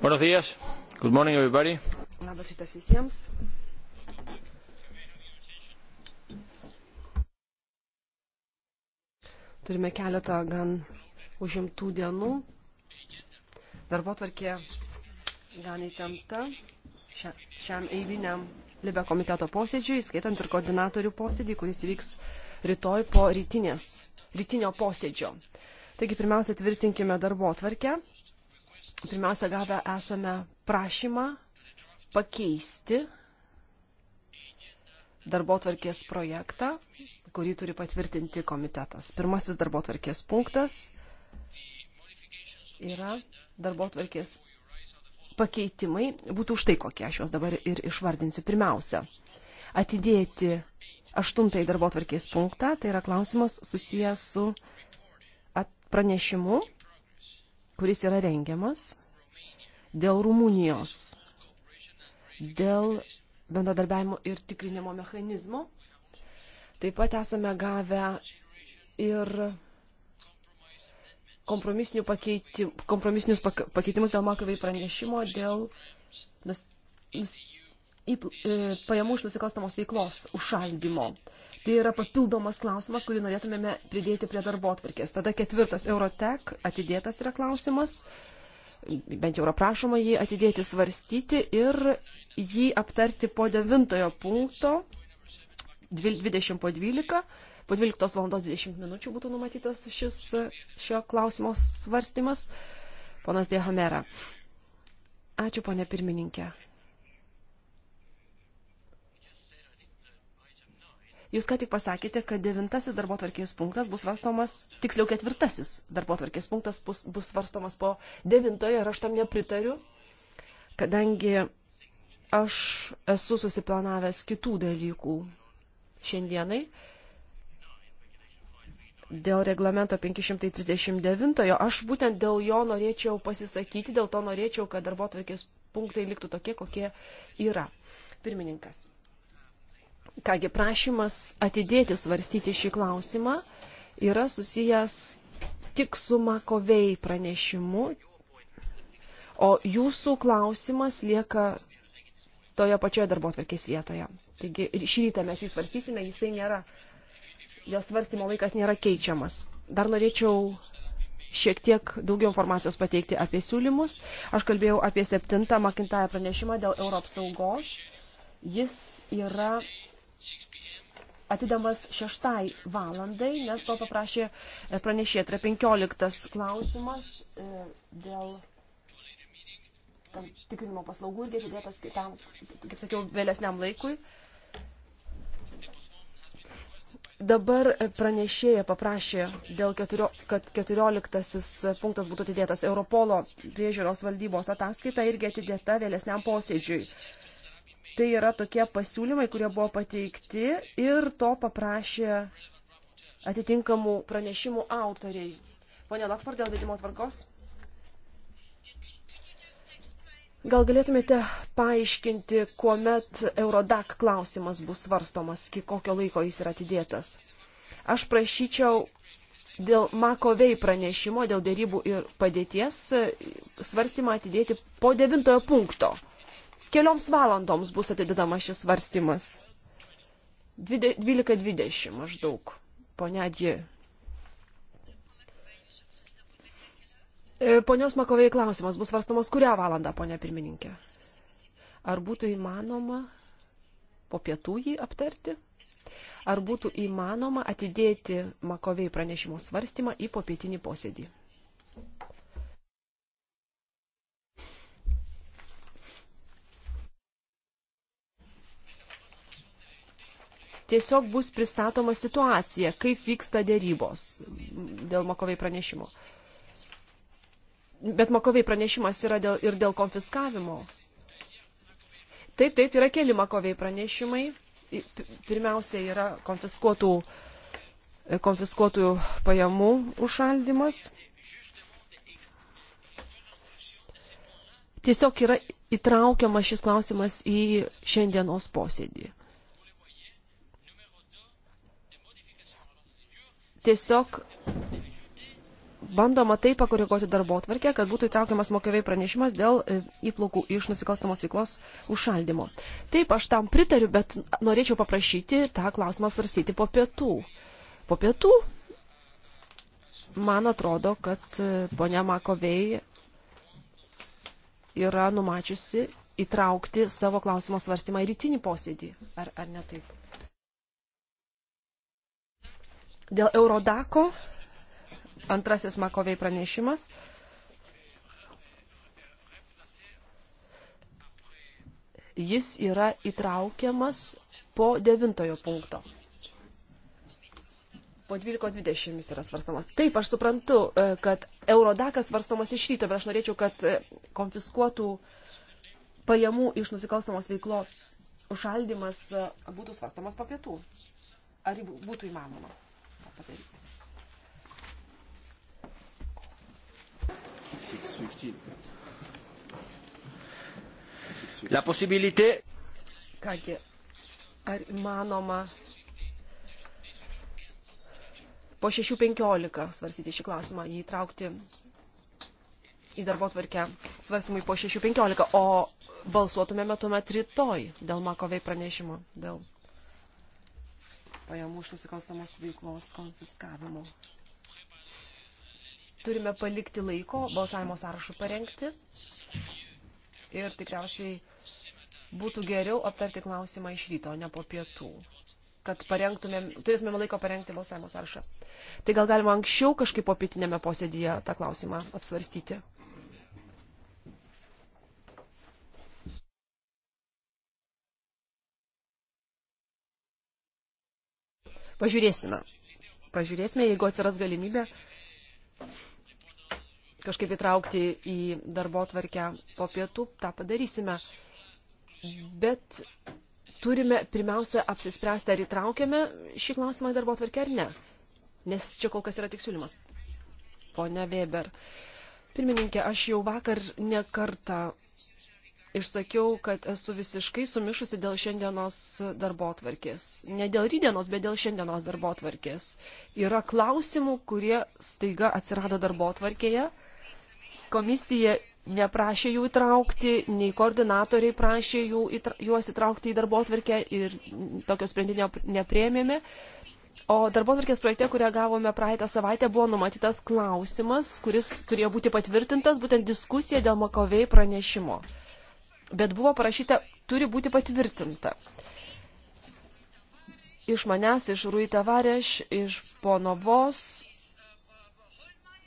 Buenos días. Good morning, everybody. Labas rytas visiems. Turime keletą gan užimtų dienų. Darbo tvarkė gan įtempta šia, šiam eiliniam Libe komiteto posėdžiui, skaitant ir koordinatorių posėdį, kuris vyks rytoj po rytinės, rytinio posėdžio. Taigi pirmiausia, tvirtinkime darbo tvarkę. Pirmiausia, gavę esame prašymą pakeisti darbo tvarkės projektą, kurį turi patvirtinti komitetas. Pirmasis darbo tvarkės punktas yra darbo tvarkės pakeitimai. Būtų už tai kokie, aš juos dabar ir išvardinsiu. Pirmiausia, atidėti aštuntąjį darbo tvarkės punktą, tai yra klausimas susijęs su pranešimu kuris yra rengiamas dėl Rumunijos, dėl bendradarbiavimo ir tikrinimo mechanizmo. Taip pat esame gavę ir kompromisinių pakeitim, kompromisinius pakeitimus dėl Makavai pranešimo dėl nus, nus, į, e, pajamų iš nusikalstamos veiklos užšaldymo. Tai yra papildomas klausimas, kurį norėtumėme pridėti prie darbo atvarkės. Tada ketvirtas Eurotek atidėtas yra klausimas, bent jau yra prašoma jį atidėti svarstyti ir jį aptarti po devintojo punkto 20 po 12. Po 12 val. 20 minučių būtų numatytas šis šio klausimo svarstymas. Ponas Dehamera. Ačiū, ponė pirmininkė. Jūs ką tik pasakėte, kad devintasis darbo tvarkės punktas bus svarstomas, tiksliau ketvirtasis darbo tvarkės punktas bus, bus svarstomas po devintojo ir aš tam nepritariu, kadangi aš esu susiplanavęs kitų dalykų šiandienai. Dėl reglamento 539 aš būtent dėl jo norėčiau pasisakyti, dėl to norėčiau, kad darbo tvarkės punktai liktų tokie, kokie yra. Pirmininkas. Kągi prašymas atidėti svarstyti šį klausimą yra susijęs tik su Makovei pranešimu, o jūsų klausimas lieka toje pačioje darbo atvarkės vietoje. Taigi šį rytą mes jį svarstysime, jisai nėra, jo svarstymo laikas nėra keičiamas. Dar norėčiau šiek tiek daugiau informacijos pateikti apie siūlymus. Aš kalbėjau apie septintą Makintają pranešimą dėl Europos saugos. Jis yra atidamas šeštai valandai, nes to paprašė e, pranešė. Tai yra penkioliktas klausimas e, dėl tikrinimo paslaugų irgi atidėtas kitam, kaip sakiau, vėlesniam laikui. Dabar pranešėja paprašė, dėl keturio, kad 14 punktas būtų atidėtas Europolo priežiūros valdybos ataskaita irgi atidėta vėlesniam posėdžiui. Tai yra tokie pasiūlymai, kurie buvo pateikti ir to paprašė atitinkamų pranešimų autoriai. Pone Latvar, dėl vedimo tvarkos. Gal galėtumėte paaiškinti, kuomet Eurodak klausimas bus svarstomas, iki kokio laiko jis yra atidėtas? Aš prašyčiau dėl Makovei pranešimo, dėl dėrybų ir padėties svarstymą atidėti po devintojo punkto kelioms valandoms bus atidedamas šis svarstymas. 12.20 maždaug, ponia Dži. E, ponios Makovei klausimas bus svarstamas kurią valandą, ponia pirmininkė? Ar būtų įmanoma po pietų jį aptarti? Ar būtų įmanoma atidėti Makovei pranešimo svarstymą į popietinį posėdį? tiesiog bus pristatoma situacija, kaip vyksta dėrybos dėl Makovei pranešimo. Bet Makovei pranešimas yra dėl, ir dėl konfiskavimo. Taip, taip, yra keli Makovei pranešimai. Pirmiausia yra konfiskuotų, konfiskuotų pajamų užšaldimas. Tiesiog yra įtraukiamas šis klausimas į šiandienos posėdį. tiesiog bandoma taip pakoreguoti darbo atvarkę, kad būtų įtraukiamas mokyviai pranešimas dėl e, įplaukų iš nusikalstamos veiklos užšaldimo. Taip, aš tam pritariu, bet norėčiau paprašyti tą klausimą svarstyti po pietų. Po pietų, man atrodo, kad e, ponia Makovei yra numačiusi įtraukti savo klausimo svarstymą į rytinį posėdį. Ar, ar ne taip? Dėl Eurodako, antrasis Makovei pranešimas. Jis yra įtraukiamas po devintojo punkto. Po 12.20 jis yra svarstamas. Taip, aš suprantu, e, kad Eurodakas svarstamas iš ryto, bet aš norėčiau, kad e, konfiskuotų pajamų iš nusikalstamos veiklos užšaldimas e, būtų svarstamas po pietų. Ar būtų įmanoma? padaryti. 615. La possibilité. Kągi, ar įmanoma po 6.15 svarstyti šį klausimą, jį įtraukti į darbo tvarkę svarstymui po 6.15, o balsuotumėme tuomet rytoj dėl Makovei pranešimo, dėl pajamų iš nusikalstamos veiklos konfiskavimo. Turime palikti laiko balsavimo sąrašų parengti ir tikriausiai būtų geriau aptarti klausimą iš ryto, ne po pietų, kad parengtumėm, turėtumėm laiko parengti balsavimo sąrašą. Tai gal galima anksčiau kažkaip po pietinėme posėdėje tą klausimą apsvarstyti. Pažiūrėsime. Pažiūrėsime, jeigu atsiras galimybė kažkaip įtraukti į darbo tvarkę po pietų, tą padarysime. Bet turime pirmiausia apsispręsti, ar įtraukiame šį klausimą į darbo tvarkę ar ne. Nes čia kol kas yra tik siūlymas. Pone Weber. Pirmininkė, aš jau vakar nekartą išsakiau, kad esu visiškai sumišusi dėl šiandienos darbo tvarkės. Ne dėl rydienos, bet dėl šiandienos darbo tvarkės. Yra klausimų, kurie staiga atsirado darbo tvarkėje. Komisija neprašė jų įtraukti, nei koordinatoriai prašė jų, įtra, juos įtraukti į darbo tvarkę ir tokio sprendinio neprėmėme. O darbo tvarkės projekte, kurią gavome praeitą savaitę, buvo numatytas klausimas, kuris turėjo būti patvirtintas, būtent diskusija dėl Makovei pranešimo bet buvo parašyta, turi būti patvirtinta. Iš manęs, iš Rui Tavareš, iš ponovos,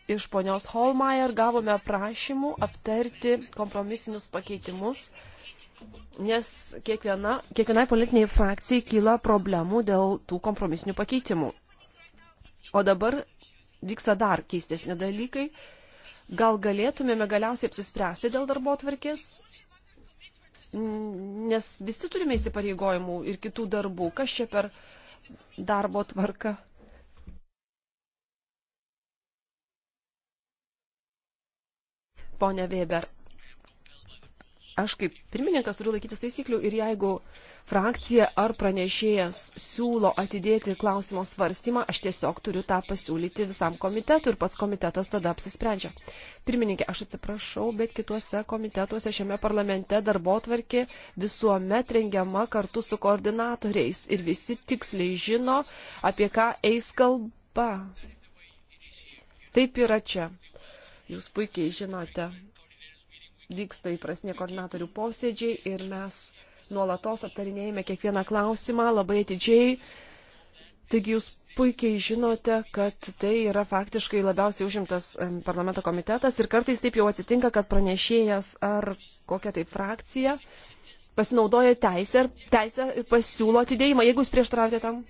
iš ponios Holmeier gavome prašymų aptarti kompromisinius pakeitimus nes kiekviena, kiekvienai politiniai frakcijai kyla problemų dėl tų kompromisinių pakeitimų. O dabar vyksta dar keistesni dalykai. Gal galėtumėme galiausiai apsispręsti dėl darbo atvarkės nes visi turime įsipareigojimų ir kitų darbų. Kas čia per darbo tvarka? Pone Weber, aš kaip pirmininkas turiu laikytis taisyklių ir jeigu frakcija ar pranešėjas siūlo atidėti klausimo svarstymą, aš tiesiog turiu tą pasiūlyti visam komitetui ir pats komitetas tada apsisprendžia. Pirmininkė, aš atsiprašau, bet kituose komitetuose šiame parlamente darbo tvarkė visuomet rengiama kartu su koordinatoriais ir visi tiksliai žino, apie ką eis kalba. Taip yra čia. Jūs puikiai žinote vyksta įprasnė koordinatorių posėdžiai ir mes nuolatos aptarinėjame kiekvieną klausimą labai atidžiai. Taigi jūs puikiai žinote, kad tai yra faktiškai labiausiai užimtas parlamento komitetas ir kartais taip jau atsitinka, kad pranešėjas ar kokia tai frakcija pasinaudoja teisę, teisę ir pasiūlo atidėjimą, jeigu jūs prieštaraujate tam.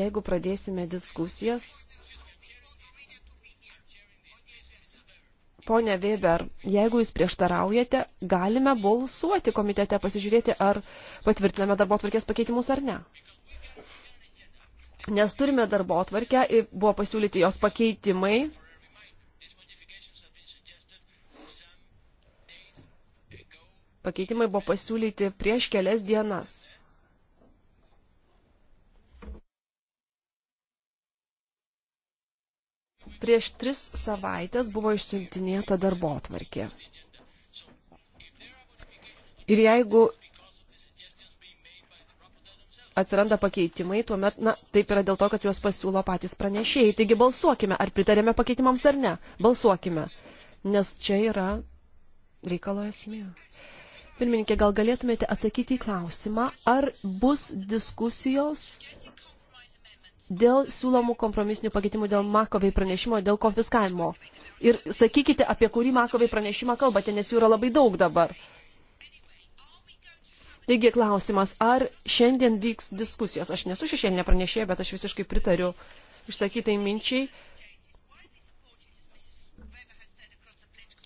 Jeigu pradėsime diskusijas, Pone Weber, jeigu jūs prieštaraujate, galime balsuoti komitete, pasižiūrėti, ar patvirtiname darbo atvarkės pakeitimus ar ne. Nes turime darbo atvarkę, buvo pasiūlyti jos pakeitimai. Pakeitimai buvo pasiūlyti prieš kelias dienas. Prieš tris savaitės buvo išsiuntinėta darbo atvarkė. Ir jeigu atsiranda pakeitimai, tuomet, na, taip yra dėl to, kad juos pasiūlo patys pranešėjai. Taigi balsuokime, ar pritarėme pakeitimams ar ne. Balsuokime. Nes čia yra reikalo esmė. Pirmininkė, gal galėtumėte atsakyti į klausimą, ar bus diskusijos dėl siūlomų kompromisinių pakeitimų dėl Makovei pranešimo, dėl konfiskavimo. Ir sakykite, apie kurį Makovei pranešimą kalbate, nes jų yra labai daug dabar. Taigi klausimas, ar šiandien vyks diskusijos? Aš nesu šešėlinė pranešėja, bet aš visiškai pritariu išsakytai minčiai.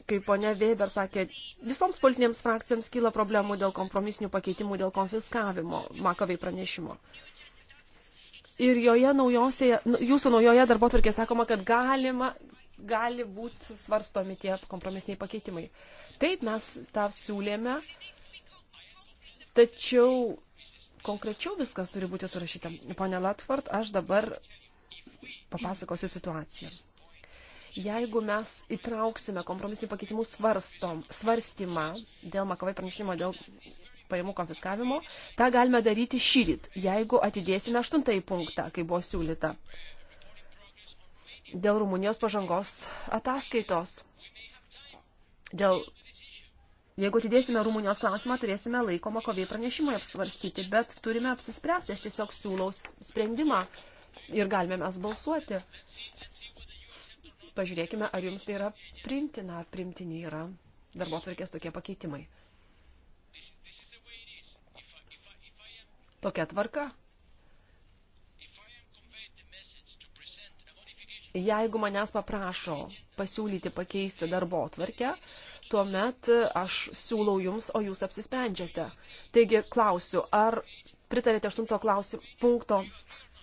Kaip ponia Weber sakė, visoms politinėms frakcijams kyla problemų dėl kompromisinių pakeitimų, dėl konfiskavimo Makovei pranešimo. Ir joje naujosėje, nu, jūsų naujoje darbo tvarkė sakoma, kad galima, gali būti svarstomi tie kompromisiniai pakeitimai. Taip, mes tą siūlėme, tačiau konkrečiau viskas turi būti surašyta. Pone Latvart, aš dabar papasakosiu situaciją. Jeigu mes įtrauksime kompromisinių pakeitimų svarstom, svarstymą dėl Makavai pranešimo, dėl pajamų konfiskavimo, tą galime daryti šyrit, jeigu atidėsime aštuntąjį punktą, kai buvo siūlyta. Dėl Rumunijos pažangos ataskaitos. Dėl, jeigu atidėsime Rumunijos klausimą, turėsime laiko Makovei pranešimui apsvarstyti, bet turime apsispręsti, aš tiesiog siūlau sprendimą ir galime mes balsuoti. Pažiūrėkime, ar jums tai yra primtina, ar primtini yra darbo tvarkės tokie pakeitimai. Tokia tvarka. Jeigu manęs paprašo pasiūlyti pakeisti darbo tvarkę, tuomet aš siūlau jums, o jūs apsisprendžiate. Taigi klausiu, ar pritarėte 8 klausim, punkto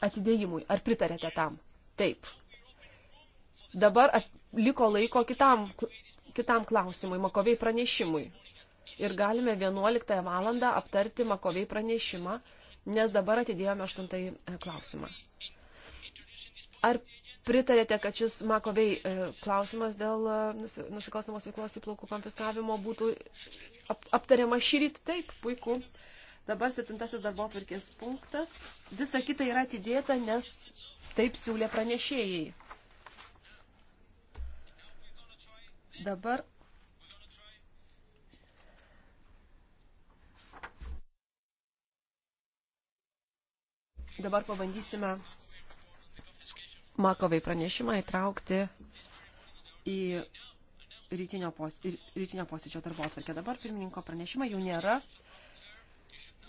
atidėjimui, ar pritarėte tam? Taip. Dabar at, liko laiko kitam, kitam klausimui, Makoviai pranešimui. Ir galime 11 valandą aptarti Makoviai pranešimą nes dabar atidėjome aštuntąjį e, klausimą. Ar pritarėte, kad šis Makovei e, klausimas dėl e, nusikalstamos veiklos įplaukų konfiskavimo būtų aptariama šyryt? Taip, puiku. Dabar septintasis darbo atvarkės punktas. Visa kita yra atidėta, nes taip siūlė pranešėjai. Dabar Dabar pabandysime Makovai pranešimą įtraukti į rytinio, pos, rytinio posėdžio darbo atvarkę. Dabar pirmininko pranešimą jau nėra.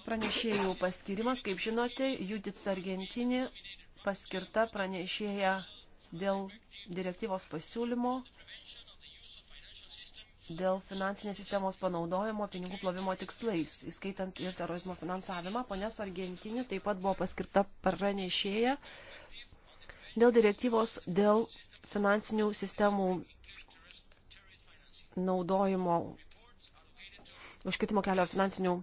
Pranešėjų paskirimas, kaip žinote, Judith Argentini paskirta pranešėja dėl direktyvos pasiūlymo dėl finansinės sistemos panaudojimo pinigų plovimo tikslais, įskaitant ir terorizmo finansavimą. Ponės Argentini taip pat buvo paskirta pranešėja dėl direktyvos dėl finansinių sistemų naudojimo, užkitimo kelio finansinių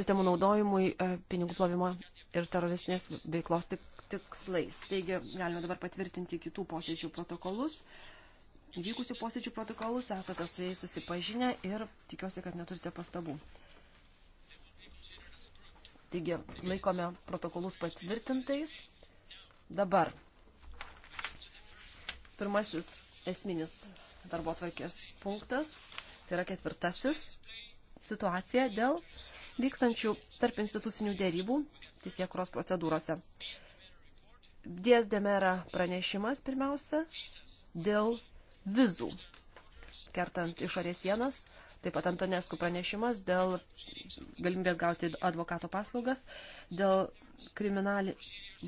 sistemų naudojimui e, pinigų plovimo ir teroristinės veiklos tikslais. Taigi galime dabar patvirtinti kitų posėdžių protokolus vykusių posėdžių protokolus, esate su jais susipažinę ir tikiuosi, kad neturite pastabų. Taigi, laikome protokolus patvirtintais. Dabar pirmasis esminis darbo atvarkės punktas, tai yra ketvirtasis situacija dėl vykstančių tarp institucinių dėrybų teisėkuros procedūrose. Dies Demera pranešimas pirmiausia dėl vizų, kertant išorės sienas. Taip pat Antonesku pranešimas dėl galimybės gauti advokato paslaugas, dėl kriminali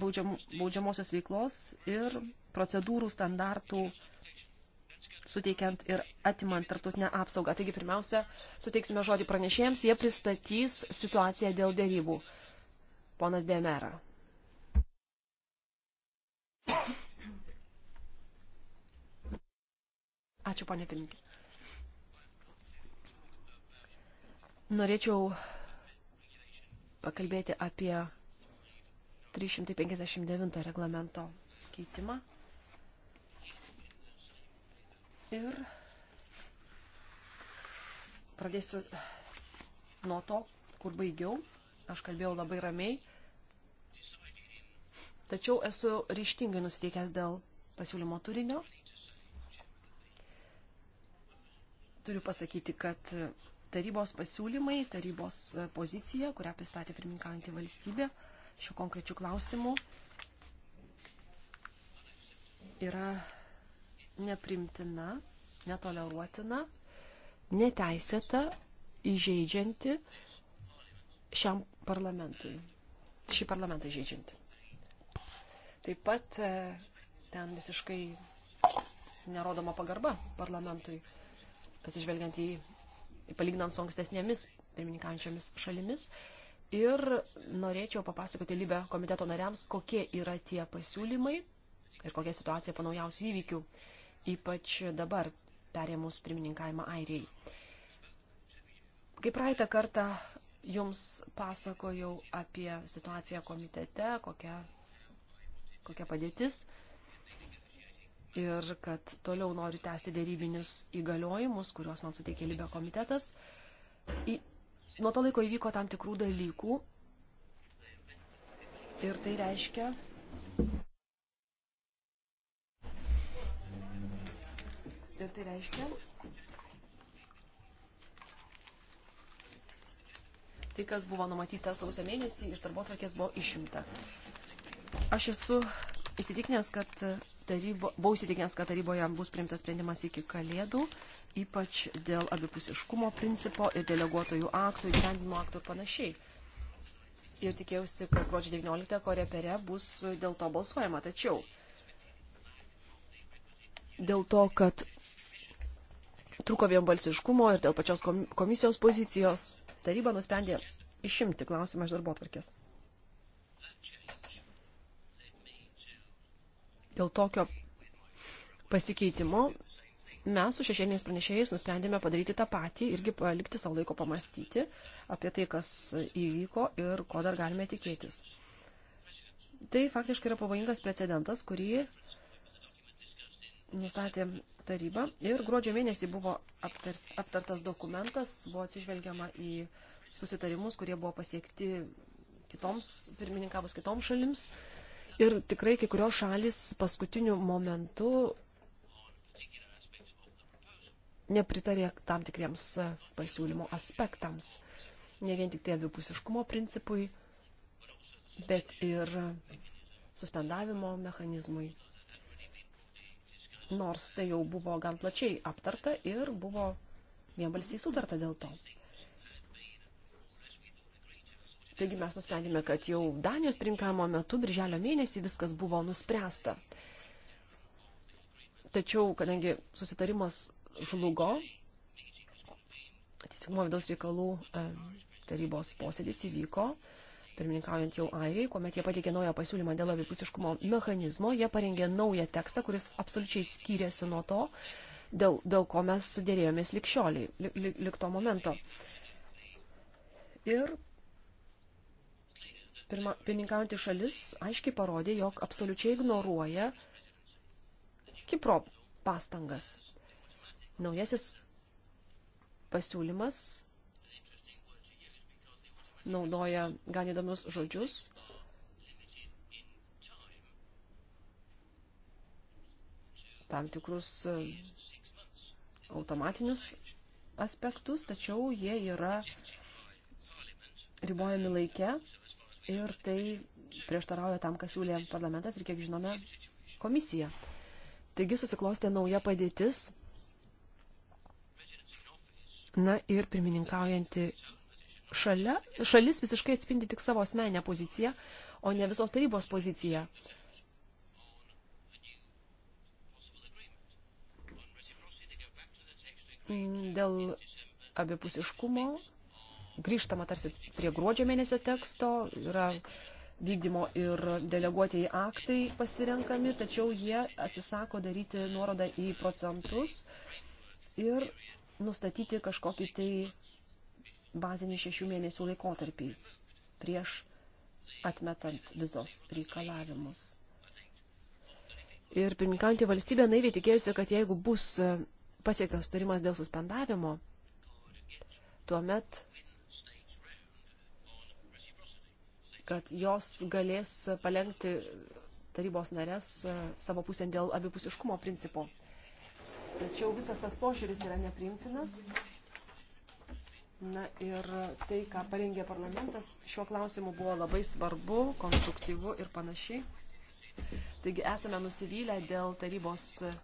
baudžiam, baudžiamosios veiklos ir procedūrų standartų suteikiant ir atimant tarptautinę apsaugą. Taigi pirmiausia, suteiksime žodį pranešėjams, jie pristatys situaciją dėl dėrybų. Ponas Demera. Ačiū, ponė Pirinkė. Norėčiau pakalbėti apie 359 reglamento keitimą. Ir pradėsiu nuo to, kur baigiau. Aš kalbėjau labai ramiai. Tačiau esu ryštingai nusiteikęs dėl pasiūlymo turinio turiu pasakyti, kad tarybos pasiūlymai, tarybos pozicija, kurią pristatė pirmininkaujantį valstybę šiuo konkrečiu klausimu, yra neprimtina, netoleruotina, neteisėta, įžeidžianti šiam parlamentui. Šį parlamentą įžeidžianti. Taip pat e, ten visiškai nerodoma pagarba parlamentui atsižvelgiant į, palyginant su ankstesnėmis pirmininkančiomis šalimis. Ir norėčiau papasakoti Libę komiteto nariams, kokie yra tie pasiūlymai ir kokia situacija po naujausių įvykių, ypač dabar perėmus pirmininkavimą Airijai. Kaip praeitą kartą jums pasakojau apie situaciją komitete, kokia, kokia padėtis ir kad toliau noriu tęsti dėrybinius įgaliojimus, kuriuos man suteikė Libė komitetas. Į, nuo to laiko įvyko tam tikrų dalykų ir tai reiškia, Ir tai reiškia, tai kas buvo numatyta sausio mėnesį iš darbo tvarkės buvo išimta. Aš esu įsitikinęs, kad tarybo, buvau įsitikinęs, kad taryboje bus priimtas sprendimas iki kalėdų, ypač dėl abipusiškumo principo ir deleguotojų aktų, įgyvendinimo aktų ir panašiai. Ir tikėjausi, kad gruodžio 19 korepere bus dėl to balsuojama. Tačiau dėl to, kad truko vienbalsiškumo ir dėl pačios komisijos pozicijos, taryba nusprendė išimti klausimą iš darbo atvarkės. dėl tokio pasikeitimo mes su šešėliniais pranešėjais nusprendėme padaryti tą patį, irgi palikti savo laiko pamastyti apie tai, kas įvyko ir ko dar galime tikėtis. Tai faktiškai yra pavojingas precedentas, kurį nustatė taryba ir gruodžio mėnesį buvo aptartas dokumentas, buvo atsižvelgiama į susitarimus, kurie buvo pasiekti kitoms, pirmininkavus kitoms šalims. Uh, Ir tikrai kai kurios šalis paskutiniu momentu nepritarė tam tikriems e, pasiūlymo aspektams. Ne vien tik tai abipusiškumo principui, bet ir suspendavimo mechanizmui. Nors tai jau buvo gan plačiai aptarta ir buvo vienbalsiai sutarta dėl to. Taigi mes nusprendėme, kad jau Danijos pirmininkavimo metu, birželio mėnesį, viskas buvo nuspręsta. Tačiau, kadangi susitarimas žlugo, teisingumo vidaus reikalų e, tarybos posėdis įvyko, pirmininkaujant jau Airijai, kuomet jie pateikė naują pasiūlymą dėl abipusiškumo mechanizmo, jie parengė naują tekstą, kuris absoliučiai skyrėsi nuo to, dėl, dėl ko mes sudėrėjomės likščioliai, lik, lik, lik to momento. Ir pirmininkaujantį šalis aiškiai parodė, jog absoliučiai ignoruoja Kipro pastangas. Naujasis pasiūlymas naudoja gan įdomius žodžius. Tam tikrus uh, automatinius aspektus, tačiau jie yra ribojami laike Ir tai prieštarauja tam, kas siūlė parlamentas ir, kiek žinome, komisija. Taigi susiklostė nauja padėtis. Na ir pirmininkaujanti šalia, šalis visiškai atspindi tik savo asmenę poziciją, o ne visos tarybos poziciją. Dėl abipusiškumo grįžtama tarsi prie gruodžio mėnesio teksto, yra vykdymo ir deleguotieji aktai pasirenkami, tačiau jie atsisako daryti nuorodą į procentus ir nustatyti kažkokį tai bazinį šešių mėnesių laikotarpį prieš atmetant vizos reikalavimus. Ir pirminkantį valstybę naiviai tikėjusi, kad jeigu bus pasiektas sutarimas dėl suspendavimo, tuomet kad jos galės palengti tarybos narės e, savo pusėn dėl abipusiškumo principo. Tačiau visas tas požiūris yra nepriimtinas. Na ir tai, ką parengė parlamentas, šiuo klausimu buvo labai svarbu, konstruktyvu ir panašiai. Taigi esame nusivylę dėl tarybos e,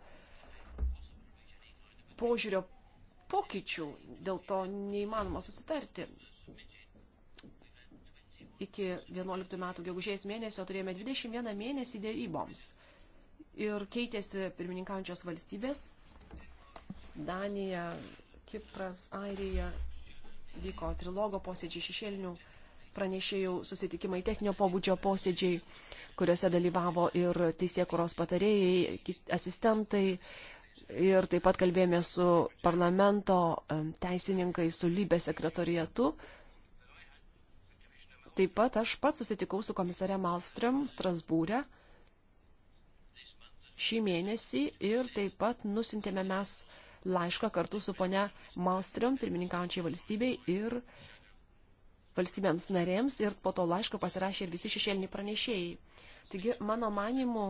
požiūrio pokyčių, dėl to neįmanoma susitarti iki 11 metų gegužės mėnesio turėjome 21 mėnesį dėryboms. Ir keitėsi pirmininkaujančios valstybės. Danija, Kipras, Airija vyko trilogo posėdžiai šešėlinių pranešėjų susitikimai, techninio pobūdžio posėdžiai, kuriuose dalyvavo ir teisėkuros patarėjai, asistentai. Ir taip pat kalbėjome su parlamento teisininkai, su lybės sekretorijatu. Taip pat aš pats susitikau su komisare Malström Strasbūrė šį mėnesį ir taip pat nusintėme mes laišką kartu su ponia Malström, pirmininkaujančiai valstybei ir valstybėms narėms ir po to laišką pasirašė ir visi šešėliniai pranešėjai. Taigi, mano manimu,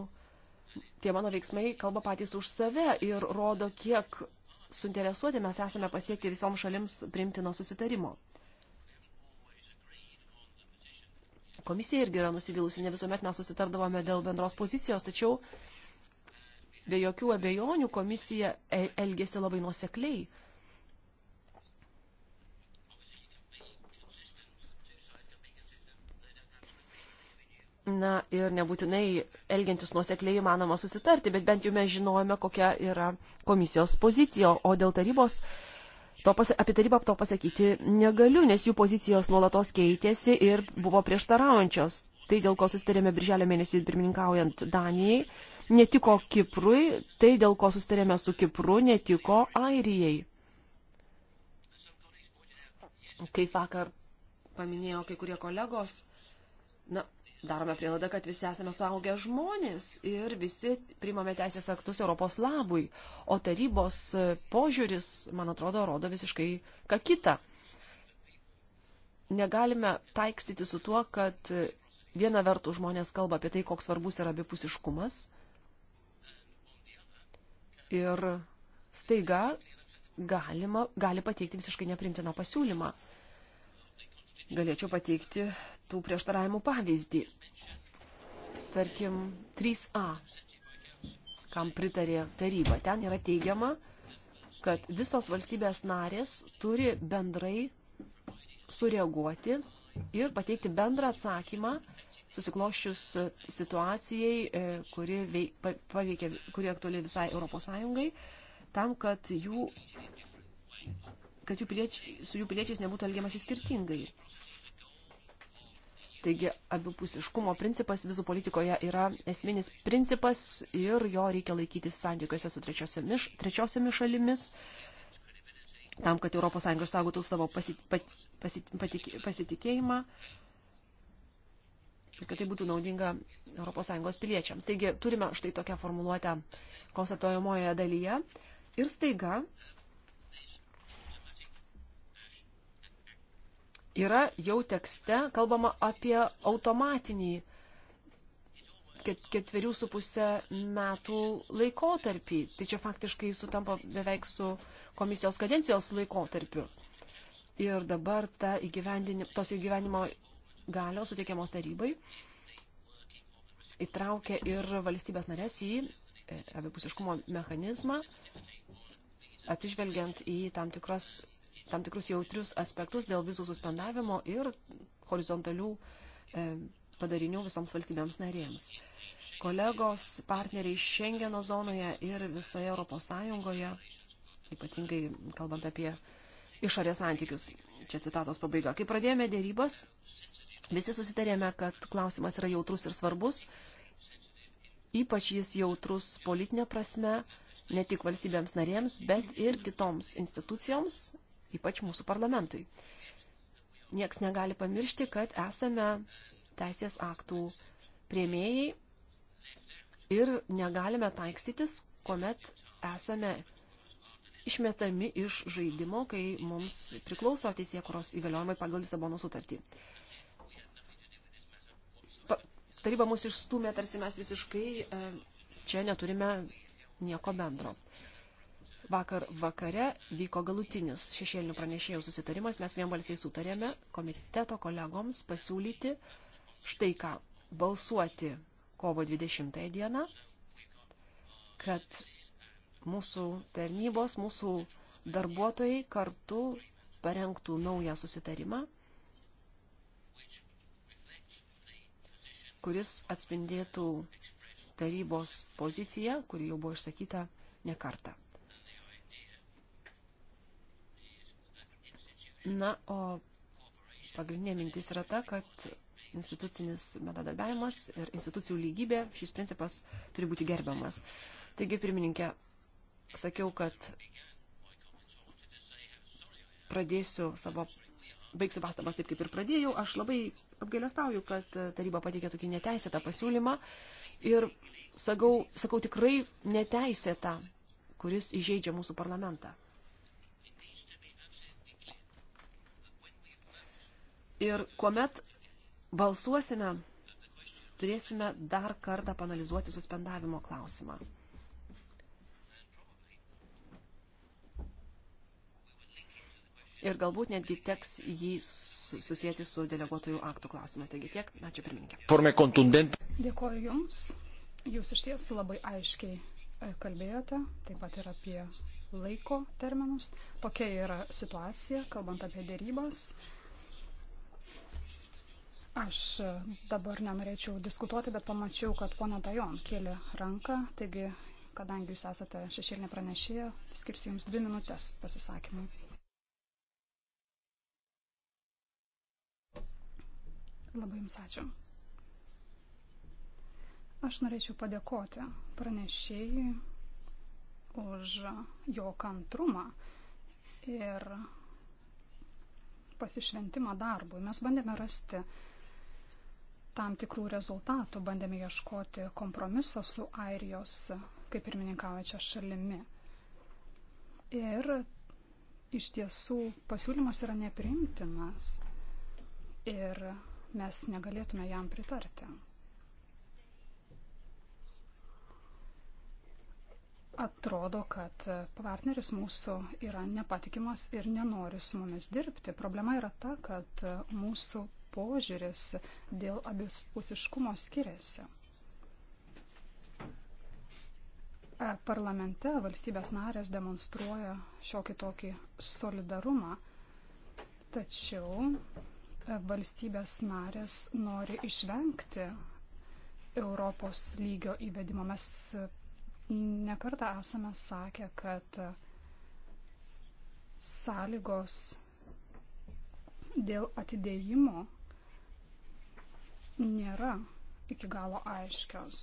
tie mano veiksmai kalba patys už save ir rodo, kiek suinteresuoti mes esame pasiekti visoms šalims primtino susitarimo. Komisija irgi yra nusivylusi, ne visuomet mes susitardavome dėl bendros pozicijos, tačiau be jokių abejonių komisija e- elgėsi labai nuosekliai. Na ir nebūtinai elgiantis nuosekliai įmanoma susitarti, bet bent jau mes žinojame, kokia yra komisijos pozicija, o dėl tarybos uh, to pas, apie tarybą to pasakyti negaliu, nes jų pozicijos nuolatos keitėsi ir buvo prieštaraujančios. Tai dėl ko sustarėme birželio mėnesį pirmininkaujant Danijai, netiko Kiprui, tai dėl ko sustarėme su Kipru, netiko Airijai. Kaip vakar paminėjo kai kurie kolegos, na, darome prielaidą, kad visi esame suaugę žmonės ir visi primame teisės aktus Europos labui, o tarybos požiūris, man atrodo, rodo visiškai ką kitą. Negalime taikstyti su tuo, kad viena vertų žmonės kalba apie tai, koks svarbus yra abipusiškumas ir staiga galima, gali pateikti visiškai neprimtiną pasiūlymą. Galėčiau pateikti tų prieštaravimų pavyzdį. Tarkim, 3A, kam pritarė taryba. Ten yra teigiama, kad visos valstybės narės turi bendrai sureaguoti ir pateikti bendrą atsakymą susikloščius situacijai, e, kuri, veik, paveikia, kuri aktuali visai ES, tam, kad jų kad jų piliečiai, su jų piliečiais nebūtų elgiamasi skirtingai. Taigi abipusiškumo principas vizų politikoje yra esminis principas ir jo reikia laikytis santykiuose su trečiosiomis, trečiosiomis šalimis, tam, kad ES išsaugotų savo pasit, pat, pasit, patik, pasitikėjimą ir kad tai būtų naudinga ES piliečiams. Taigi turime štai tokią formuluotę konstatuojamoje dalyje ir staiga yra jau tekste kalbama apie automatinį ketverių su pusę metų laikotarpį. Tai čia faktiškai sutampa beveik su komisijos kadencijos laikotarpiu. Ir dabar ta įgyvendini, tos įgyvenimo galios suteikiamos tarybai įtraukia ir valstybės narės į e, abipusiškumo mechanizmą, atsižvelgiant į tam tikras tam tikrus jautrius aspektus dėl vizų suspendavimo ir horizontalių e, padarinių visoms valstybėms narėms. Kolegos, partneriai Šengeno zonoje ir visoje Europos Sąjungoje, ypatingai kalbant apie išorės santykius, čia citatos pabaiga. Kai pradėjome dėrybas, visi susitarėme, kad klausimas yra jautrus ir svarbus, ypač jis jautrus politinė prasme, ne tik valstybėms narėms, bet ir kitoms institucijoms, ypač mūsų parlamentui. Nieks negali pamiršti, kad esame teisės aktų prieimėjai ir negalime taikstytis, kuomet esame išmetami iš žaidimo, kai mums priklauso teisėkuros įgaliojimai pagal Lisabono sutartį. Pa, taryba mus išstumė, tarsi mes visiškai e, čia neturime nieko bendro. Vakar vakare vyko galutinis šešėlinių pranešėjų susitarimas, mes vienbalsiai sutarėme komiteto kolegoms pasiūlyti štai ką - balsuoti kovo 20 dieną, kad mūsų tarnybos, mūsų darbuotojai kartu parengtų naują susitarimą, kuris atspindėtų tarybos poziciją, kuri jau buvo išsakyta ne kartą. Na, o pagrindinė mintis yra ta, kad institucinis bendradarbiavimas ir institucijų lygybė, šis principas turi būti gerbiamas. Taigi, pirmininkė, sakiau, kad pradėsiu savo, baigsiu pastabas taip, kaip ir pradėjau. Aš labai apgailestauju, kad taryba pateikė tokį neteisėtą pasiūlymą ir sakau, sakau tikrai neteisėtą, kuris įžeidžia mūsų parlamentą. Ir kuomet balsuosime, turėsime dar kartą panalizuoti suspendavimo klausimą. Ir galbūt netgi teks jį susijęti su deleguotojų aktų klausimu. Taigi tiek. Ačiū pirmininkė. Formė kontundent. Dėkoju Jums. Jūs iš ties labai aiškiai e, kalbėjote, taip pat ir apie laiko terminus. Tokia yra situacija, kalbant apie dėrybas. Aš dabar nenorėčiau diskutuoti, bet pamačiau, kad pono Dajon kėlė ranką, taigi, kadangi jūs esate šešėlinė pranešėja, skirsiu jums dvi minutės pasisakymui. Labai jums ačiū. Aš norėčiau padėkoti pranešėjui už jo kantrumą ir pasišventimą darbui. Mes bandėme rasti uh, tam tikrų rezultatų, bandėme ieškoti kompromiso su Airijos kaip pirmininkaujančia šalimi. Ir iš tiesų pasiūlymas yra neprimtinas ir mes negalėtume jam pritarti. atrodo, kad partneris mūsų yra nepatikimas ir nenori su mumis dirbti. Problema yra ta, kad mūsų požiūris dėl abipusiškumo skiriasi. E, parlamente valstybės narės demonstruoja šiokį tokį solidarumą, tačiau e, valstybės narės nori išvengti Europos lygio įvedimo. Mes nekartą esame sakę, kad e, sąlygos dėl atidėjimo nėra iki galo aiškios.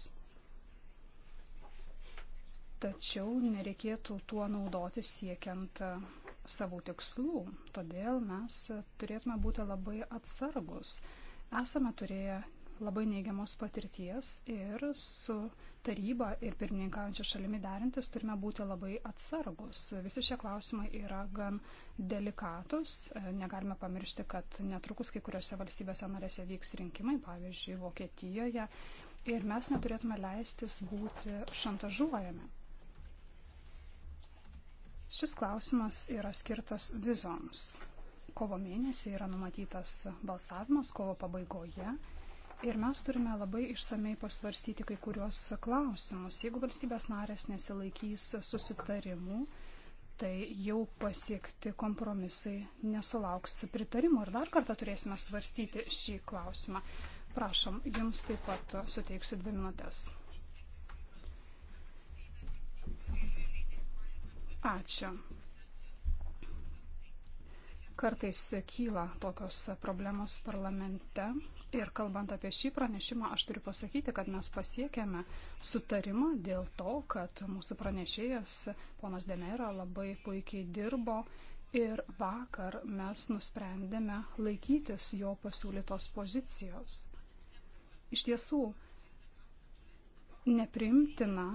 Tačiau nereikėtų tuo naudoti siekiant savo tikslų, todėl mes turėtume būti labai atsargus. Esame turėję labai neigiamos patirties ir su taryba ir pirmininkaujančia šalimi derintis turime būti labai atsargus. Visi šie klausimai yra gan uh, delikatus. Negalime pamiršti, kad netrukus kai kuriuose valstybėse narėse vyks rinkimai, pavyzdžiui, Vokietijoje. Ir mes neturėtume leistis būti šantažuojami. Šis klausimas yra skirtas vizoms. Kovo mėnesį yra numatytas balsavimas, kovo pabaigoje. Ir mes turime labai išsamei pasvarstyti kai kuriuos klausimus. Jeigu valstybės narės nesilaikys susitarimų, tai jau pasiekti kompromisai nesulauks pritarimo ir dar kartą turėsime svarstyti šį klausimą. Prašom, jums taip pat suteiksiu dvi minutės. Ačiū. Kartais kyla tokios problemos parlamente Ir kalbant apie šį pranešimą, aš turiu pasakyti, kad mes pasiekėme sutarimą dėl to, kad mūsų pranešėjas, ponas Demera, labai puikiai dirbo ir vakar mes nusprendėme laikytis jo pasiūlytos pozicijos. Iš tiesų, neprimtina,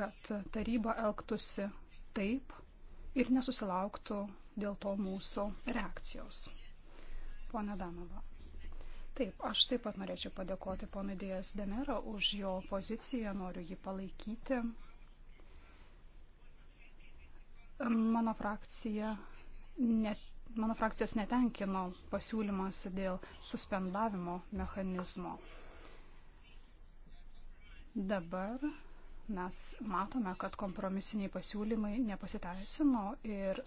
kad taryba elgtųsi taip ir nesusilauktų dėl to mūsų reakcijos. Pone Danova. Taip, aš taip pat norėčiau padėkoti ponui Dėjas Demera už jo poziciją, noriu jį palaikyti. Mano, frakcija ne, mano frakcijos netenkino pasiūlymas dėl suspendavimo mechanizmo. Dabar mes matome, kad kompromisiniai pasiūlymai nepasiteisino ir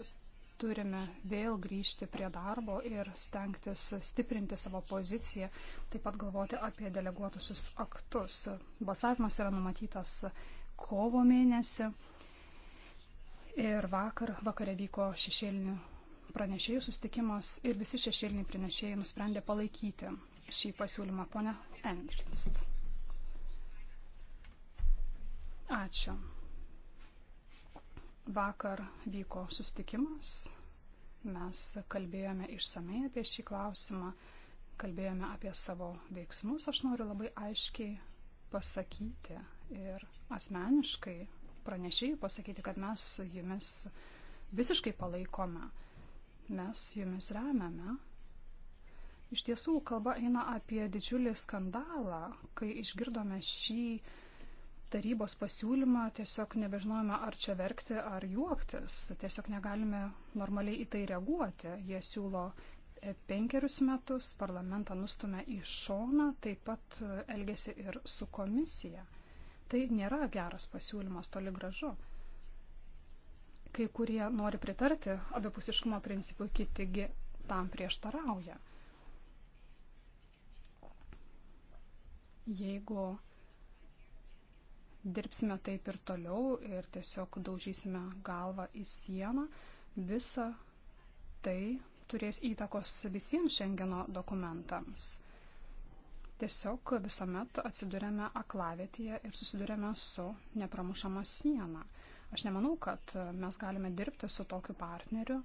turime vėl grįžti prie darbo ir stengtis stiprinti savo poziciją, taip pat galvoti apie deleguotusius aktus. Balsavimas yra numatytas kovo mėnesį ir vakar, vakare vyko šešėlinių pranešėjų sustikimas ir visi šešėliniai pranešėjai nusprendė palaikyti šį pasiūlymą, ponia Engrist. Ačiū. Vakar vyko sustikimas, mes kalbėjome išsamei apie šį klausimą, kalbėjome apie savo veiksmus. Aš noriu labai aiškiai pasakyti ir asmeniškai pranešėjai pasakyti, kad mes jumis visiškai palaikome, mes jumis remiame. Iš tiesų, kalba eina apie didžiulį skandalą, kai išgirdome šį uh, tarybos pasiūlymą tiesiog nebežinojame, ar čia verkti, ar juoktis. Tiesiog negalime normaliai į tai reaguoti. Jie siūlo e, penkerius metus, parlamentą nustumė į šoną, taip pat e, elgesi ir su komisija. Tai nėra geras pasiūlymas toli gražu. Kai kurie nori pritarti abipusiškumo principui, kitigi tam prieštarauja. Jeigu dirbsime taip ir toliau ir tiesiog daužysime galvą į sieną, visa tai turės įtakos visiems Schengeno dokumentams. Tiesiog visuomet atsidurėme aklavėtėje ir susidurėme su nepramušama siena. Aš nemanau, kad mes galime dirbti su tokiu partneriu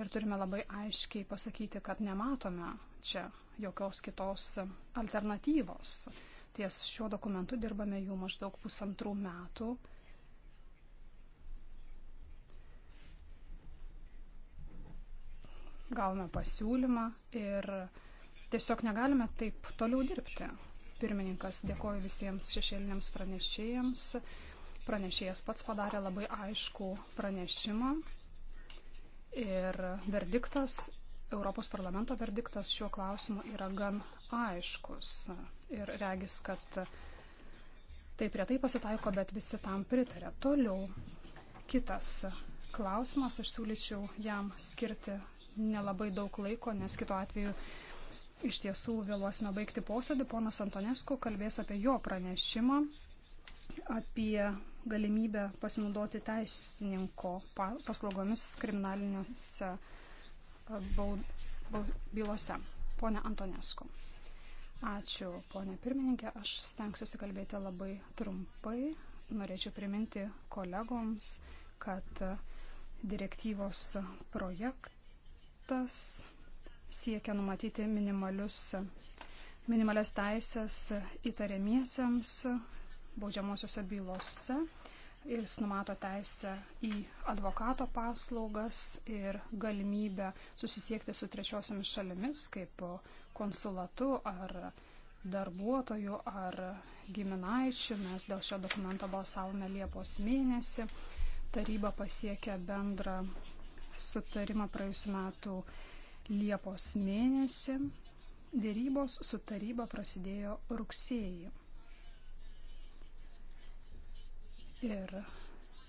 ir turime labai aiškiai pasakyti, kad nematome čia jokios kitos alternatyvos Ties šiuo dokumentu dirbame jau maždaug pusantrų metų. Gavome pasiūlymą ir tiesiog negalime taip toliau dirbti. Pirmininkas dėkoju visiems šešėliniams pranešėjams. Pranešėjas pats padarė labai aišku pranešimą. Ir verdiktas, Europos parlamento verdiktas šiuo klausimu yra gan aiškus ir regis, kad taip retai pasitaiko, bet visi tam pritarė. Toliau kitas klausimas, aš siūlyčiau jam skirti nelabai daug laiko, nes kitu atveju iš tiesų vėluosime baigti posėdį. Ponas Antonesku kalbės apie jo pranešimą, apie galimybę pasinaudoti teisininko paslaugomis kriminaliniuose e, bylose. Pone Antonesku. Ačiū, ponė pirmininkė. Aš stengsiuosi kalbėti labai trumpai. Norėčiau priminti kolegoms, kad direktyvos projektas siekia numatyti minimalius, minimalias teisės įtariamiesiems baudžiamosiose bylose. Jis numato teisę į advokato paslaugas ir galimybę susisiekti su trečiosiomis šalimis, kaip konsulatu ar darbuotojų ar giminaičių. Mes dėl šio dokumento balsavome Liepos mėnesį. Taryba pasiekė bendrą sutarimą praėjusiu metu Liepos mėnesį. Dėrybos su taryba prasidėjo rugsėjį. Ir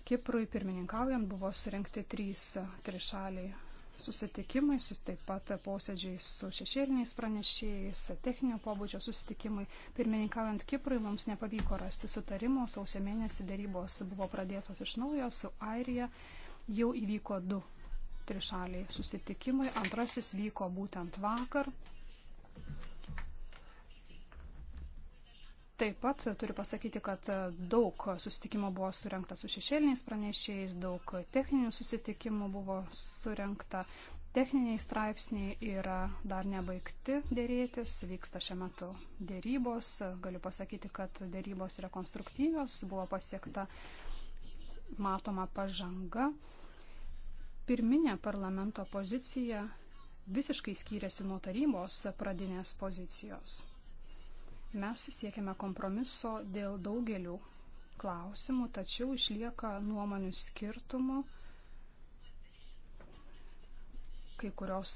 Kiprui pirmininkaujant buvo surinkti trys trišaliai susitikimai, sus taip pat posėdžiai su šešėliniais pranešėjais, techninio pobūdžio susitikimai. Pirmininkaujant Kiprui mums nepavyko rasti sutarimo, sausio mėnesį dėrybos buvo pradėtos iš naujo, su Airija jau įvyko du trišaliai susitikimai, antrasis vyko būtent vakar Taip pat turiu pasakyti, kad e, daug susitikimų buvo surinkta su šešėliniais pranešėjais, daug techninių susitikimų buvo surinkta. Techniniai straipsniai yra dar nebaigti dėrėtis, vyksta šiuo metu dėrybos. Galiu pasakyti, kad dėrybos yra konstruktyvios, buvo pasiekta matoma pažanga. Pirminė parlamento pozicija visiškai skyrėsi nuo tarybos pradinės pozicijos. Mes siekiame kompromiso dėl daugelių klausimų, tačiau išlieka nuomonių skirtumų. Kai kurios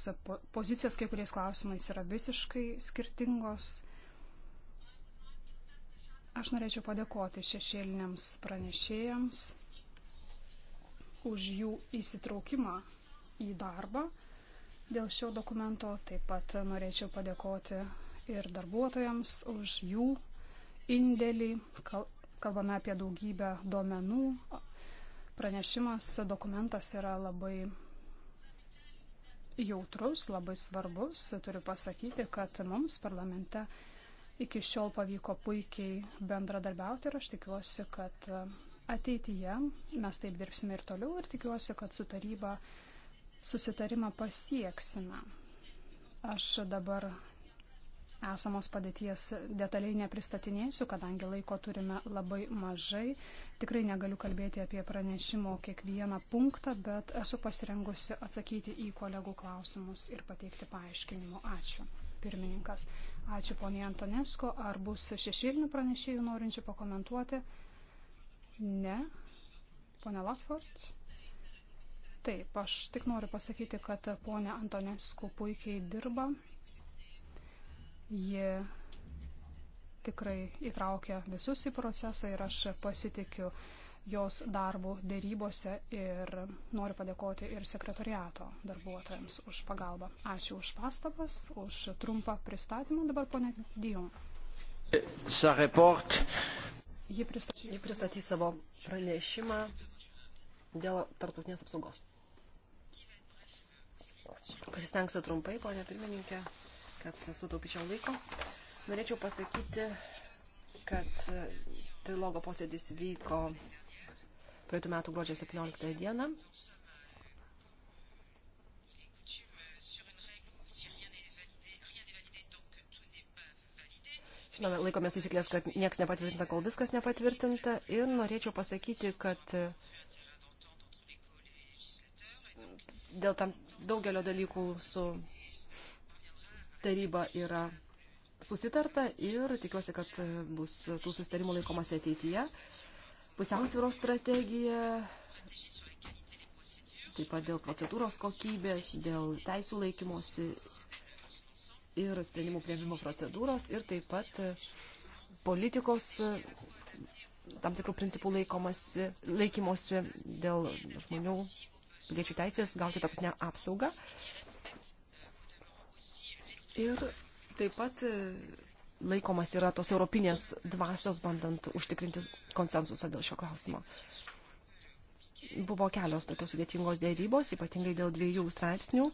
pozicijos kai kuriais klausimais yra visiškai skirtingos. Aš norėčiau padėkoti šešėliniams pranešėjams už jų įsitraukimą į darbą dėl šio dokumento. Taip pat norėčiau padėkoti ir darbuotojams už jų indėlį. Kalbame apie daugybę duomenų. Pranešimas, dokumentas yra labai jautrus, labai svarbus. Turiu pasakyti, kad mums parlamente iki šiol pavyko puikiai bendradarbiauti ir aš tikiuosi, kad ateityje mes taip dirbsime ir toliau ir tikiuosi, kad su taryba susitarimą pasieksime. Aš dabar Esamos padėties detaliai nepristatinėsiu, kadangi laiko turime labai mažai. Tikrai negaliu kalbėti apie pranešimo kiekvieną punktą, bet esu pasirengusi atsakyti į kolegų klausimus ir pateikti paaiškinimų. Ačiū. Pirmininkas. Ačiū poniai Antonesko. Ar bus šešėlinių pranešėjų norinčių pakomentuoti? Ne. Pone Latford. Taip, aš tik noriu pasakyti, kad ponia Antonesku puikiai dirba Ji tikrai įtraukia visus į procesą ir aš pasitikiu jos darbų dėrybose ir noriu padėkoti ir sekretoriato darbuotojams už pagalbą. Ačiū už pastabas, už trumpą pristatymą. Dabar ponė Dijom. Ji pristatys. Ji pristatys savo pranešimą dėl tartutinės apsaugos. Pasistengsiu trumpai, ponė pirmininkė kad sutaupyčiau laiko. Norėčiau pasakyti, kad e, trilogo posėdis vyko praeitų metų gruodžio 17 dieną. Žinome, laikomės taisyklės, kad niekas nepatvirtinta, kol viskas nepatvirtinta. Ir norėčiau pasakyti, kad e, dėl tam daugelio dalykų su taryba yra susitarta ir tikiuosi, kad bus tų susitarimų laikomasi ateityje. Pusiausvyros strategija, taip pat dėl procedūros kokybės, dėl teisų laikymosi ir sprendimų prieimimo procedūros ir taip pat politikos tam tikrų principų laikomasi, laikymosi dėl žmonių piliečių teisės gauti tarptautinę apsaugą. Uh, Ir taip pat e, laikomas yra tos europinės dvasios, bandant užtikrinti konsensusą dėl šio klausimo. Buvo kelios tokios sudėtingos dėrybos, ypatingai dėl dviejų straipsnių,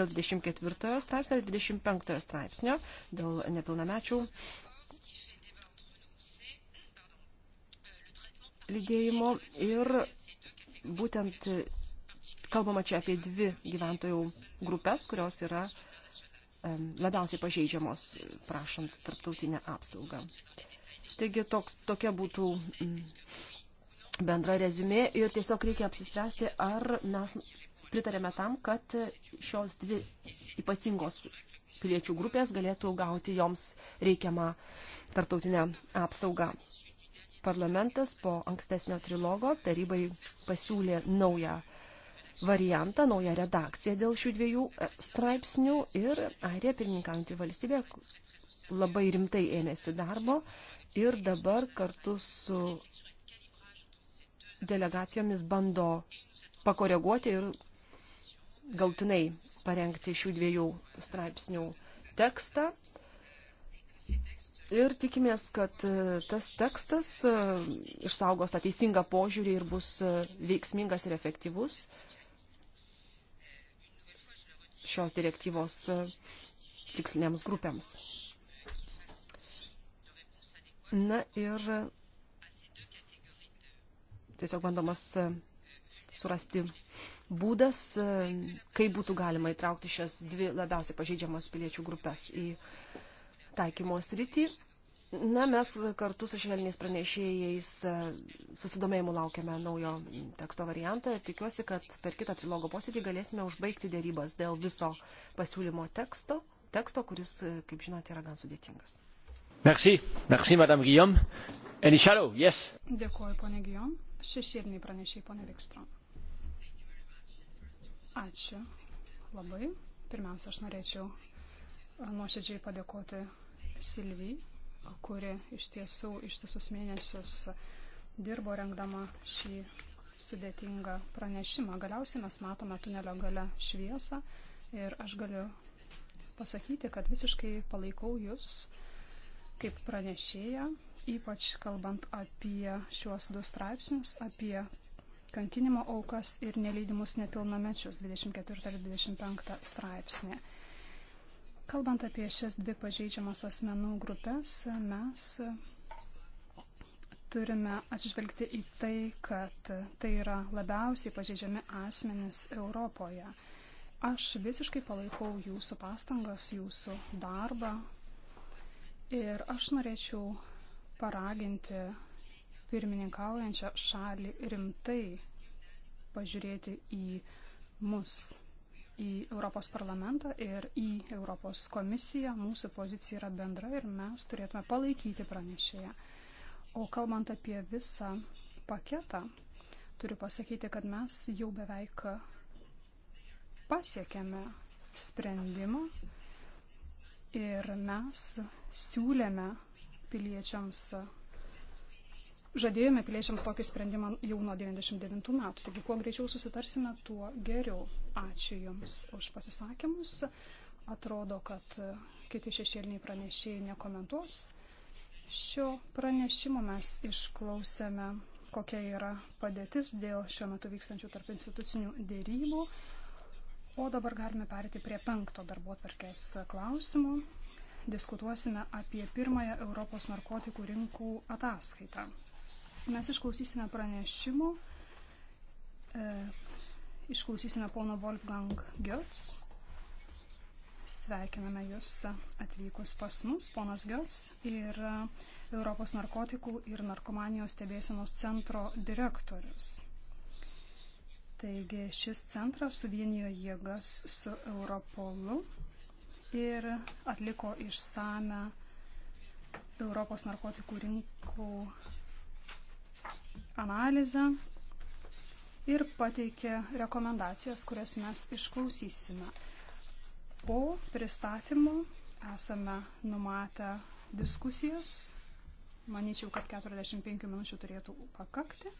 dėl 24 straipsnio ir 25 straipsnio, dėl nepilnamečių lydėjimo ir būtent kalbama čia apie dvi gyventojų grupės, kurios yra uh, labiausiai pažeidžiamos, prašant tarptautinę apsaugą. Taigi toks, tokia būtų bendra rezumė ir tiesiog reikia apsispręsti, ar mes pritarėme tam, kad šios dvi ypatingos piliečių grupės galėtų gauti joms reikiamą tartautinę apsaugą. Parlamentas po ankstesnio trilogo tarybai pasiūlė naują variantą, naują redakciją dėl šių dviejų e, straipsnių ir Airija pirmininkaujantį valstybę labai rimtai ėmėsi darbo ir dabar kartu su delegacijomis bando pakoreguoti ir galtinai parengti šių dviejų straipsnių tekstą. Ir tikimės, kad e, tas tekstas e, išsaugos tą teisingą požiūrį ir bus veiksmingas ir efektyvus šios direktyvos e, tikslinėms grupėms. Na ir tiesiog bandomas e, surasti būdas, e, kaip būtų galima įtraukti šias dvi labiausiai pažeidžiamas piliečių grupės į taikymo sritį. Na, mes kartu su švelniais pranešėjais e, susidomėjimu laukiame naujo teksto varianto ir tikiuosi, kad per kitą trilogo posėdį galėsime užbaigti dėrybas dėl viso pasiūlymo teksto, teksto kuris, e, kaip žinote, yra gan sudėtingas. Merci, merci, madame Guillaume. Any shadow, yes. Dėkuoju, ponė Guillaume. Šešėliniai pranešiai, ponė Vikstrom. Ačiū labai. Pirmiausia, aš norėčiau nuoširdžiai padėkoti Silvijai kuri iš tiesų ištisus mėnesius dirbo rengdama šį sudėtingą pranešimą. Galiausiai mes matome tunelio gale šviesą ir aš galiu pasakyti, kad visiškai palaikau jūs kaip pranešėja, ypač kalbant apie šiuos du straipsnius, apie kankinimo aukas ir nelydimus nepilnamečius 24-25 straipsnį. Kalbant apie šias dvi pažeidžiamas asmenų grupės, mes turime atsižvelgti į tai, kad tai yra labiausiai pažeidžiami asmenys Europoje. Aš visiškai palaikau jūsų pastangas, jūsų darbą ir aš norėčiau paraginti pirmininkaujančią šalį rimtai pažiūrėti į mus į Europos parlamentą ir į Europos komisiją. Mūsų pozicija yra bendra ir mes turėtume palaikyti pranešėją. O kalbant apie visą paketą, turiu pasakyti, kad mes jau beveik pasiekėme sprendimą ir mes siūlėme piliečiams žadėjome piliečiams tokį sprendimą jau nuo 99 metų. Taigi, kuo greičiau susitarsime, tuo geriau. Ačiū Jums už pasisakymus. Atrodo, kad kiti šešėliniai pranešėjai nekomentuos šio pranešimo. Mes išklausėme, kokia yra padėtis dėl šiuo metu vykstančių tarp institucinių dėrybų. O dabar galime perėti prie penkto darbo atvarkės klausimo. Diskutuosime apie pirmąją Europos narkotikų rinkų ataskaitą. Mes išklausysime pranešimų, e, išklausysime pono Wolfgang Götz. Sveikiname Jūs atvykus pas mus. Ponas Götz ir Europos narkotikų ir narkomanijos stebėsenos centro direktorius. Taigi šis centras suvienijo jėgas su Europolu ir atliko išsame Europos narkotikų rinkų analizę ir pateikė rekomendacijas, kurias mes išklausysime. Po pristatymo esame numatę diskusijas. Manyčiau, kad 45 minučių turėtų pakakti.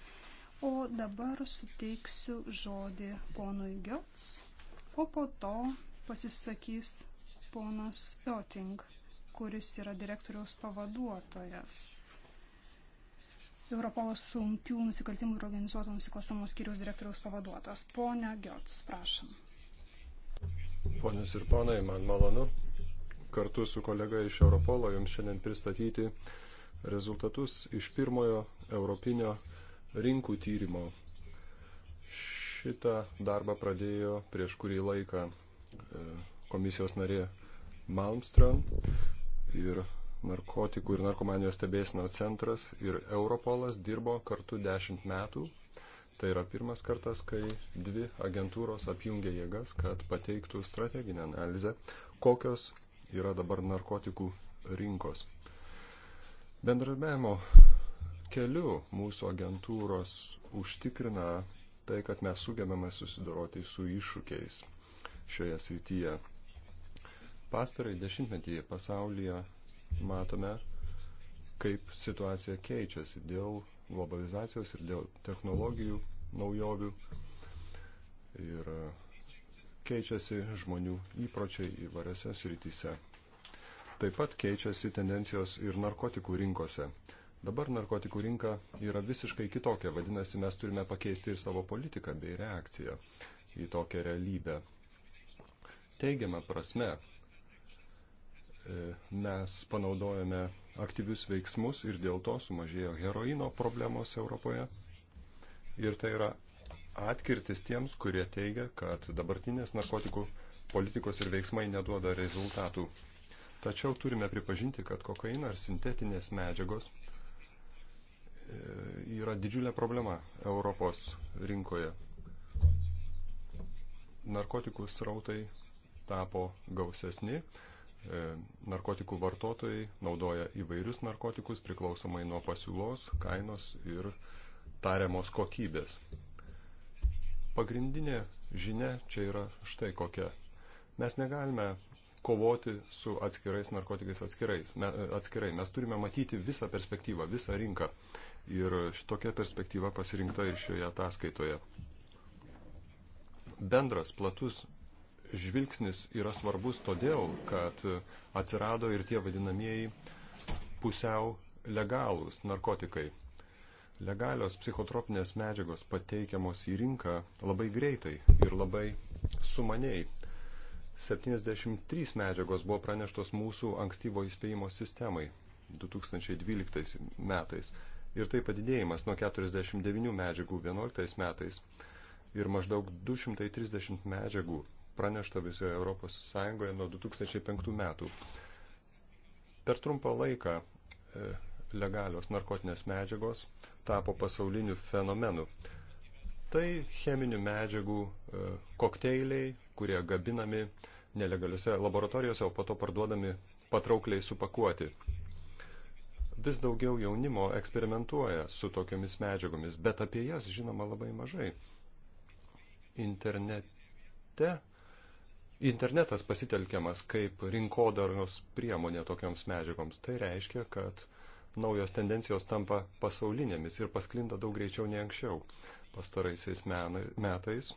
O dabar suteiksiu žodį ponui Gels, o po to pasisakys ponas Oting, kuris yra direktoriaus pavaduotojas. Europos sunkių nusikaltimų ir organizuotų nusikalstamų skyriaus direktoriaus pavaduotos. Pone Giots, prašom. Ponės ir ponai, man malonu kartu su kolega iš Europolo jums šiandien pristatyti rezultatus iš pirmojo europinio rinkų tyrimo. Šitą darbą pradėjo prieš kurį laiką e, komisijos narė Malmström ir narkotikų ir narkomanijos stebėsino centras ir Europolas dirbo kartu 10 metų. Tai yra pirmas kartas, kai dvi agentūros apjungia jėgas, kad pateiktų strateginę analizę, kokios yra dabar narkotikų rinkos. Bendradarbiavimo keliu mūsų agentūros užtikrina tai, kad mes sugebame susidoroti su iššūkiais šioje srityje. Pastarai dešimtmetį pasaulyje matome, kaip situacija keičiasi dėl globalizacijos ir dėl technologijų naujovių. Ir e, keičiasi žmonių įpročiai įvairiose srityse. Taip pat keičiasi tendencijos ir narkotikų rinkose. Dabar narkotikų rinka yra visiškai kitokia, vadinasi, mes turime pakeisti ir savo politiką bei reakciją į tokią realybę. Teigiamą prasme, E, mes panaudojame aktyvius veiksmus ir dėl to sumažėjo heroino problemos Europoje. Ir tai yra atkirtis tiems, kurie teigia, kad dabartinės narkotikų politikos ir veiksmai neduoda rezultatų. Tačiau turime pripažinti, kad kokaina ar sintetinės medžiagos e, yra didžiulė problema Europos rinkoje. Narkotikų srautai tapo gausesni, E, narkotikų vartotojai naudoja įvairius narkotikus priklausomai nuo pasiūlos, kainos ir tariamos kokybės. Pagrindinė žinia čia yra štai kokia. Mes negalime kovoti su atskirais narkotikais atskirais, me, e, atskirai. Mes turime matyti visą perspektyvą, visą rinką. Ir šitokia perspektyva pasirinkta ir šioje ataskaitoje. Bendras, platus žvilgsnis yra svarbus todėl, kad atsirado ir tie vadinamieji pusiau legalūs narkotikai. Legalios psichotropinės medžiagos pateikiamos į rinką labai greitai ir labai sumaniai. 73 medžiagos buvo praneštos mūsų ankstyvo įspėjimo sistemai 2012 metais. Ir tai padidėjimas nuo 49 medžiagų 2011 metais ir maždaug 230 medžiagų pranešta visoje Europos Sąjungoje nuo 2005 metų. Per trumpą laiką e, legalios narkotinės medžiagos tapo pasauliniu fenomenu. Tai cheminių medžiagų e, kokteiliai, kurie gabinami nelegaliuose laboratorijose, o po to parduodami patraukliai supakuoti. Vis daugiau jaunimo eksperimentuoja su tokiomis medžiagomis, bet apie jas žinoma labai mažai. Internete internetas pasitelkiamas kaip rinkodaros priemonė tokioms medžiagoms. Tai reiškia, kad naujos tendencijos tampa pasaulinėmis ir pasklinda daug greičiau nei anksčiau. Pastaraisiais metais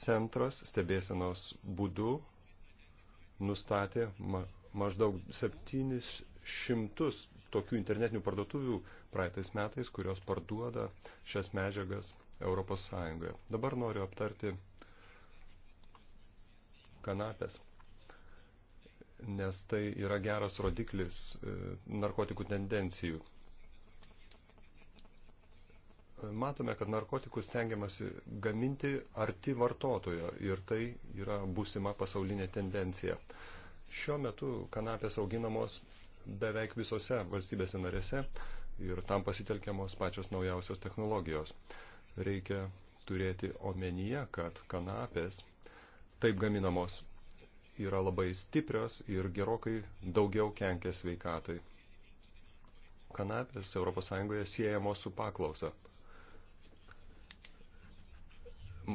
centras stebėsenos būdu nustatė ma maždaug 700 tokių internetinių parduotuvių praeitais metais, kurios parduoda šias medžiagas ES. Dabar noriu aptarti kanapės, nes tai yra geras rodiklis e, narkotikų tendencijų. Matome, kad narkotikus tengiamasi gaminti arti vartotojo ir tai yra būsima pasaulinė tendencija. Šiuo metu kanapės auginamos beveik visose valstybėse narėse ir tam pasitelkiamos pačios naujausios technologijos. Reikia turėti omenyje, kad kanapės taip gaminamos yra labai stiprios ir gerokai daugiau kenkia sveikatai. Kanapės ES siejamos su paklausa.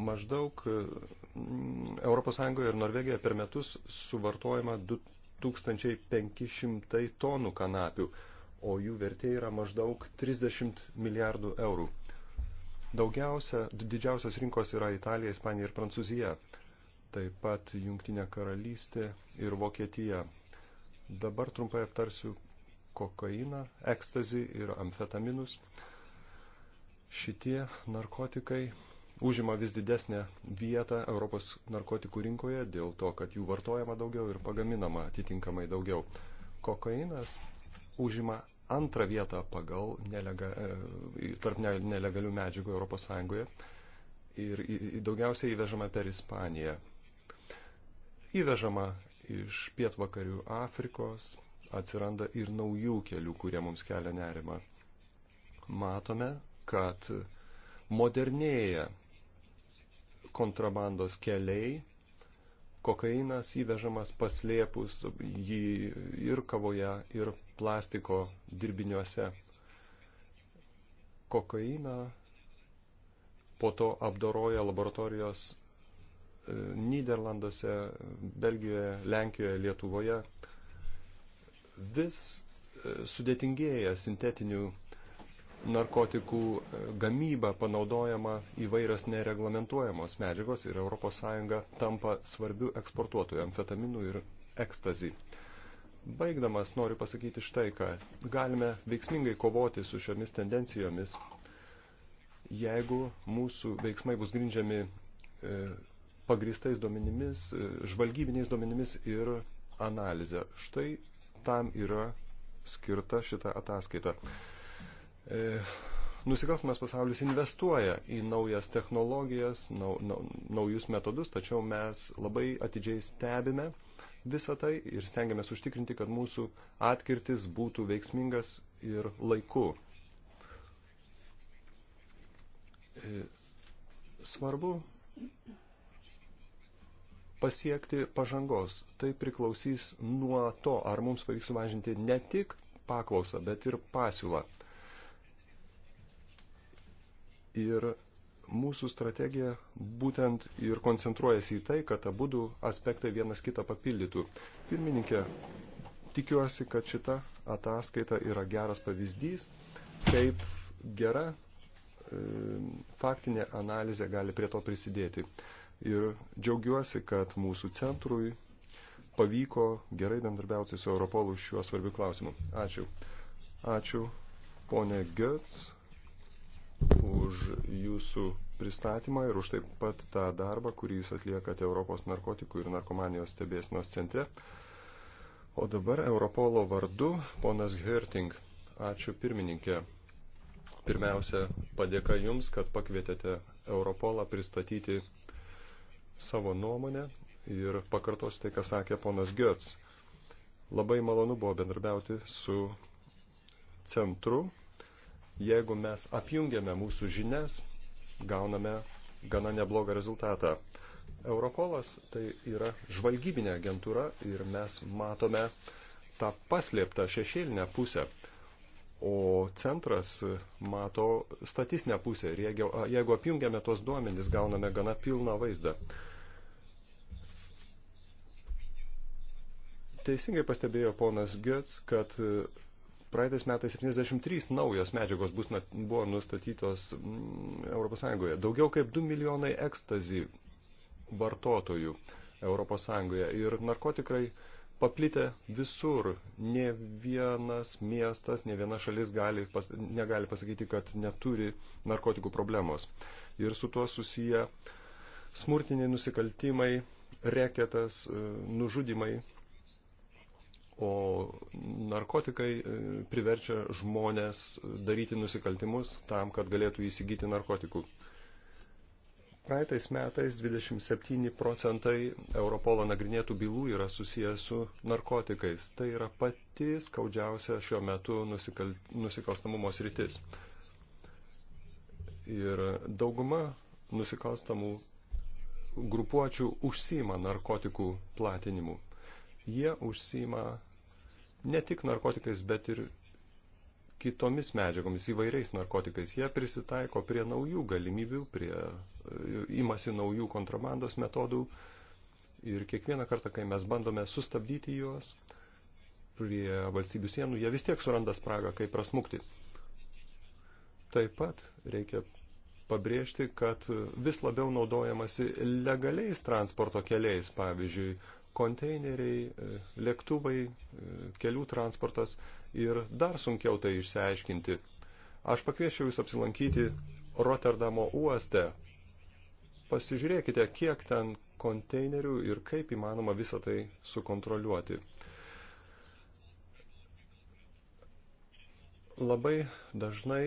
Maždaug mm, ES ir Norvegija per metus suvartojama 2500 tonų kanapių, o jų vertė yra maždaug 30 milijardų eurų. Daugiausia, didžiausios rinkos yra Italija, Ispanija ir Prancūzija taip pat Junktinė karalystė ir Vokietija. Dabar trumpai aptarsiu kokainą, ekstazį ir amfetaminus. Šitie narkotikai užima vis didesnę vietą Europos narkotikų rinkoje dėl to, kad jų vartojama daugiau ir pagaminama atitinkamai daugiau. Kokainas užima antrą vietą pagal nelega, e, tarp nelegalių medžiagų ES ir daugiausiai įvežama per Ispaniją įvežama iš pietvakarių Afrikos, atsiranda ir naujų kelių, kurie mums kelia nerimą. Matome, kad modernėja kontrabandos keliai, kokainas įvežamas paslėpus jį ir kavoje, ir plastiko dirbiniuose. Kokainą po to apdoroja laboratorijos Niderlanduose, Belgijoje, Lenkijoje, Lietuvoje vis e, sudėtingėja sintetinių narkotikų e, gamyba panaudojama įvairios nereglamentuojamos medžiagos ir ES tampa svarbiu eksportuotoju amfetaminų ir ekstazį. Baigdamas noriu pasakyti štai, kad galime veiksmingai kovoti su šiomis tendencijomis, jeigu mūsų veiksmai bus grindžiami e, pagristais duomenimis, e, žvalgybiniais duomenimis ir analizę. Štai tam yra skirta šita ataskaita. E, nusikalstamas pasaulis investuoja į naujas technologijas, nau, nau, naujus metodus, tačiau mes labai atidžiai stebime visą tai ir stengiamės užtikrinti, kad mūsų atkirtis būtų veiksmingas ir laiku. E, svarbu pasiekti pažangos. Tai priklausys nuo to, ar mums pavyks sumažinti ne tik paklausą, bet ir pasiūlą. Ir mūsų strategija būtent ir koncentruojasi į tai, kad abu du aspektai vienas kitą papildytų. Pirmininkė, tikiuosi, kad šita ataskaita yra geras pavyzdys, kaip gera e, faktinė analizė gali prie to prisidėti. Ir džiaugiuosi, kad mūsų centrui pavyko gerai bendarbiauti su Europolu šiuo svarbiu klausimu. Ačiū. Ačiū, ponė Götz, už jūsų pristatymą ir už taip pat tą darbą, kurį jūs atliekate Europos narkotikų ir narkomanijos stebėsinos centre. O dabar Europolo vardu ponas Herting. Ačiū pirmininkė. Pirmiausia, padėka Jums, kad pakvietėte Europolą pristatyti savo nuomonę ir pakartosiu tai, ką sakė ponas Götz. Labai malonu buvo bendrabiauti su centru. Jeigu mes apjungiame mūsų žinias, gauname gana neblogą rezultatą. Europolas tai yra žvalgybinė agentūra ir mes matome tą paslėptą šešėlinę pusę o centras mato statistinę pusę ir jeigu, jeigu apjungiame tuos duomenys, gauname gana pilną vaizdą. Teisingai pastebėjo ponas Götz, kad praeitais metais 73 naujos medžiagos bus, buvo nustatytos mm, ES. Daugiau kaip 2 milijonai ekstazi vartotojų ES ir narkotikrai paplitę visur. Ne vienas miestas, ne viena šalis gali, pas, negali pasakyti, kad neturi narkotikų problemos. Ir su tuo susiję smurtiniai nusikaltimai, reketas, e, nužudimai. O narkotikai e, priverčia žmonės daryti nusikaltimus tam, kad galėtų įsigyti narkotikų. Praeitais metais 27 procentai Europolo nagrinėtų bylų yra susijęs su narkotikais. Tai yra pati skaudžiausia šiuo metu nusikal... nusikalstamumo sritis. Ir dauguma nusikalstamų grupuočių užsima narkotikų platinimu. Jie užsima ne tik narkotikais, bet ir kitomis medžiagomis, įvairiais narkotikais. Jie prisitaiko prie naujų galimybių, prie, e, imasi naujų kontrabandos metodų. Ir kiekvieną kartą, kai mes bandome sustabdyti juos prie valstybių sienų, jie vis tiek suranda spragą, kaip prasmukti. Taip pat reikia pabrėžti, kad vis labiau naudojamasi legaliais transporto keliais, pavyzdžiui, konteineriai, e, lėktuvai, e, kelių transportas ir dar sunkiau tai išsiaiškinti. Aš pakviešiau Jūs apsilankyti Rotterdamo uoste. Pasižiūrėkite, kiek ten konteinerių ir kaip įmanoma visą tai sukontroliuoti. Labai dažnai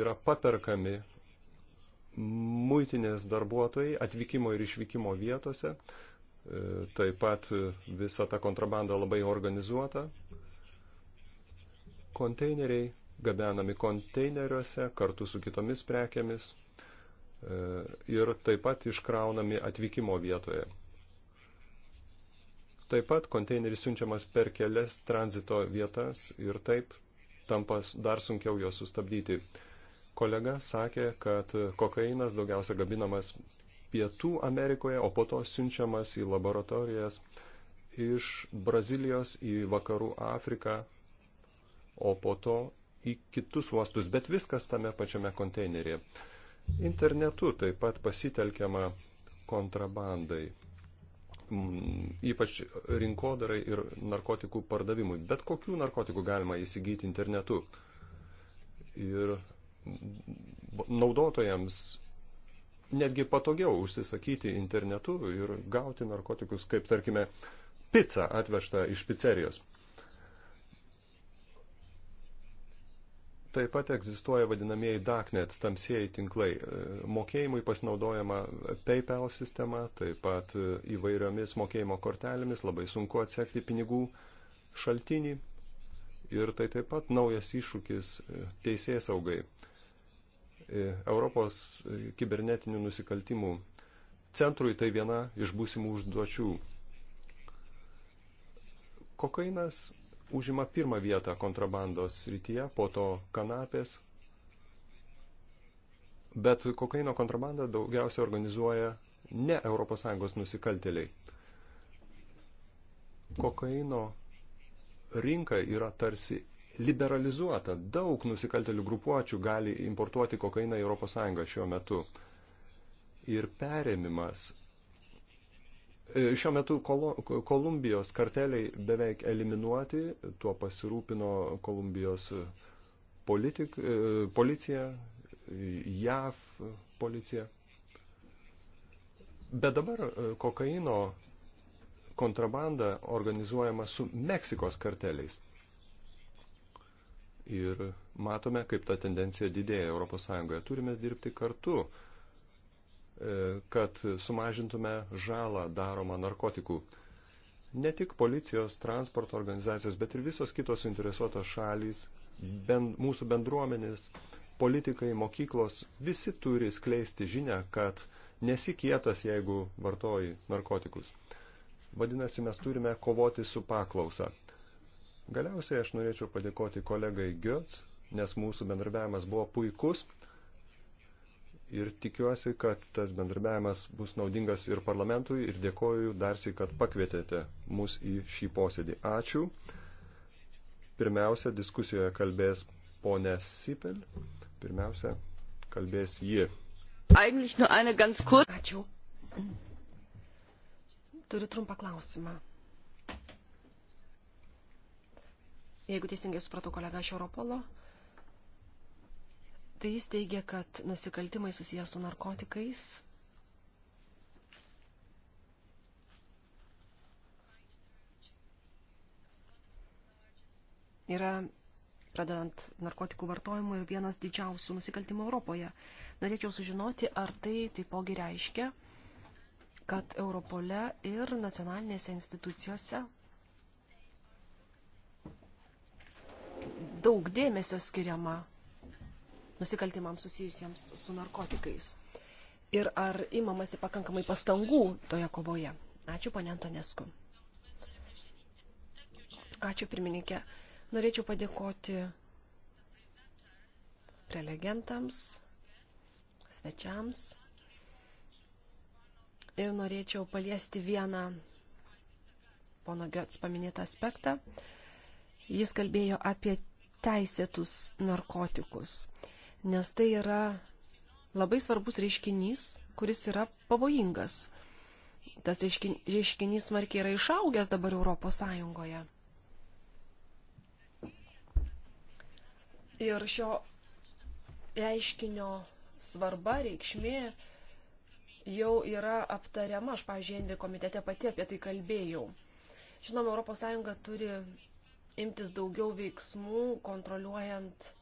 yra paperkami muitinės darbuotojai atvykimo ir išvykimo vietose. E, taip pat visa ta kontrabanda labai organizuota konteineriai gabenami konteineriuose kartu su kitomis prekiamis e, ir taip pat iškraunami atvykimo vietoje. Taip pat konteineris siunčiamas per kelias tranzito vietas ir taip tampas dar sunkiau jo sustabdyti. Kolega sakė, kad kokainas daugiausia gaminamas Pietų Amerikoje, o po to siunčiamas į laboratorijas iš Brazilijos į Vakarų Afriką o po to į kitus uostus, bet viskas tame pačiame konteineryje. Internetu taip pat pasitelkiama kontrabandai, mm, ypač rinkodarai ir narkotikų pardavimui. Bet kokių narkotikų galima įsigyti internetu. Ir naudotojams netgi patogiau užsisakyti internetu ir gauti narkotikus, kaip tarkime, pica atvežta iš pizzerijos. Taip pat egzistuoja vadinamieji darknets, tamsieji tinklai. E, mokėjimui pasinaudojama PayPal sistema, taip pat e, įvairiomis mokėjimo kortelėmis labai sunku atsekti pinigų šaltinį. Ir tai taip pat naujas iššūkis e, teisės saugai. Europos kibernetinių nusikaltimų centrui tai viena iš būsimų užduočių. Kokainas užima pirmą vietą kontrabandos rytyje, po to kanapės. Bet kokaino kontrabandą daugiausia organizuoja ne ES nusikaltėliai. Kokaino rinka yra tarsi liberalizuota. Daug nusikaltelių grupuočių gali importuoti kokainą į ES šiuo metu. Ir perėmimas E, šiuo metu Kolumbijos karteliai beveik eliminuoti, tuo pasirūpino Kolumbijos politik, e, policija, JAV policija. Bet dabar e, kokaino kontrabanda organizuojama su Meksikos karteliais. Ir matome, kaip ta tendencija didėja ES. Turime dirbti kartu E, kad sumažintume žalą daromą narkotikų. Ne tik policijos, transporto organizacijos, bet ir visos kitos suinteresuotos šalys, ben, mūsų bendruomenės, politikai, mokyklos, visi turi skleisti žinę, kad nesikietas, jeigu vartoji narkotikus. Vadinasi, mes turime kovoti su paklausa. Galiausiai aš norėčiau padėkoti kolegai Götz, nes mūsų bendrabiavimas buvo puikus ir tikiuosi, kad tas bendrabiavimas bus naudingas ir parlamentui ir dėkoju darsiai, kad pakvietėte mus į šį posėdį. Ačiū. Pirmiausia, diskusijoje kalbės ponė Sipel. Pirmiausia, kalbės ji. Ačiū. Turiu trumpą klausimą. Jeigu teisingai supratau kolegą iš Europolo, Tai jis teigia, kad nusikaltimai susijęs su narkotikais yra, pradedant narkotikų vartojimu, ir vienas didžiausių nusikaltimų Europoje. Norėčiau sužinoti, ar tai taipogi reiškia, kad Europole ir nacionalinėse institucijose daug dėmesio skiriama nusikaltimams susijusiems su narkotikais. Ir ar imamasi pakankamai pastangų toje kovoje? Ačiū, ponė Antonesku. Ačiū, pirmininkė. Norėčiau padėkoti prelegentams, svečiams. Ir norėčiau paliesti vieną pono Götz paminėtą aspektą. Jis kalbėjo apie teisėtus narkotikus nes tai yra labai svarbus reiškinys, kuris yra pavojingas. Tas reiškinys smarkiai yra išaugęs dabar Europos Sąjungoje. Ir šio reiškinio svarba, reikšmė jau yra aptariama. Aš, pavyzdžiui, Envi komitete pati apie tai kalbėjau. Žinoma, ES turi imtis daugiau veiksmų, kontroliuojant uh,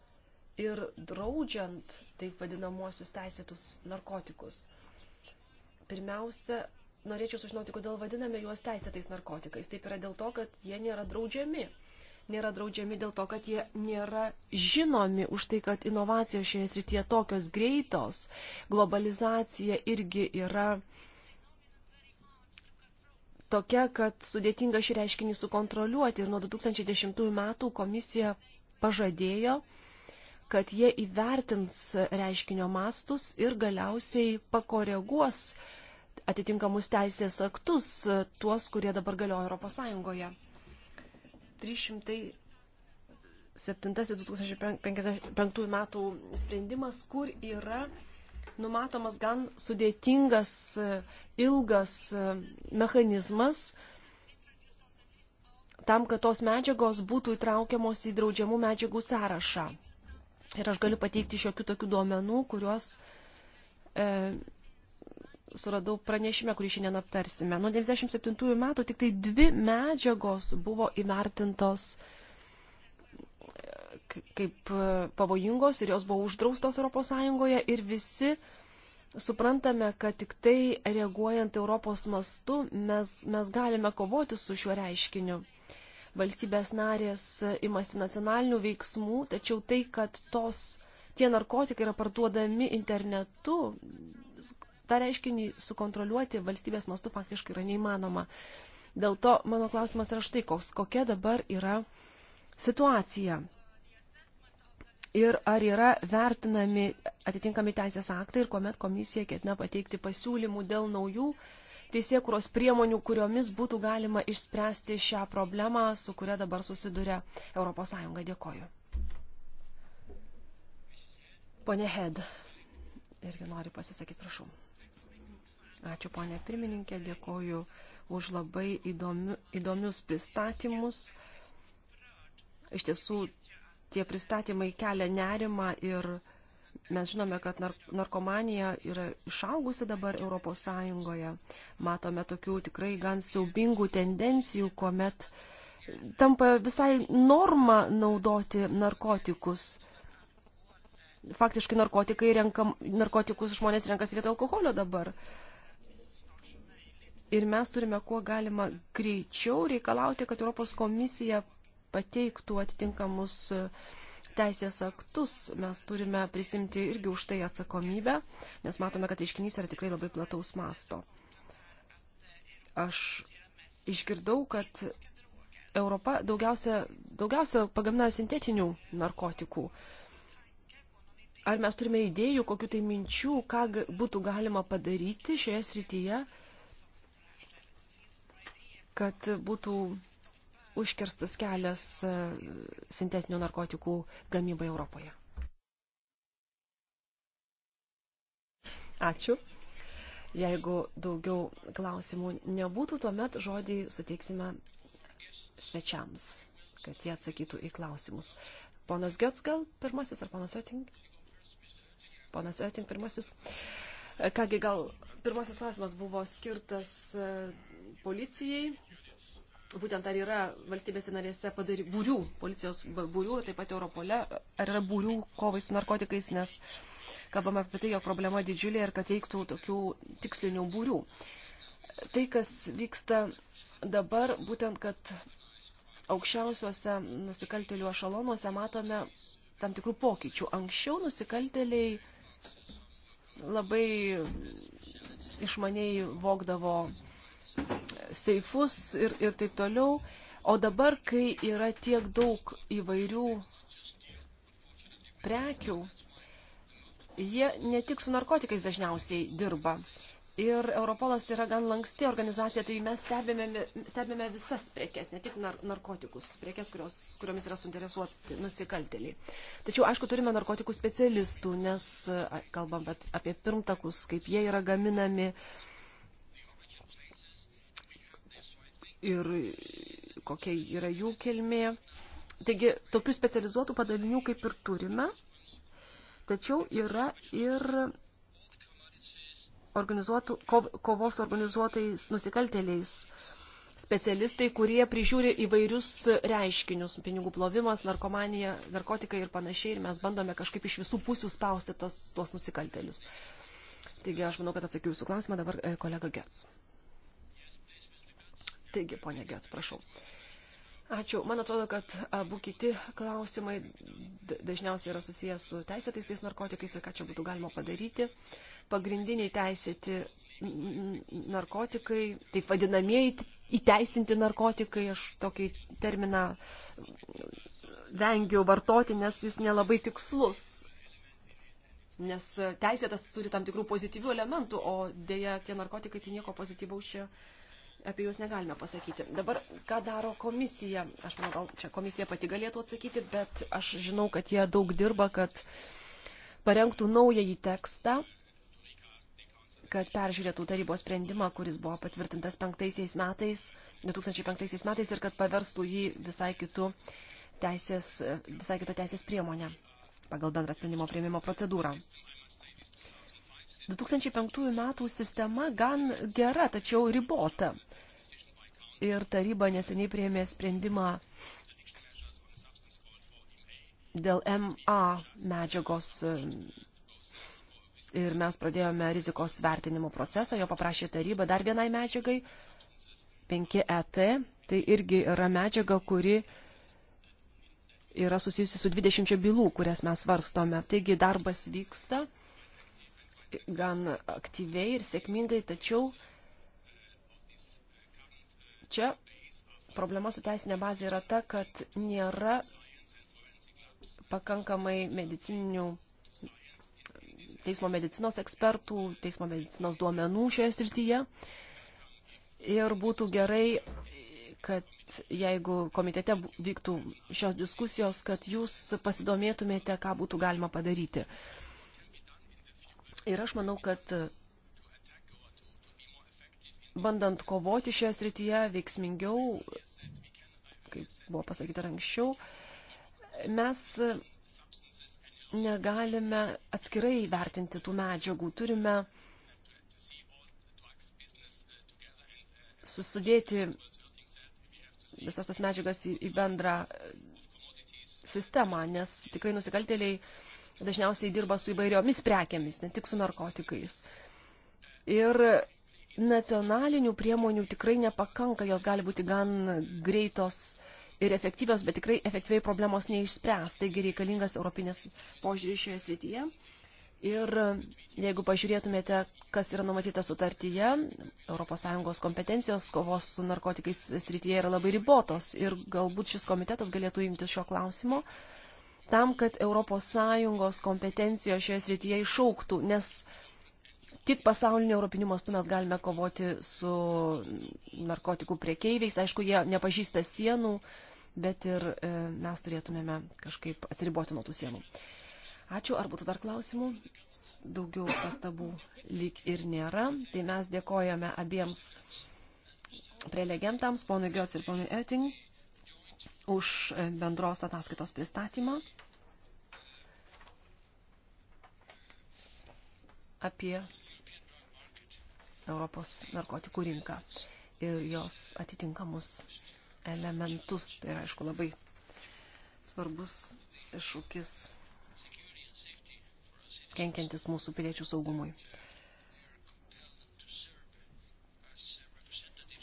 ir draudžiant taip vadinamuosius teisėtus narkotikus. Pirmiausia, norėčiau sužinoti, kodėl vadiname juos teisėtais narkotikais. Taip yra dėl to, kad jie nėra draudžiami. Nėra draudžiami dėl to, kad jie nėra žinomi už tai, kad inovacijos šioje srityje tokios greitos. Globalizacija irgi yra tokia, kad sudėtinga šį reiškinį sukontroliuoti. Ir nuo 2010 metų komisija pažadėjo, kad jie įvertins reiškinio mastus ir galiausiai pakoreguos atitinkamus teisės aktus, e, tuos, kurie dabar galioja Europos Sąjungoje. 307-2055 metų sprendimas, kur yra numatomas gan sudėtingas, e, ilgas e, mechanizmas, tam, kad tos medžiagos būtų įtraukiamos į draudžiamų medžiagų sąrašą. Ir aš galiu pateikti šiokių tokių duomenų, kuriuos e, suradau pranešime, kurį šiandien aptarsime. Nuo 1997 metų tik tai dvi medžiagos buvo įvertintos e, kaip e, pavojingos ir jos buvo uždraustos ES ir visi suprantame, kad tik tai reaguojant Europos mastu mes, mes galime kovoti su šiuo reiškiniu valstybės narės imasi nacionalinių veiksmų, tačiau tai, kad tos, tie narkotikai yra parduodami internetu, tą reiškinį sukontroliuoti valstybės mastu faktiškai yra neįmanoma. Dėl to mano klausimas yra štai koks, kokia dabar yra situacija. Ir ar yra vertinami atitinkami teisės aktai ir kuomet komisija ketina pateikti pasiūlymų dėl naujų uh, teisėkuros priemonių, kuriomis būtų galima išspręsti šią problemą, su kuria dabar susiduria ES. Dėkoju. Pone Hed, irgi noriu pasisakyti, prašau. Ačiū, ponė pirmininkė, dėkoju už labai įdomiu, įdomius pristatymus. Iš tiesų, tie pristatymai kelia nerimą ir Mes žinome, kad narkomanija yra išaugusi dabar ES. Matome tokių tikrai gan siaubingų tendencijų, kuomet tampa visai norma naudoti narkotikus. Faktiškai narkotikai renkam, narkotikus žmonės renkasi vietoj alkoholio dabar. Ir mes turime kuo galima greičiau reikalauti, kad Europos komisija pateiktų atitinkamus uh, teisės aktus mes turime prisimti irgi už tai atsakomybę, nes matome, kad aiškinys yra tikrai labai plataus masto. Aš išgirdau, kad Europa daugiausia, daugiausia pagamina sintetinių narkotikų. Ar mes turime idėjų, kokiu tai minčių, ką būtų galima padaryti šioje srityje, kad būtų užkirstas kelias e, sintetinių narkotikų gamybai Europoje. Ačiū. Jeigu daugiau klausimų nebūtų, tuomet žodį suteiksime svečiams, kad jie atsakytų į klausimus. Ponas Götz gal pirmasis ar ponas Oetting? Ponas Oetting pirmasis. Kągi gal pirmasis klausimas buvo skirtas e, policijai būtent ar yra valstybėse narėse padary, būrių, policijos būrių, taip pat Europole, ar yra būrių kovai su narkotikais, nes kalbame apie tai, jog problema didžiulė ir kad reiktų tokių tikslinių būrių. Tai, kas vyksta dabar, būtent, kad aukščiausiuose nusikaltelių ašalonuose matome tam tikrų pokyčių. Anksčiau nusikalteliai labai išmaniai vokdavo seifus ir, ir taip toliau. O dabar, kai yra tiek daug įvairių prekių, jie ne tik su narkotikais dažniausiai dirba. Ir Europolas yra gan lanksti organizacija, tai mes stebėme, stebėme visas prekes, ne tik nar narkotikus, prekes, kurios, kuriomis yra suinteresuoti nusikaltėliai. Tačiau, aišku, turime narkotikų specialistų, nes kalbam apie pirmtakus, kaip jie yra gaminami, uh, ir kokia yra jų kilmė. Taigi, tokių specializuotų padalinių kaip ir turime, tačiau yra ir organizuotų, kovos organizuotais nusikaltėliais specialistai, kurie prižiūri įvairius reiškinius - pinigų plovimas, narkomanija, narkotikai ir panašiai, ir mes bandome kažkaip iš visų pusių spausti tas, tuos nusikaltelius. Taigi aš manau, kad atsakiau jūsų klausimą dabar e, kolega Gets. Taigi, ponė Gė, atsiprašau. Ačiū. Man atrodo, kad abu kiti klausimai dažniausiai yra susijęs su teisėtais tais narkotikais ir ką čia būtų galima padaryti. Pagrindiniai teisėti narkotikai, taip vadinamieji įteisinti narkotikai, aš tokį terminą vengiu vartoti, nes jis nelabai tikslus. Nes teisėtas turi tam tikrų pozityvių elementų, o dėja tie narkotikai tai nieko pozityvaus čia. Šia apie juos negalime pasakyti. Dabar, ką daro komisija, aš manau, gal čia komisija pati galėtų atsakyti, bet aš žinau, kad jie daug dirba, kad parengtų naująjį tekstą, kad peržiūrėtų tarybos sprendimą, kuris buvo patvirtintas 5 metais, 2005 metais ir kad paverstų jį visai, kitų teisės, visai kitą teisės priemonę pagal bendrą sprendimo prieimimo procedūrą. 2005 metų sistema gan gera, tačiau ribota. Ir taryba neseniai priėmė sprendimą dėl MA medžiagos e, ir mes pradėjome rizikos vertinimo procesą, jo paprašė taryba dar vienai medžiagai 5ET, e tai irgi yra medžiaga, kuri yra susijusi su 20 bylų, kurias mes varstome. Taigi darbas vyksta gan aktyviai ir sėkmingai, tačiau čia problema su teisinė bazė yra ta, kad nėra pakankamai medicininių teismo medicinos ekspertų, teismo medicinos duomenų šioje srityje. Ir būtų gerai, kad jeigu komitete vyktų šios diskusijos, kad jūs pasidomėtumėte, ką būtų galima padaryti. Uh, Ir aš manau, kad bandant kovoti šioje srityje veiksmingiau, kaip buvo pasakyta anksčiau, mes negalime atskirai vertinti tų medžiagų, turime susidėti visas tas medžiagas į, į bendrą sistemą, nes tikrai nusikaltėliai dažniausiai dirba su įvairiomis prekėmis, ne tik su narkotikais. Ir nacionalinių priemonių tikrai nepakanka, jos gali būti gan greitos ir efektyvios, bet tikrai efektyviai problemos neišspręs, taigi reikalingas europinės požiūris šioje srityje. Ir jeigu pažiūrėtumėte, kas yra numatyta sutartyje, ES kompetencijos kovos su narkotikais srityje yra labai ribotos ir galbūt šis komitetas galėtų imtis šio klausimo. Uh, tam, kad ES kompetencijos šioje srityje išauktų, nes tik pasauliniu europiniu mastu mes galime kovoti su narkotikų priekeiviais. Aišku, jie nepažįsta sienų, bet ir e, mes turėtumėme kažkaip atsiriboti nuo tų sienų. Ačiū, ar būtų dar klausimų? Daugiau pastabų lyg ir nėra. Tai mes dėkojame abiems prelegentams, ponui Giots ir ponui Oetting už e, bendros ataskaitos pristatymą apie Europos narkotikų rinką ir jos atitinkamus elementus. Tai yra, aišku, labai svarbus iššūkis kenkiantis mūsų piliečių saugumui.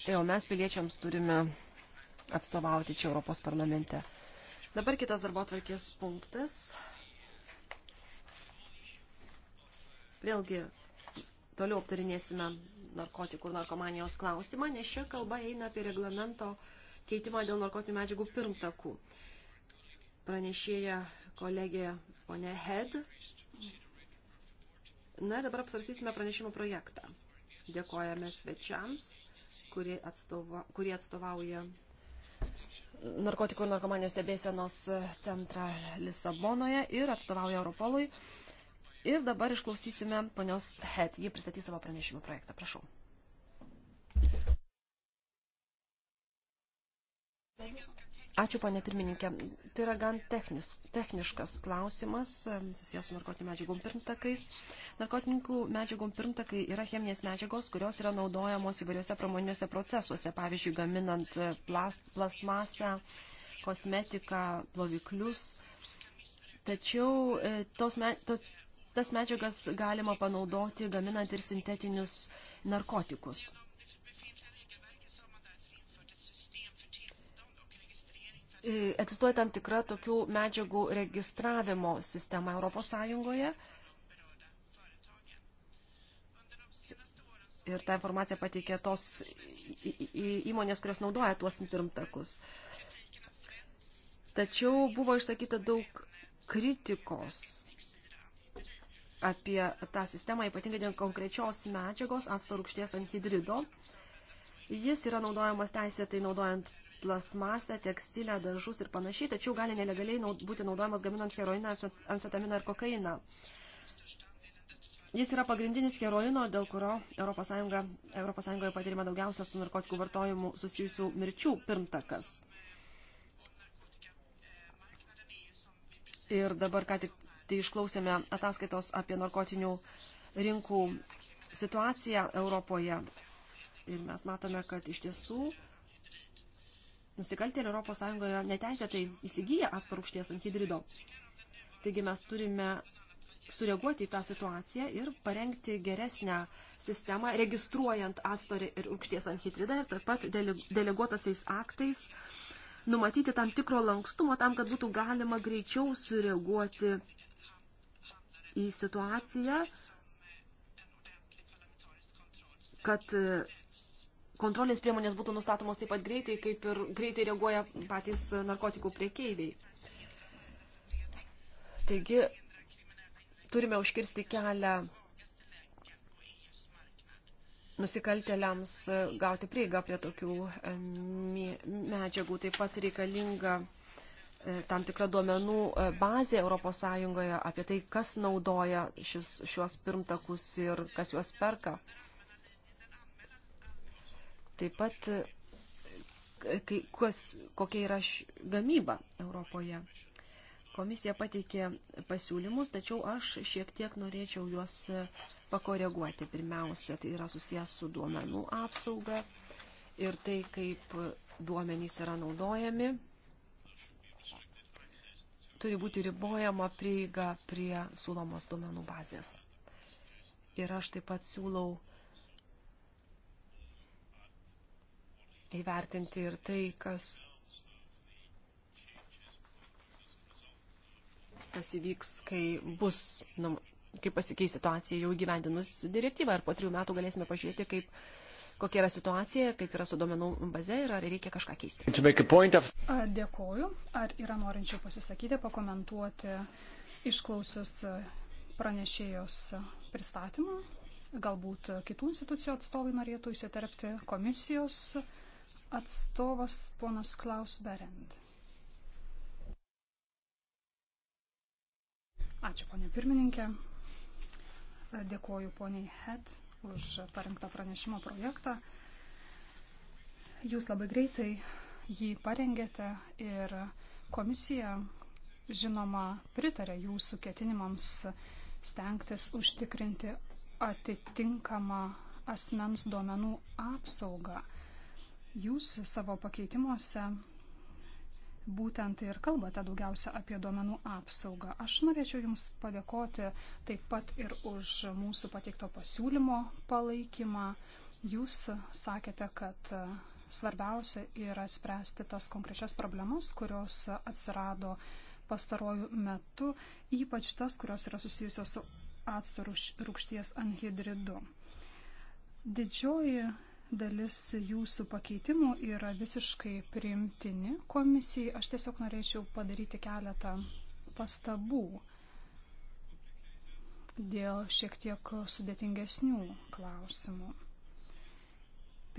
Tai o mes piliečiams turime atstovauti čia Europos parlamente. Dabar kitas darbo atvarkės punktas. Vėlgi, toliau aptarinėsime narkotikų ir narkomanijos klausimą, nes čia kalba eina apie reglamento keitimą dėl narkotinių medžiagų pirmtakų. Pranešėja kolegė ponė Head. Na, dabar apsarstysime pranešimo projektą. Dėkojame svečiams, kurie, atstova, kurie atstovauja narkotikų ir narkomanijos stebėsenos centrą Lisabonoje ir atstovauja Europolui. Ir dabar išklausysime ponios Het. Ji pristatys savo pranešimo projektą. Prašau. Ačiū, ponė pirmininkė. Tai yra gan technis, techniškas klausimas, susijęs su narkotinių medžiagų pirmtakais. Narkotininkų medžiagų pirmtakai yra cheminės medžiagos, kurios yra naudojamos įvairiuose pramoniniuose procesuose, pavyzdžiui, gaminant e, plast, plastmasę, kosmetiką, ploviklius. Tačiau e, tos, me, to, tas medžiagas galima panaudoti gaminant ir sintetinius narkotikus. egzistuoja tam tikra tokių medžiagų registravimo sistema Europos Sąjungoje. Ir tą informaciją pateikė tos įmonės, kurios naudoja tuos pirmtakus. Tačiau buvo išsakyta daug kritikos apie tą sistemą, ypatingai dėl konkrečios medžiagos acto rūgšties anhidrido. Jis yra naudojamas teisėtai naudojant plasmasę, tekstilę, dažus ir panašiai, tačiau gali nelegaliai naud būti naudojamas gaminant heroiną, amfetaminą ir kokainą. Jis yra pagrindinis heroino, dėl kurio ES, ES patirima daugiausia su narkotikų vartojimu susijusių mirčių pirmtakas. Ir dabar ką tik tai išklausėme ataskaitos apie narkotinių rinkų situaciją Europoje. Ir mes matome, kad iš tiesų nusikaltėliai Europos Sąjungoje neteisėtai įsigyja asparūkšties anhidrido. Taigi mes turime sureaguoti į tą situaciją ir parengti geresnę sistemą, registruojant astorį ir rūkšties anhidridą ir taip pat deleguotasiais aktais numatyti tam tikro lankstumo tam, kad būtų galima greičiau sureaguoti į situaciją, kad kontrolės priemonės būtų nustatomos taip pat greitai, kaip ir greitai reaguoja patys narkotikų priekeiviai. Taigi, turime užkirsti kelią nusikaltėliams gauti prieigą prie tokių medžiagų. Taip pat reikalinga e, tam tikra duomenų e, bazė ES apie tai, kas naudoja šis, šiuos pirmtakus ir kas juos perka. Taip pat, kai, kas, kokia yra gamyba Europoje. Komisija pateikė pasiūlymus, tačiau aš šiek tiek norėčiau juos pakoreguoti. Pirmiausia, tai yra susijęs su duomenų apsauga ir tai, kaip duomenys yra naudojami. Turi būti ribojama prieiga prie siūlomos duomenų bazės. Ir aš taip pat siūlau įvertinti ir tai, kas, kas įvyks, kai bus, nu, kaip pasikeis situacija jau gyvendinus direktyvą ir po trijų metų galėsime pažiūrėti, kaip, kokia yra situacija, kaip yra su duomenų baze ir ar reikia kažką keisti. Dėkoju. Ar yra norinčių pasisakyti, pakomentuoti išklausius pranešėjos pristatymą? Galbūt kitų institucijų atstovai norėtų įsiterpti komisijos atstovas ponas Klaus Berend. Ačiū, ponė pirmininkė. Dėkoju poniai Het už parengtą pranešimo projektą. Jūs labai greitai jį parengėte ir komisija, žinoma, pritarė jūsų ketinimams stengtis užtikrinti atitinkamą asmens duomenų apsaugą. Jūs savo pakeitimuose būtent ir kalbate daugiausia apie duomenų apsaugą. Aš norėčiau Jums padėkoti taip pat ir už mūsų pateikto pasiūlymo palaikymą. Jūs sakėte, kad svarbiausia yra spręsti tas konkrečias problemas, kurios atsirado pastarojų metų, ypač tas, kurios yra susijusios su acto rūkšties anhidridu. Didžioji dalis jūsų pakeitimų yra visiškai priimtini komisijai. Aš tiesiog norėčiau padaryti keletą pastabų dėl šiek tiek sudėtingesnių klausimų.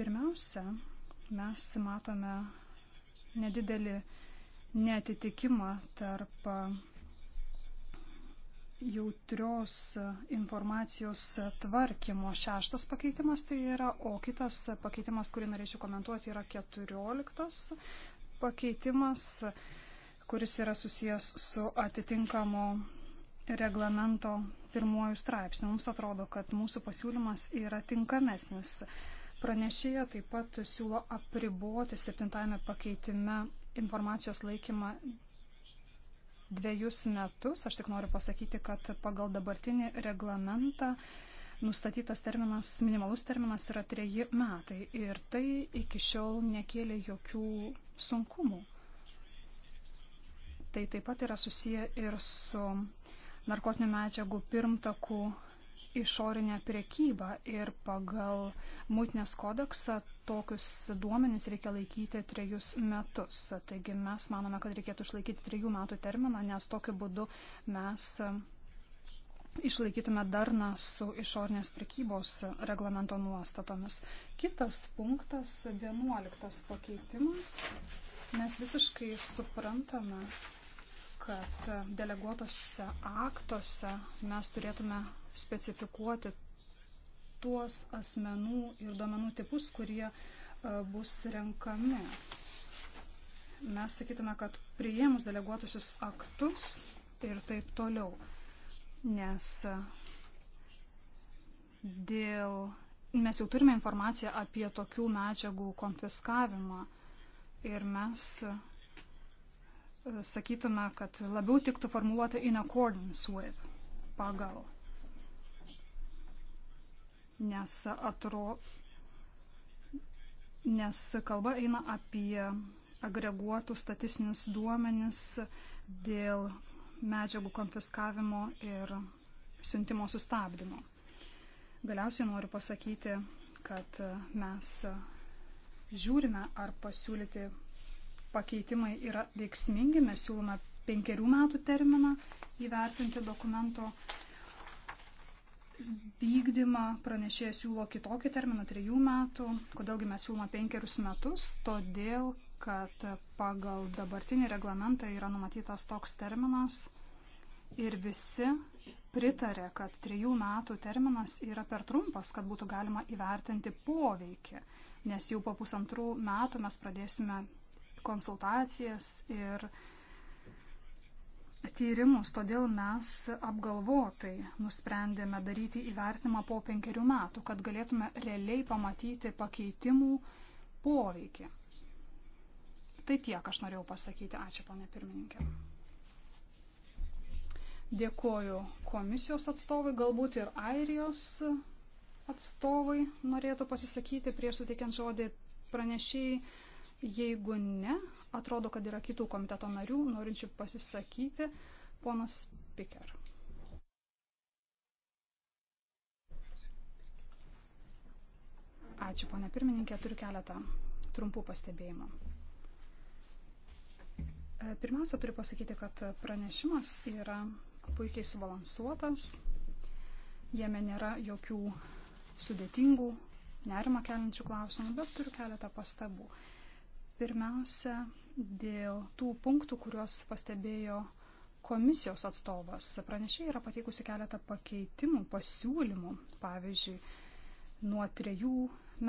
Pirmiausia, mes matome nedidelį netitikimą tarp jautrios informacijos tvarkymo šeštas pakeitimas tai yra, o kitas pakeitimas, kurį norėčiau komentuoti, yra keturioliktas pakeitimas, kuris yra susijęs su atitinkamo reglamento pirmojų straipsnių. Mums atrodo, kad mūsų pasiūlymas yra tinkamesnis. Pranešėja taip pat siūlo apriboti septintame pakeitime informacijos laikymą dviejus metus. Aš tik noriu pasakyti, kad pagal dabartinį reglamentą nustatytas terminas, minimalus terminas yra treji metai ir tai iki šiol nekėlė jokių sunkumų. Tai taip pat yra susiję ir su narkotinių medžiagų pirmtakų išorinę priekybą ir pagal muitinės kodeksą tokius duomenys reikia laikyti trejus metus. Taigi mes manome, kad reikėtų išlaikyti trejų metų terminą, nes tokiu būdu mes um, išlaikytume darną su išorinės prekybos reglamento nuostatomis. Kitas punktas, vienuoliktas pakeitimas. Mes visiškai suprantame, kad deleguotose aktuose mes turėtume specifikuoti tuos asmenų ir duomenų tipus, kurie e, bus renkami. Mes sakytume, kad priėmus deleguotusius aktus ir taip toliau, nes e, dėl mes jau turime informaciją apie tokių medžiagų konfiskavimą ir mes e, sakytume, kad labiau tiktų formuluoti in accordance with pagal nes, atro, nes kalba eina apie agreguotų statistinius duomenis dėl medžiagų konfiskavimo ir siuntimo sustabdymo. Galiausiai noriu pasakyti, kad mes žiūrime, ar pasiūlyti pakeitimai yra veiksmingi. Mes siūlome penkerių metų terminą įvertinti dokumento vykdymą pranešėjas siūlo kitokį terminą - trijų metų. Kodėlgi mes siūlome penkerius metus? Todėl, kad pagal dabartinį reglamentą yra numatytas toks terminas ir visi pritarė, kad trijų metų terminas yra per trumpas, kad būtų galima įvertinti poveikį, nes jau po pusantrų metų mes pradėsime konsultacijas ir uh, tyrimus, todėl mes apgalvotai nusprendėme daryti įvertinimą po penkerių metų, kad galėtume realiai pamatyti pakeitimų poveikį. Tai tiek aš norėjau pasakyti. Ačiū, ponė pirmininkė. Dėkoju komisijos atstovai, galbūt ir Airijos atstovai norėtų pasisakyti prieš suteikiant žodį pranešėjai. Jeigu ne, Atrodo, kad yra kitų komiteto narių, norinčių pasisakyti. Ponas Piker. Ačiū, ponė pirmininkė, turiu keletą trumpų pastebėjimų. E, pirmiausia, turiu pasakyti, kad pranešimas yra puikiai subalansuotas, jame nėra jokių sudėtingų, nerima keliančių klausimų, bet turiu keletą pastabų. Pirmiausia, dėl tų punktų, kuriuos pastebėjo komisijos atstovas. Pranešė yra pateikusi keletą pakeitimų, pasiūlymų. Pavyzdžiui, nuo trejų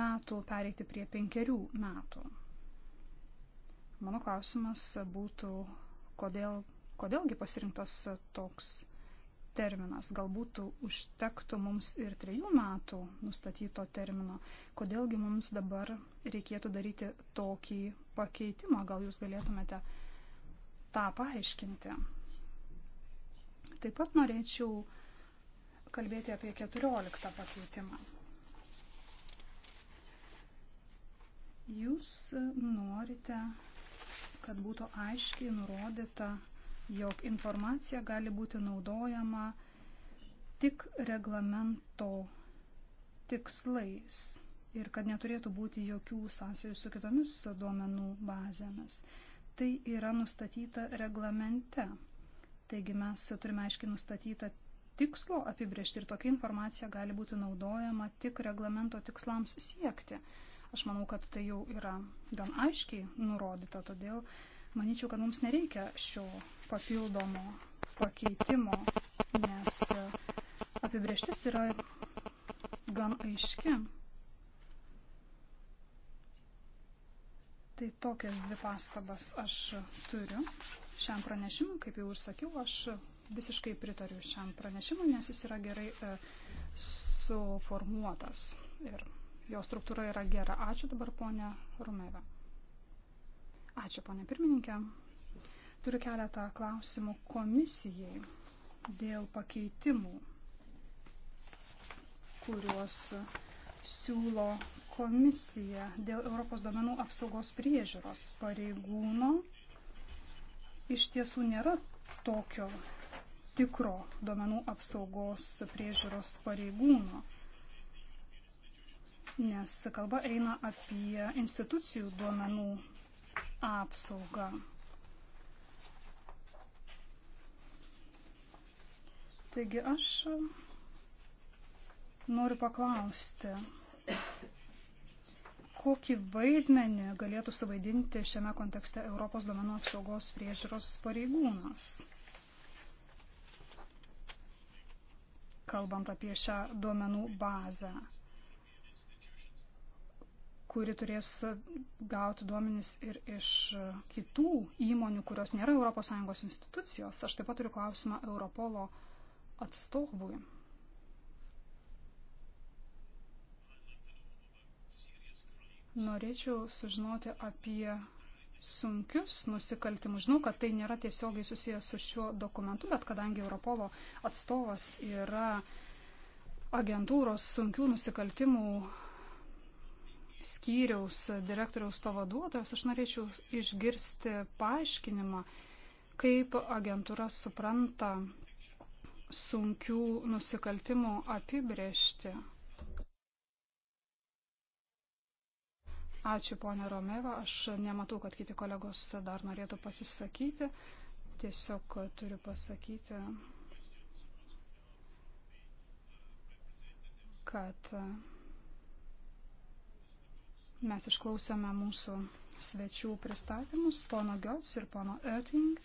metų pereiti prie penkerių metų. Mano klausimas būtų, kodėl, kodėlgi pasirinktas toks terminas. Galbūt užtektų mums ir trejų metų nustatyto termino. Kodėlgi mums dabar reikėtų daryti tokį pakeitimą? Gal jūs galėtumėte tą paaiškinti? Taip pat norėčiau kalbėti apie 14 pakeitimą. Jūs norite, kad būtų aiškiai nurodyta jog informacija gali būti naudojama tik reglamento tikslais ir kad neturėtų būti jokių sąsajų su kitomis duomenų bazėmis. Tai yra nustatyta reglamente. Taigi mes turime aiškiai nustatytą tikslo apibriežti ir tokia informacija gali būti naudojama tik reglamento tikslams siekti. Aš manau, kad tai jau yra gan aiškiai nurodyta, todėl uh, Manyčiau, kad mums nereikia šio papildomo pakeitimo, nes apibrieštis yra gan aiški. Tai tokias dvi pastabas aš turiu šiam pranešimui, kaip jau ir sakiau, aš visiškai pritariu šiam pranešimui, nes jis yra gerai e, suformuotas ir jo struktūra yra gera. Ačiū dabar ponia Rumeva. Ačiū, ponė pirmininkė. Turiu keletą klausimų komisijai dėl pakeitimų, kuriuos siūlo komisija dėl Europos domenų apsaugos priežiūros pareigūno. Iš tiesų nėra tokio tikro domenų apsaugos priežiūros pareigūno, nes kalba eina apie institucijų duomenų apsaugą. Taigi aš noriu paklausti, kokį vaidmenį galėtų suvaidinti šiame kontekste Europos domenų apsaugos priežiūros pareigūnas. Kalbant apie šią duomenų bazę kuri turės gauti duomenis ir iš kitų įmonių, kurios nėra ES institucijos. Aš taip pat turiu klausimą Europolo atstovui. Norėčiau sužinoti apie sunkius nusikaltimus. Žinau, kad tai nėra tiesiogiai susijęs su šiuo dokumentu, bet kadangi Europolo atstovas yra agentūros sunkių nusikaltimų skyriaus direktoriaus pavaduotojos, aš norėčiau išgirsti paaiškinimą, kaip agentūra supranta sunkių nusikaltimų apibrėžti. Ačiū, ponė Romeva. Aš nematau, kad kiti kolegos dar norėtų pasisakyti. Tiesiog turiu pasakyti, kad Mes išklausėme mūsų svečių pristatymus, pono Giots ir pono Oetting.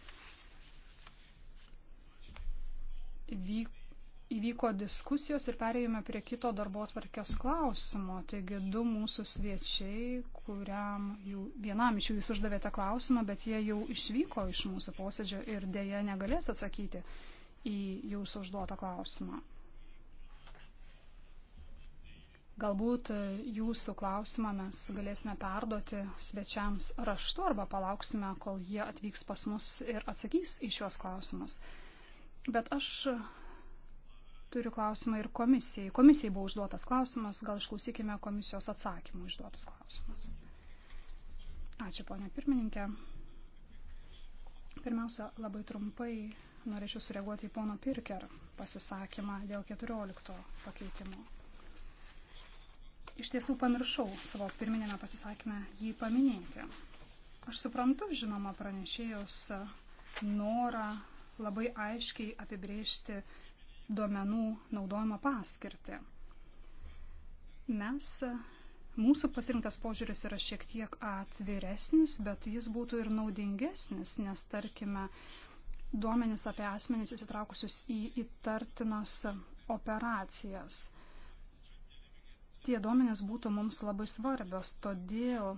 Vyk, įvyko diskusijos ir perėjome prie kito darbo atvarkės klausimo. Taigi du mūsų svečiai, kuriam jų, vienam iš jų jūs uždavėte klausimą, bet jie jau išvyko iš mūsų posėdžio ir dėja negalės atsakyti į jūsų užduotą klausimą. Galbūt e, jūsų klausimą mes galėsime perduoti svečiams raštu arba palauksime, kol jie atvyks pas mus ir atsakys į šios klausimus. Bet aš e, turiu klausimą ir komisijai. Komisijai buvo užduotas klausimas, gal išklausykime komisijos atsakymų užduotus klausimus. Ačiū, ponė pirmininkė. Pirmiausia, labai trumpai norėčiau sureaguoti į pono Pirker pasisakymą dėl 14 pakeitimo. Iš tiesų pamiršau savo pirminėme pasisakymę jį paminėti. Aš suprantu, žinoma, pranešėjos norą labai aiškiai apibrėžti duomenų naudojimo paskirtį. Mes, mūsų pasirinktas požiūris yra šiek tiek atviresnis, bet jis būtų ir naudingesnis, nes tarkime, duomenys apie asmenys įsitraukusius į įtartinas operacijas. Tie duomenys būtų mums labai svarbios, todėl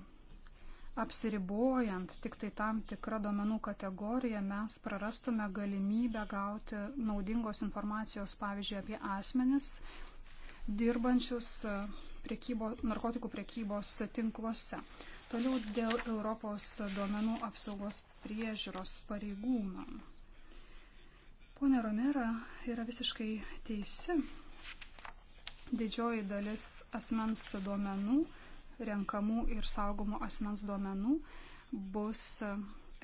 apsiribojant tik tai tam tikrą duomenų kategoriją mes prarastume galimybę gauti naudingos informacijos, pavyzdžiui, apie asmenis dirbančius e, priekybo, narkotikų priekybos tinkluose. Toliau dėl Europos duomenų apsaugos priežiūros pareigūnų. Pone Romera yra visiškai teisi, Didžioji dalis asmens duomenų, renkamų ir saugomų asmens duomenų bus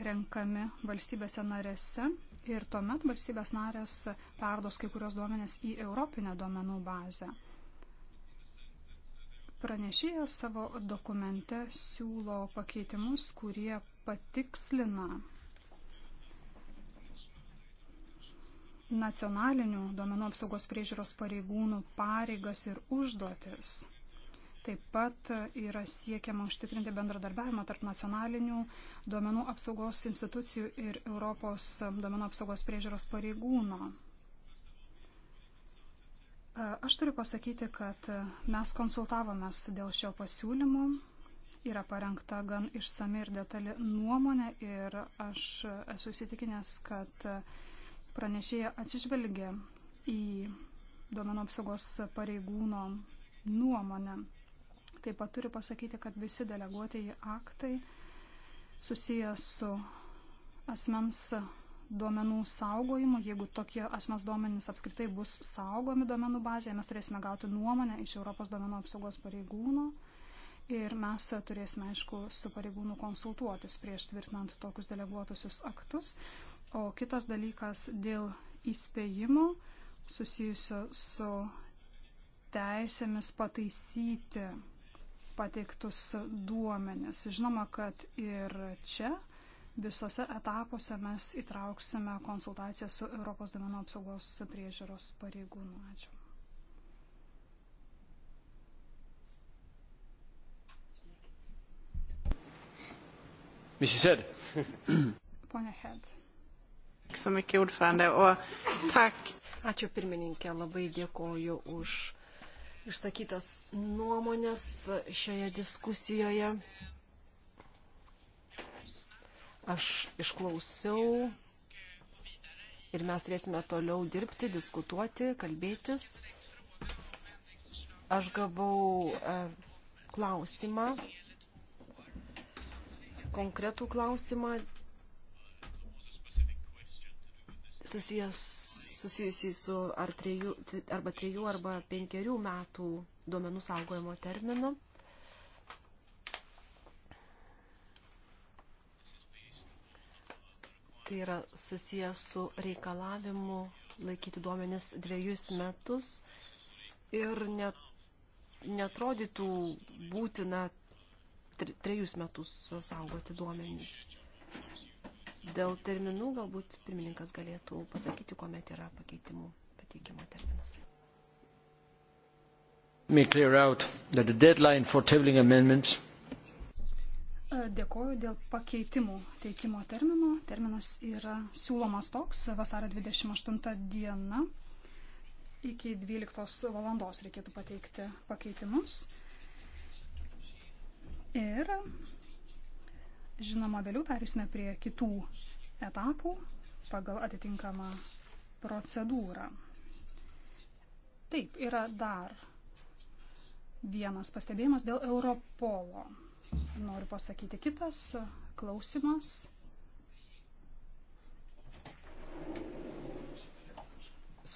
renkami valstybėse narėse ir tuomet valstybės narės perdos kai kurios duomenės į Europinę duomenų bazę. Pranešėjas savo dokumente siūlo pakeitimus, kurie patikslina nacionalinių duomenų apsaugos priežiūros pareigūnų pareigas ir užduotis. Taip pat yra siekiama užtikrinti bendradarbiavimą tarp nacionalinių duomenų apsaugos institucijų ir Europos duomenų apsaugos priežiūros pareigūno. Aš turiu pasakyti, kad mes konsultavomės dėl šio pasiūlymo. Yra parengta gan išsami ir detali nuomonė ir aš esu įsitikinęs, kad uh, Pranešėja atsižvelgia į duomenų apsaugos pareigūno nuomonę. Taip pat turiu pasakyti, kad visi deleguotieji aktai susijęs su asmens duomenų saugojimu. Jeigu tokie asmens duomenys apskritai bus saugomi duomenų bazėje, mes turėsime gauti nuomonę iš Europos duomenų apsaugos pareigūno. Ir mes turėsime, aišku, su pareigūnu konsultuotis prieš tvirtinant tokius deleguotusius aktus. O kitas dalykas dėl įspėjimo susijusio su teisėmis pataisyti pateiktus duomenis. Žinoma, kad ir čia visose etapuose mes įtrauksime konsultaciją su Europos duomenų apsaugos priežiūros pareigūnu. Ačiū. Mrs. Head. Pone Head. Ačiū pirmininkė, labai dėkoju už išsakytas nuomonės šioje diskusijoje. Aš išklausiau ir mes turėsime toliau dirbti, diskutuoti, kalbėtis. Aš gavau e, klausimą, konkretų klausimą susijęs, susijusi su ar trejų, arba trejų arba penkerių metų duomenų saugojimo terminu. Tai yra susijęs su reikalavimu laikyti duomenis dviejus metus ir net, netrodytų būtina trejus metus saugoti duomenis. Dėl terminų galbūt pirmininkas galėtų pasakyti, kuomet yra pakeitimų pateikimo terminas. Dėkoju dėl pakeitimų teikimo termino. Terminas yra siūlomas toks - vasario 28 diena. Iki 12 valandos reikėtų pateikti pakeitimus. Ir Žinoma, vėliau perėsime prie kitų etapų pagal atitinkamą procedūrą. Taip, yra dar vienas pastebėjimas dėl Europolo. Noriu pasakyti kitas klausimas.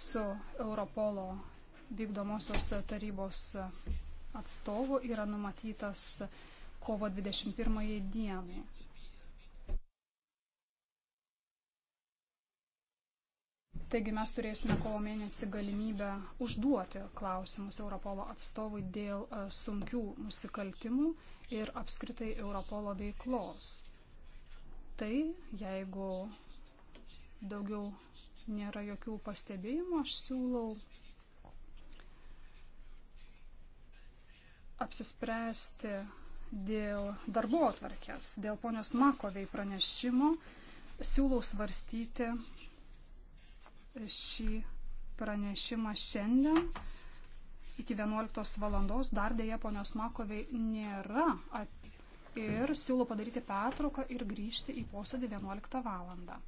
Su Europolo vykdomosios tarybos atstovu yra numatytas uh, kovo 21 dienai. Taigi mes turėsime kovo mėnesį galimybę užduoti klausimus Europolo atstovui dėl e, sunkių nusikaltimų ir apskritai Europolo veiklos. Tai jeigu daugiau nėra jokių pastebėjimų, aš siūlau apsispręsti dėl darbo atvarkės, dėl ponios Makovei pranešimo siūlau svarstyti šį pranešimą šiandien iki 11 valandos. Dar dėja ponios Makovei nėra. Ir siūlau padaryti pertrauką ir grįžti į posėdį 11 valandą.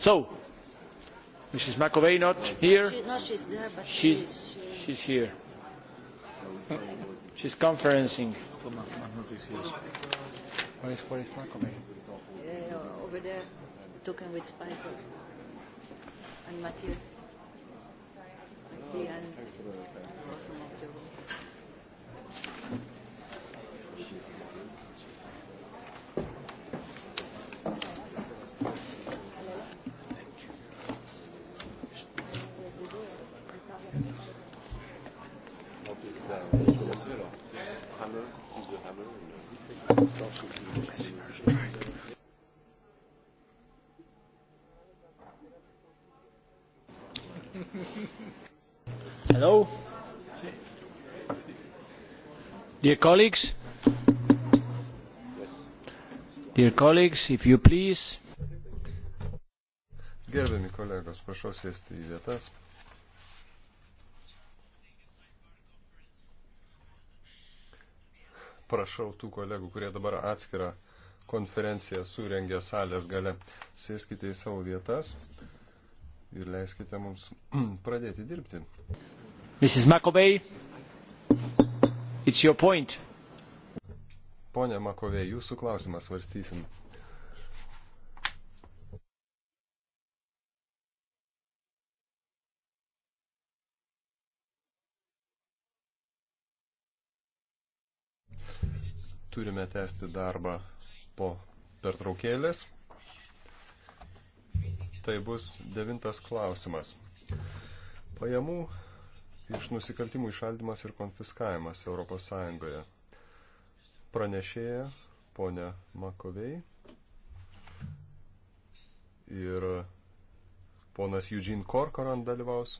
So, Mrs. McAvey not here? She, no, she's there, but she's, she's, she... she's here. She's conferencing. Where is, where is McAvey? Uh, over there, talking with Spicer and Mathieu. He and... Dear colleagues, dear colleagues, if you please. Gerbiami kolegos, prašau sėsti į vietas. Prašau tų kolegų, kurie dabar atskirą konferenciją surengė salės gale, sėskite į savo vietas ir leiskite mums pradėti dirbti. Mrs. McAbey. It's your point. Pone Makovė, jūsų klausimą svarstysim. Turime tęsti darbą po pertraukėlės. Tai bus devintas klausimas. Pajamų iš nusikaltimų išaldymas ir konfiskavimas ES. Pranešėja ponia Makovei ir ponas Eugene Korkoran dalyvaus.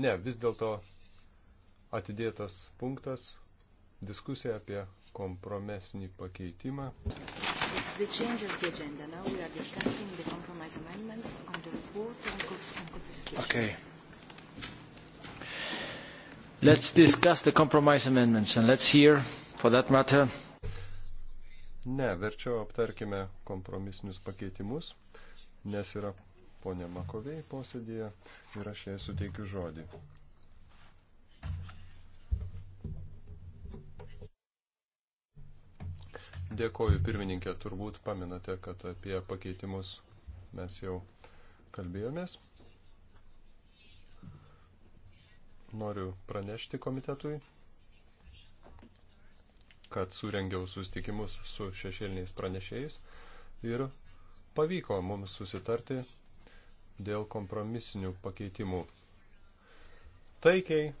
Ne, vis dėlto atidėtas punktas diskusija apie kompromesinį pakeitimą. It's the change of the agenda. Now we are discussing the compromise amendments on the report on confiscation. Okay. Let's discuss the compromise amendments and let's hear, for that matter. Ne, verčiau aptarkime kompromisinius pakeitimus, nes yra ponia Makovei posėdėje ir aš jai suteikiu žodį. Dėkoju, pirmininkė, turbūt paminate, kad apie pakeitimus mes jau kalbėjomės. Noriu pranešti komitetui, kad surengiau susitikimus su šešėliniais pranešėjais ir pavyko mums susitarti dėl kompromisinių pakeitimų. Taikiai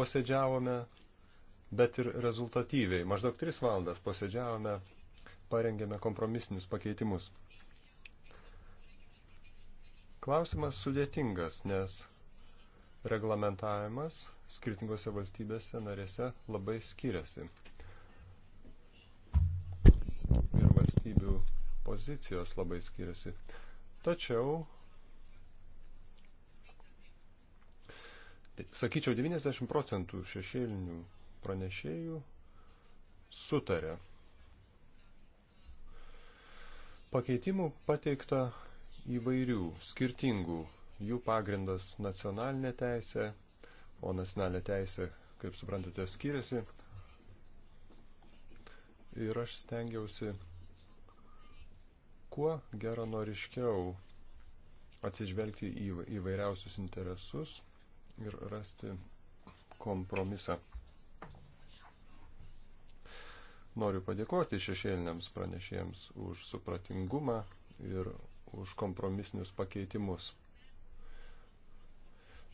posėdžiavome bet ir rezultatyviai. Maždaug 3 valandas posėdžiavome, parengėme kompromisinius pakeitimus. Klausimas sudėtingas, nes reglamentavimas skirtingose valstybėse narėse labai skiriasi. Ir valstybių pozicijos labai skiriasi. Tačiau, sakyčiau, 90 procentų šešėlinių pranešėjų sutarė. Pakeitimų pateikta įvairių, skirtingų. Jų pagrindas nacionalinė teisė, o nacionalinė teisė, kaip suprantate, skiriasi. Ir aš stengiausi kuo geranoriškiau atsižvelgti į įvairiausius interesus ir rasti kompromisą. Noriu padėkoti šešėliniams pranešėjams už supratingumą ir už kompromisinius pakeitimus.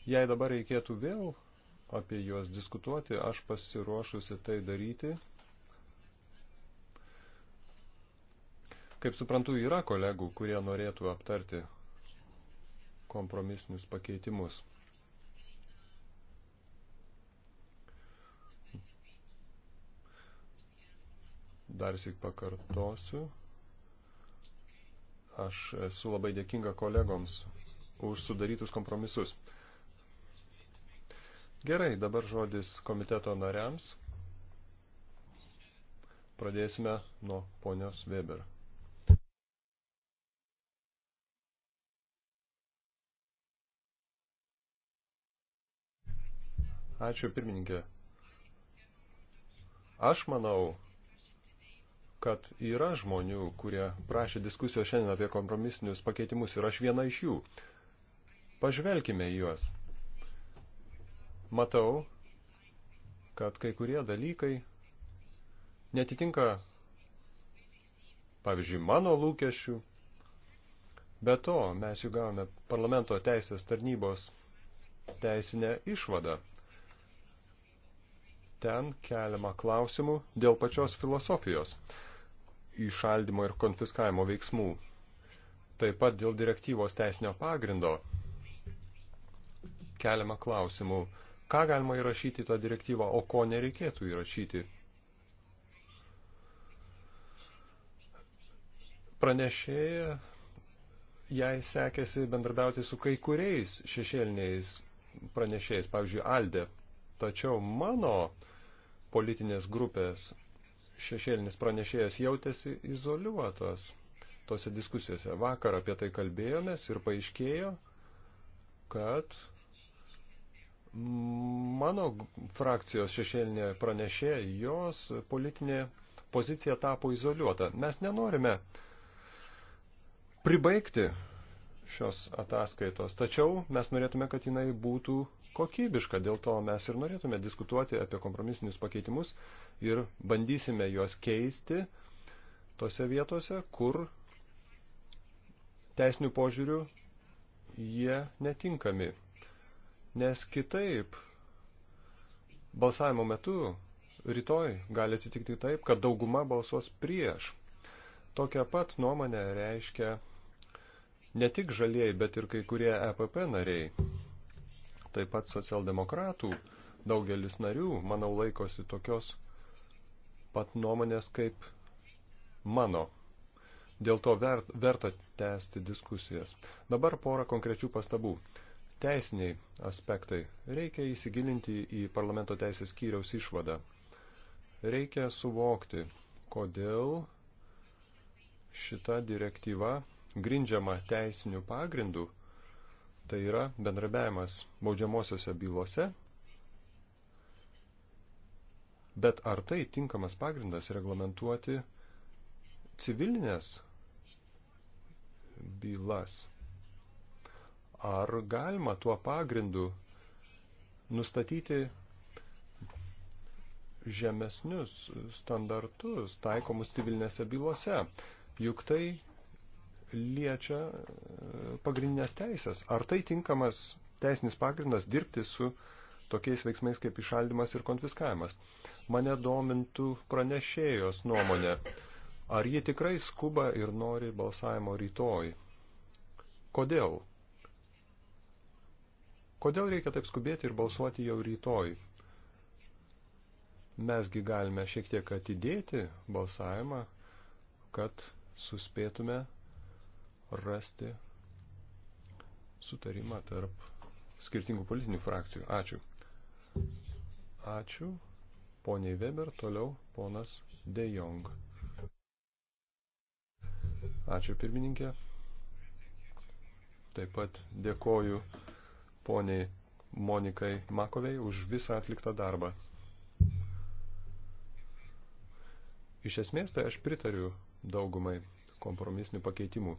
Jei dabar reikėtų vėl apie juos diskutuoti, aš pasiruošusi tai daryti. Kaip suprantu, yra kolegų, kurie norėtų aptarti kompromisinius pakeitimus. dar sik pakartosiu. Aš esu labai dėkinga kolegoms už sudarytus kompromisus. Gerai, dabar žodis komiteto nariams. Pradėsime nuo ponios Weber. Ačiū pirmininkė. Aš manau, kad yra žmonių, kurie prašė diskusijos šiandien apie kompromisinius pakeitimus ir aš viena iš jų. Pažvelkime į juos. Matau, kad kai kurie dalykai netitinka, pavyzdžiui, mano lūkesčių. Be to, mes jų gavome parlamento teisės tarnybos teisinę išvadą. Ten keliama klausimų dėl pačios filosofijos įšaldimo ir konfiskavimo veiksmų. Taip pat dėl direktyvos teisinio pagrindo keliama klausimų, ką galima įrašyti tą direktyvą, o ko nereikėtų įrašyti. Pranešėja jai sekėsi bendrabiauti su kai kuriais šešėliniais pranešėjais, pavyzdžiui, Alde. Tačiau mano politinės grupės šešėlinis pranešėjas jautėsi izoliuotas tose diskusijose. Vakar apie tai kalbėjomės ir paaiškėjo, kad mano frakcijos šešėlinė pranešė, jos politinė pozicija tapo izoliuota. Mes nenorime pribaigti šios ataskaitos, tačiau mes norėtume, kad jinai būtų kokybiška, dėl to mes ir norėtume diskutuoti apie kompromisinius pakeitimus ir bandysime juos keisti tose vietose, kur teisinių požiūrių jie netinkami. Nes kitaip balsavimo metu rytoj gali atsitikti taip, kad dauguma balsuos prieš. Tokią pat nuomonę reiškia ne tik žalieji, bet ir kai kurie EPP nariai taip pat socialdemokratų daugelis narių, manau, laikosi tokios pat nuomonės kaip mano. Dėl to vert, verta tęsti diskusijas. Dabar porą konkrečių pastabų. Teisiniai aspektai. Reikia įsigilinti į parlamento teisės skyriaus išvadą. Reikia suvokti, kodėl šita direktyva grindžiama teisiniu pagrindu tai yra bendrabiavimas baudžiamosiose bylose, bet ar tai tinkamas pagrindas reglamentuoti civilinės bylas? Ar galima tuo pagrindu nustatyti žemesnius standartus taikomus civilinėse bylose? Juk tai liečia e, pagrindinės teisės. Ar tai tinkamas teisinis pagrindas dirbti su tokiais veiksmais kaip išaldimas ir konfiskavimas? Mane domintų pranešėjos nuomonė. Ar jie tikrai skuba ir nori balsavimo rytoj? Kodėl? Kodėl reikia taip skubėti ir balsuoti jau rytoj? Mesgi galime šiek tiek atidėti balsavimą, kad suspėtume rasti sutarimą tarp skirtingų politinių frakcijų. Ačiū. Ačiū. Poniai Weber, toliau ponas De Jong. Ačiū pirmininkė. Taip pat dėkoju poniai Monikai Makovei už visą atliktą darbą. Iš esmės tai aš pritariu daugumai kompromisinių pakeitimų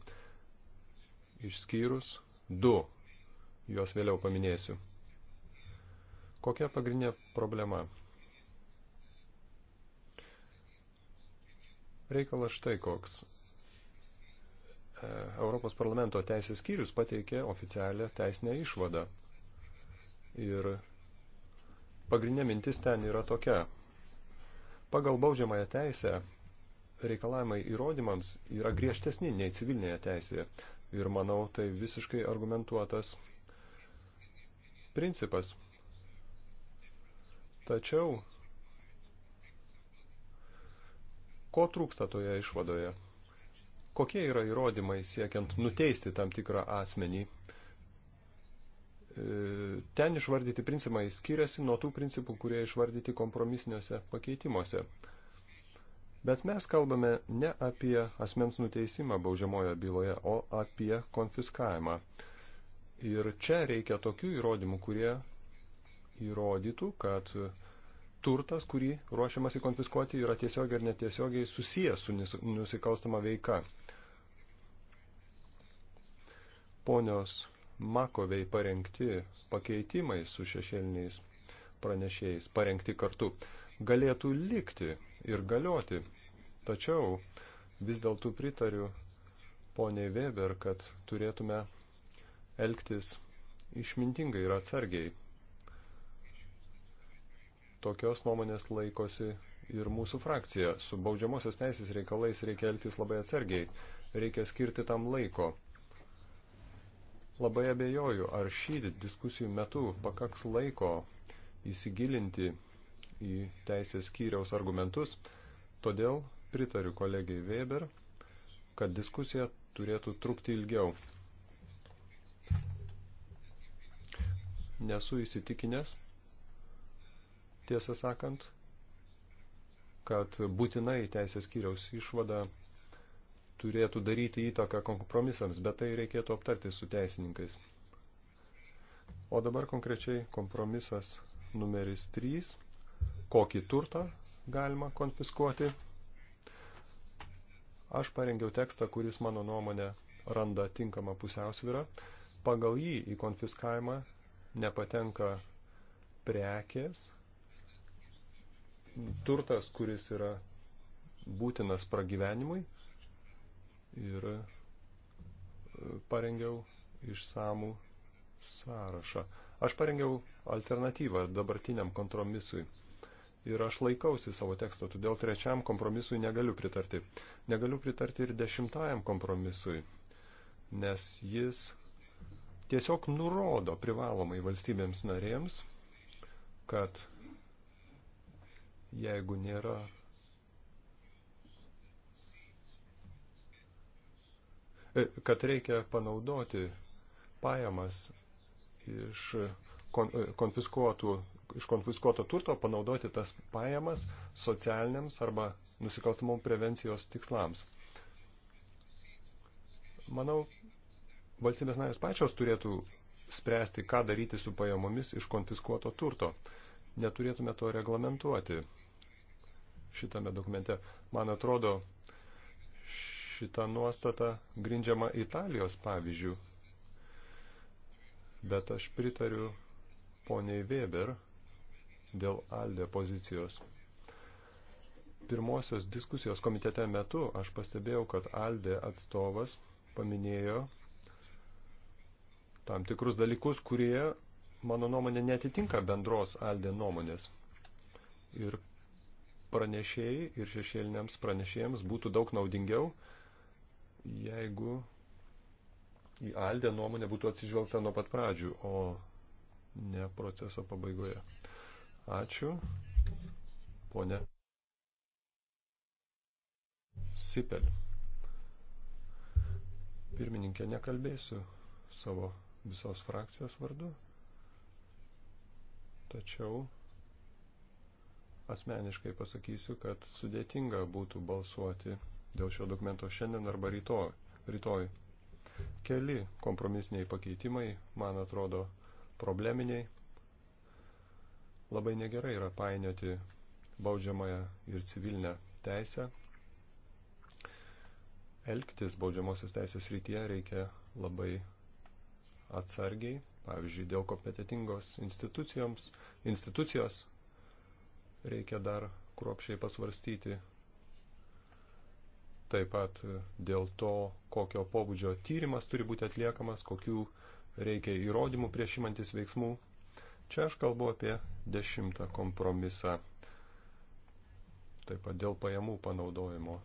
išskyrus du, juos vėliau paminėsiu. Kokia pagrindinė problema? Reikalas štai koks. E, Europos parlamento teisės skyrius pateikė oficialią teisinę išvadą. Ir pagrindinė mintis ten yra tokia. Pagal baudžiamąją teisę reikalavimai įrodymams yra griežtesni nei civilinėje teisėje ir manau tai visiškai argumentuotas principas. Tačiau, ko trūksta toje išvadoje? Kokie yra įrodymai siekiant nuteisti tam tikrą asmenį? E, ten išvardyti principai skiriasi nuo tų principų, kurie išvardyti kompromisiniuose pakeitimuose. Bet mes kalbame ne apie asmens nuteisimą baudžiamojo byloje, o apie konfiskavimą. Ir čia reikia tokių įrodymų, kurie įrodytų, kad turtas, kurį ruošiamasi konfiskuoti, yra tiesiogiai ir netiesiogiai susijęs su nusikalstama veika. Ponios Makovei parengti pakeitimai su šešėliniais pranešėjais, parengti kartu galėtų likti ir galioti. Tačiau vis dėlto pritariu poniai Weber, kad turėtume elgtis išmintingai ir atsargiai. Tokios nuomonės laikosi ir mūsų frakcija. Su baudžiamosios teisės reikalais reikia elgtis labai atsargiai. Reikia skirti tam laiko. Labai abejoju, ar šį diskusijų metu pakaks laiko įsigilinti į teisės skyriaus argumentus, todėl pritariu kolegijai Weber, kad diskusija turėtų trukti ilgiau. Nesu įsitikinęs, tiesą sakant, kad būtinai teisės skyriaus išvada turėtų daryti įtaką kompromisams, bet tai reikėtų aptarti su teisininkais. O dabar konkrečiai kompromisas numeris 3 kokį turtą galima konfiskuoti. Aš parengiau tekstą, kuris mano nuomonė randa tinkamą pusiausvyrą. Pagal jį į konfiskavimą nepatenka prekės, turtas, kuris yra būtinas pragyvenimui ir e, parengiau išsamų sąrašą. Aš parengiau alternatyvą dabartiniam kompromisui ir aš laikausi savo teksto, todėl trečiam kompromisui negaliu pritarti. Negaliu pritarti ir dešimtajam kompromisui, nes jis tiesiog nurodo privalomai valstybėms narėms, kad jeigu nėra e, kad reikia panaudoti pajamas iš e, konfiskuotų iš konfiskuoto turto panaudoti tas pajamas socialiniams arba nusikalstamų prevencijos tikslams. Manau, valstybės narės pačios turėtų spręsti, ką daryti su pajamomis iš konfiskuoto turto. Neturėtume to reglamentuoti šitame dokumente. Man atrodo, šita nuostata grindžiama Italijos pavyzdžių. Bet aš pritariu poniai Weber, dėl Alde pozicijos. Pirmosios diskusijos komitete metu aš pastebėjau, kad Alde atstovas paminėjo tam tikrus dalykus, kurie, mano nuomonė, netitinka bendros Alde nuomonės. Ir pranešėjai ir šešėliniams pranešėjams būtų daug naudingiau, jeigu į Aldę nuomonę būtų atsižvelgta nuo pat pradžių, o ne proceso pabaigoje. Ačiū. Pone. Sipel. Pirmininkė, nekalbėsiu savo visos frakcijos vardu, tačiau asmeniškai pasakysiu, kad sudėtinga būtų balsuoti dėl šio dokumento šiandien arba rytoj. rytoj. Keli kompromisiniai pakeitimai, man atrodo, probleminiai Labai negerai yra painioti baudžiamąją ir civilinę teisę. Elgtis baudžiamosios teisės rytyje reikia labai atsargiai, pavyzdžiui, dėl kompetitingos institucijoms, institucijos reikia dar kruopšiai pasvarstyti. Taip pat dėl to, kokio pobūdžio tyrimas turi būti atliekamas, kokių reikia įrodymų prieš imantis veiksmų. Čia aš kalbu apie dešimtą kompromisą, taip pat dėl pajamų panaudojimo.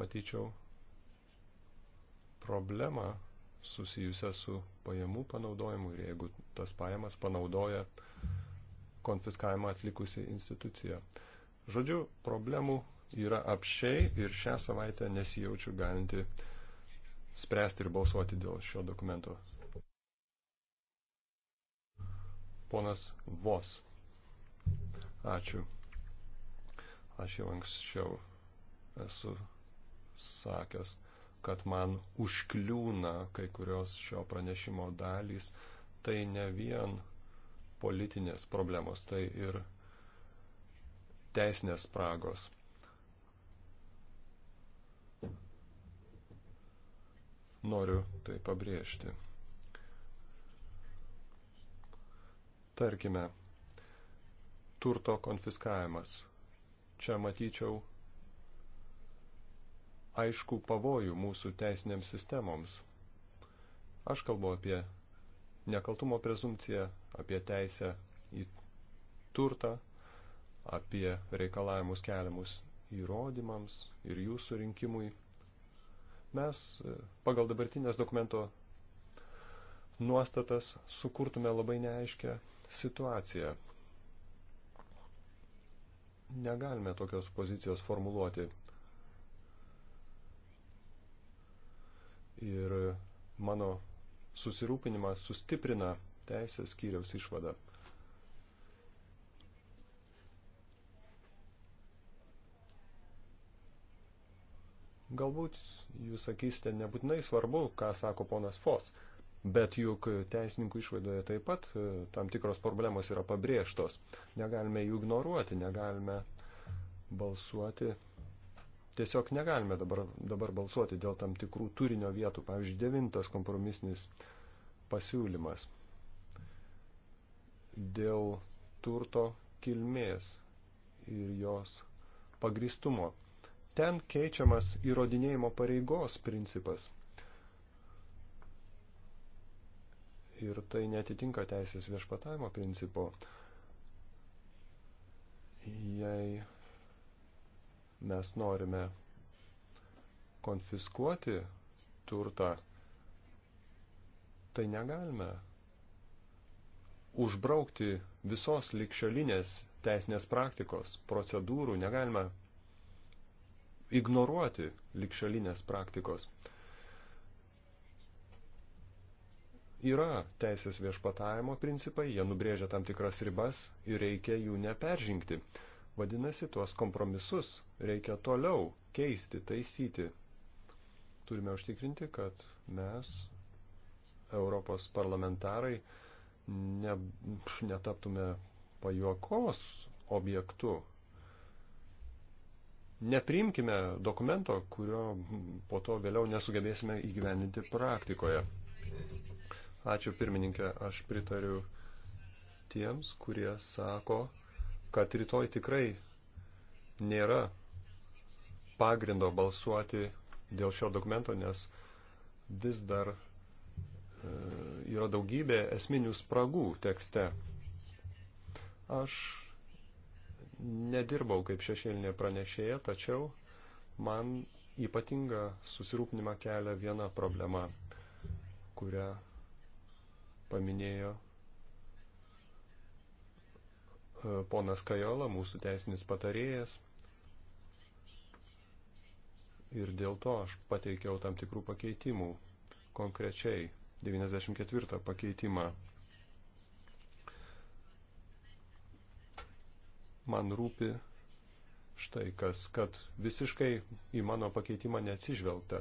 Matyčiau problemą susijusią su pajamų panaudojimu ir jeigu tas pajamas panaudoja konfiskavimą atlikusi institucija. Žodžiu, problemų yra apšiai ir šią savaitę nesijaučiu galinti spręsti ir balsuoti dėl šio dokumento. Ponas Vos. Ačiū. Aš jau anksčiau esu sakęs, kad man užkliūna kai kurios šio pranešimo dalys. Tai ne vien politinės problemos, tai ir teisinės spragos. Noriu tai pabrėžti. Tarkime, turto konfiskavimas. Čia matyčiau aišku pavojų mūsų teisiniams sistemoms. Aš kalbu apie nekaltumo prezumciją, apie teisę į turtą, apie reikalavimus keliamus įrodymams ir jų surinkimui mes e, pagal dabartinės dokumento nuostatas sukurtume labai neaiškę situaciją. Negalime tokios pozicijos formuluoti. Ir mano susirūpinimą sustiprina teisės skyriaus išvada. Galbūt jūs sakysite, nebūtinai svarbu, ką sako ponas Fos, bet juk teisininkų išvaidoje taip pat e, tam tikros problemos yra pabrėžtos. Negalime jų ignoruoti, negalime balsuoti. Tiesiog negalime dabar, dabar balsuoti dėl tam tikrų turinio vietų, pavyzdžiui, devintas kompromisnis pasiūlymas dėl turto kilmės ir jos pagristumo. Ten keičiamas įrodinėjimo pareigos principas. Ir tai netitinka teisės viešpatavimo principo. Jei mes norime konfiskuoti turtą, tai negalime užbraukti visos likščiolinės teisinės praktikos, procedūrų, negalime ignoruoti likšalinės praktikos. Yra teisės viešpatavimo principai, jie nubrėžia tam tikras ribas ir reikia jų neperžingti. Vadinasi, tuos kompromisus reikia toliau keisti, taisyti. Turime užtikrinti, kad mes, Europos parlamentarai, ne, netaptume pajuokos objektu Nepriimkime dokumento, kurio po to vėliau nesugebėsime įgyvendinti praktikoje. Ačiū pirmininkė, aš pritariu tiems, kurie sako, kad rytoj tikrai nėra pagrindo balsuoti dėl šio dokumento, nes vis dar e, yra daugybė esminių spragų tekste. Aš nedirbau kaip šešėlinė pranešėja, tačiau man ypatinga susirūpnima kelia viena problema, kurią paminėjo e, ponas Kajola, mūsų teisinis patarėjas. Ir dėl to aš pateikiau tam tikrų pakeitimų, konkrečiai 94 pakeitimą man rūpi štai kas, kad visiškai į mano pakeitimą neatsižvelgta.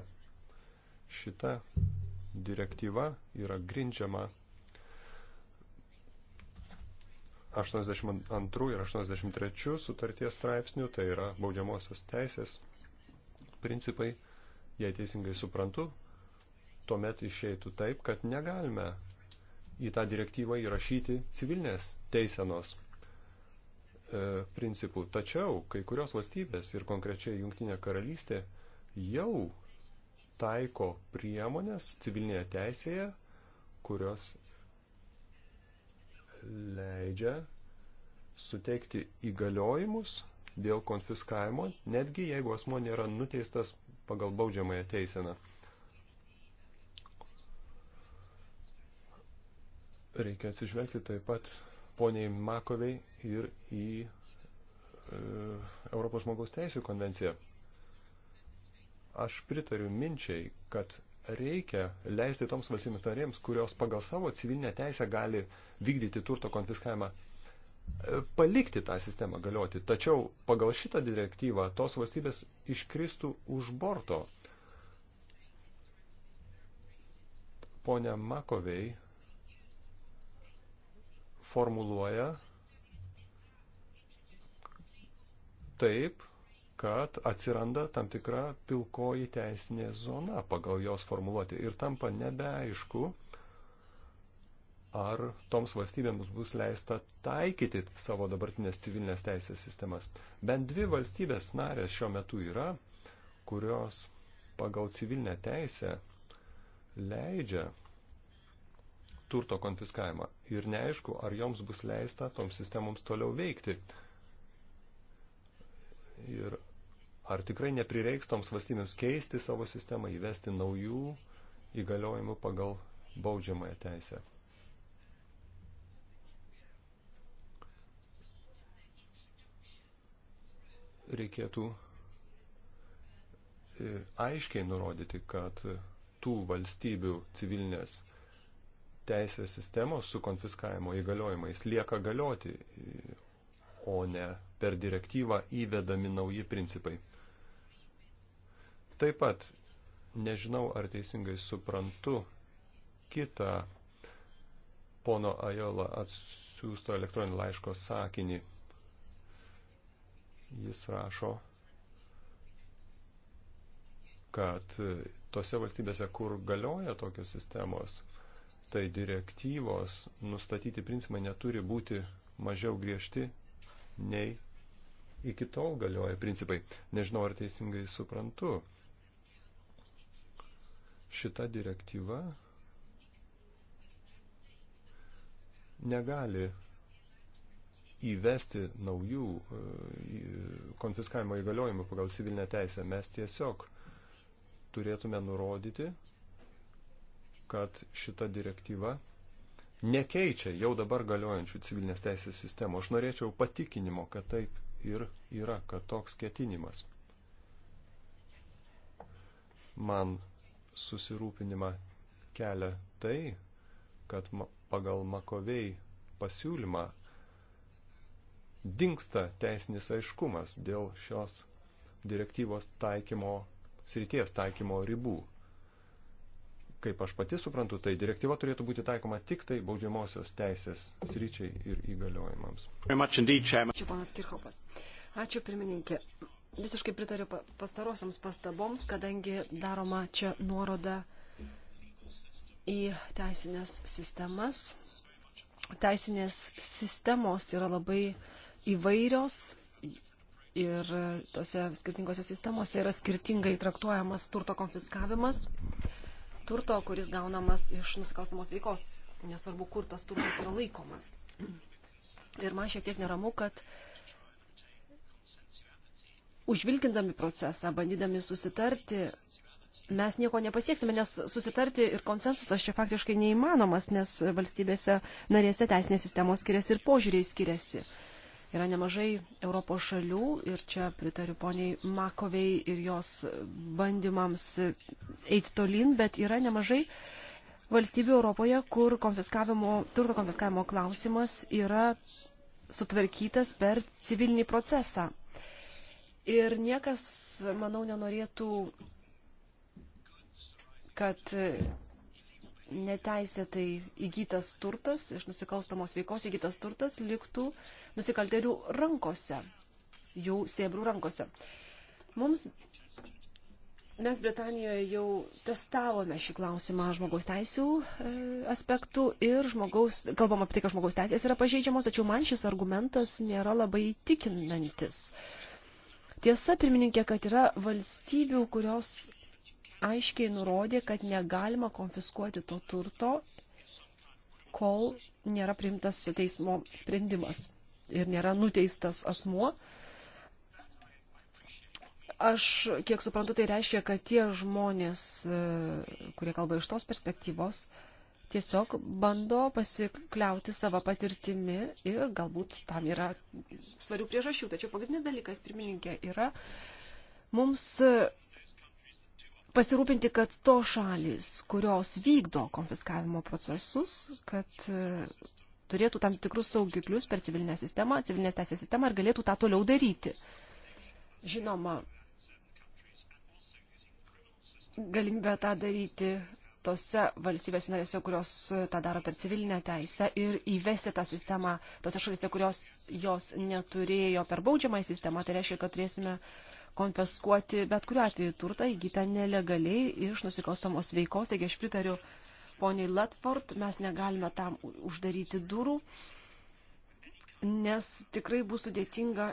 Šita direktyva yra grindžiama 82 ir 83 sutarties straipsnių, tai yra baudžiamosios teisės principai, jei teisingai suprantu, tuomet išeitų taip, kad negalime į tą direktyvą įrašyti civilinės teisenos. E, principų. Tačiau kai kurios valstybės ir konkrečiai Junktinė karalystė jau taiko priemonės civilinėje teisėje, kurios leidžia suteikti įgaliojimus dėl konfiskavimo, netgi jeigu asmo nėra nuteistas pagal baudžiamąją teiseną. Reikia atsižvelgti taip pat poniai Makoviai ir į e, Europos žmogaus teisų konvenciją. Aš pritariu minčiai, kad reikia leisti toms valstybėms narėms, kurios pagal savo civilinę teisę gali vykdyti turto konfiskavimą, e, palikti tą sistemą galioti. Tačiau pagal šitą direktyvą tos valstybės iškristų už borto. Pone Makovei formuluoja taip, kad atsiranda tam tikra pilkoji teisinė zona pagal jos formuluoti ir tampa nebeaišku, ar toms valstybėms bus leista taikyti savo dabartinės civilinės teisės sistemas. Bent dvi valstybės narės šiuo metu yra, kurios pagal civilinę teisę leidžia turto konfiskavimą ir neaišku, ar joms bus leista toms sistemoms toliau veikti. Ir ar tikrai neprireiks toms valstybėms keisti savo sistemą, įvesti naujų įgaliojimų pagal baudžiamąją teisę. Reikėtų e, aiškiai nurodyti, kad tų valstybių civilinės teisės sistemos su konfiskavimo įgaliojimais lieka galioti, o ne per direktyvą įvedami nauji principai. Taip pat nežinau, ar teisingai suprantu kitą pono Ajola atsiųsto elektroninio laiško sakinį. Jis rašo, kad tose valstybėse, kur galioja tokios sistemos, tai direktyvos nustatyti principai neturi būti mažiau griežti nei iki tol galioja principai. Nežinau, ar teisingai suprantu. Šita direktyva negali įvesti naujų e, konfiskavimo įgaliojimų pagal civilinę teisę. Mes tiesiog turėtume nurodyti, kad šita direktyva nekeičia jau dabar galiojančių civilinės teisės sistemų. Aš norėčiau patikinimo, kad taip ir yra, kad toks ketinimas. Man susirūpinimą kelia tai, kad pagal Makovei pasiūlymą dinksta teisinis aiškumas dėl šios direktyvos taikymo, srities taikymo ribų. Kaip aš pati suprantu, tai direktyva turėtų būti taikoma tik tai baudžiamosios teisės sryčiai ir įgaliojimams. Ačiū, ponas Kirchopas. Ačiū, pirmininkė. Visiškai pritariu pastarosiams pastaboms, kadangi daroma čia nuoroda į teisinės sistemas. Teisinės sistemos yra labai įvairios ir tose skirtingose sistemose yra skirtingai traktuojamas turto konfiskavimas turto, kuris gaunamas iš nusikalstamos veikos, nesvarbu, kur tas turtas yra laikomas. Ir man šiek tiek neramu, kad užvilkindami procesą, bandydami susitarti, mes nieko nepasieksime, nes susitarti ir konsensusas čia faktiškai neįmanomas, nes valstybėse narėse teisinės sistemos skiriasi ir požiūriai skiriasi. Yra nemažai Europos šalių ir čia pritariu poniai Makovei ir jos bandymams eiti tolin, bet yra nemažai valstybių Europoje, kur konfiskavimo, turto konfiskavimo klausimas yra sutvarkytas per civilinį procesą. Ir niekas, manau, nenorėtų, kad neteisėtai įgytas turtas, iš nusikalstamos veikos įgytas turtas liktų nusikaltelių rankose, jų sėbrų rankose. Mums, mes Britanijoje jau testavome šį klausimą žmogaus teisų e, aspektų ir žmogaus, kalbam apie tai, kad žmogaus teisės yra pažeidžiamos, tačiau man šis argumentas nėra labai tikinantis. Tiesa, pirmininkė, kad yra valstybių, kurios aiškiai nurodė, kad negalima konfiskuoti to turto, kol nėra priimtas teismo sprendimas ir nėra nuteistas asmuo. Aš, kiek suprantu, tai reiškia, kad tie žmonės, e, kurie kalba iš tos perspektyvos, tiesiog bando pasikliauti savo patirtimi ir galbūt tam yra svarių priežasčių. Tačiau pagrindinis dalykas, pirmininkė, yra mums pasirūpinti, kad to šalis, kurios vykdo konfiskavimo procesus, kad e, turėtų tam tikrus saugiklius per civilinę sistemą, civilinės teisės sistemą ir galėtų tą toliau daryti. Žinoma, galimybę tą daryti tose valstybės narėse, kurios e, tą daro per civilinę teisę ir įvesti tą sistemą tose šalise, kurios jos neturėjo per baudžiamą sistemą, tai reiškia, kad turėsime uh, konfiskuoti bet kuriuo atveju turtą įgytą nelegaliai iš nusikalstamos veikos. Taigi aš pritariu poniai Latford, mes negalime tam uždaryti durų, nes tikrai bus sudėtinga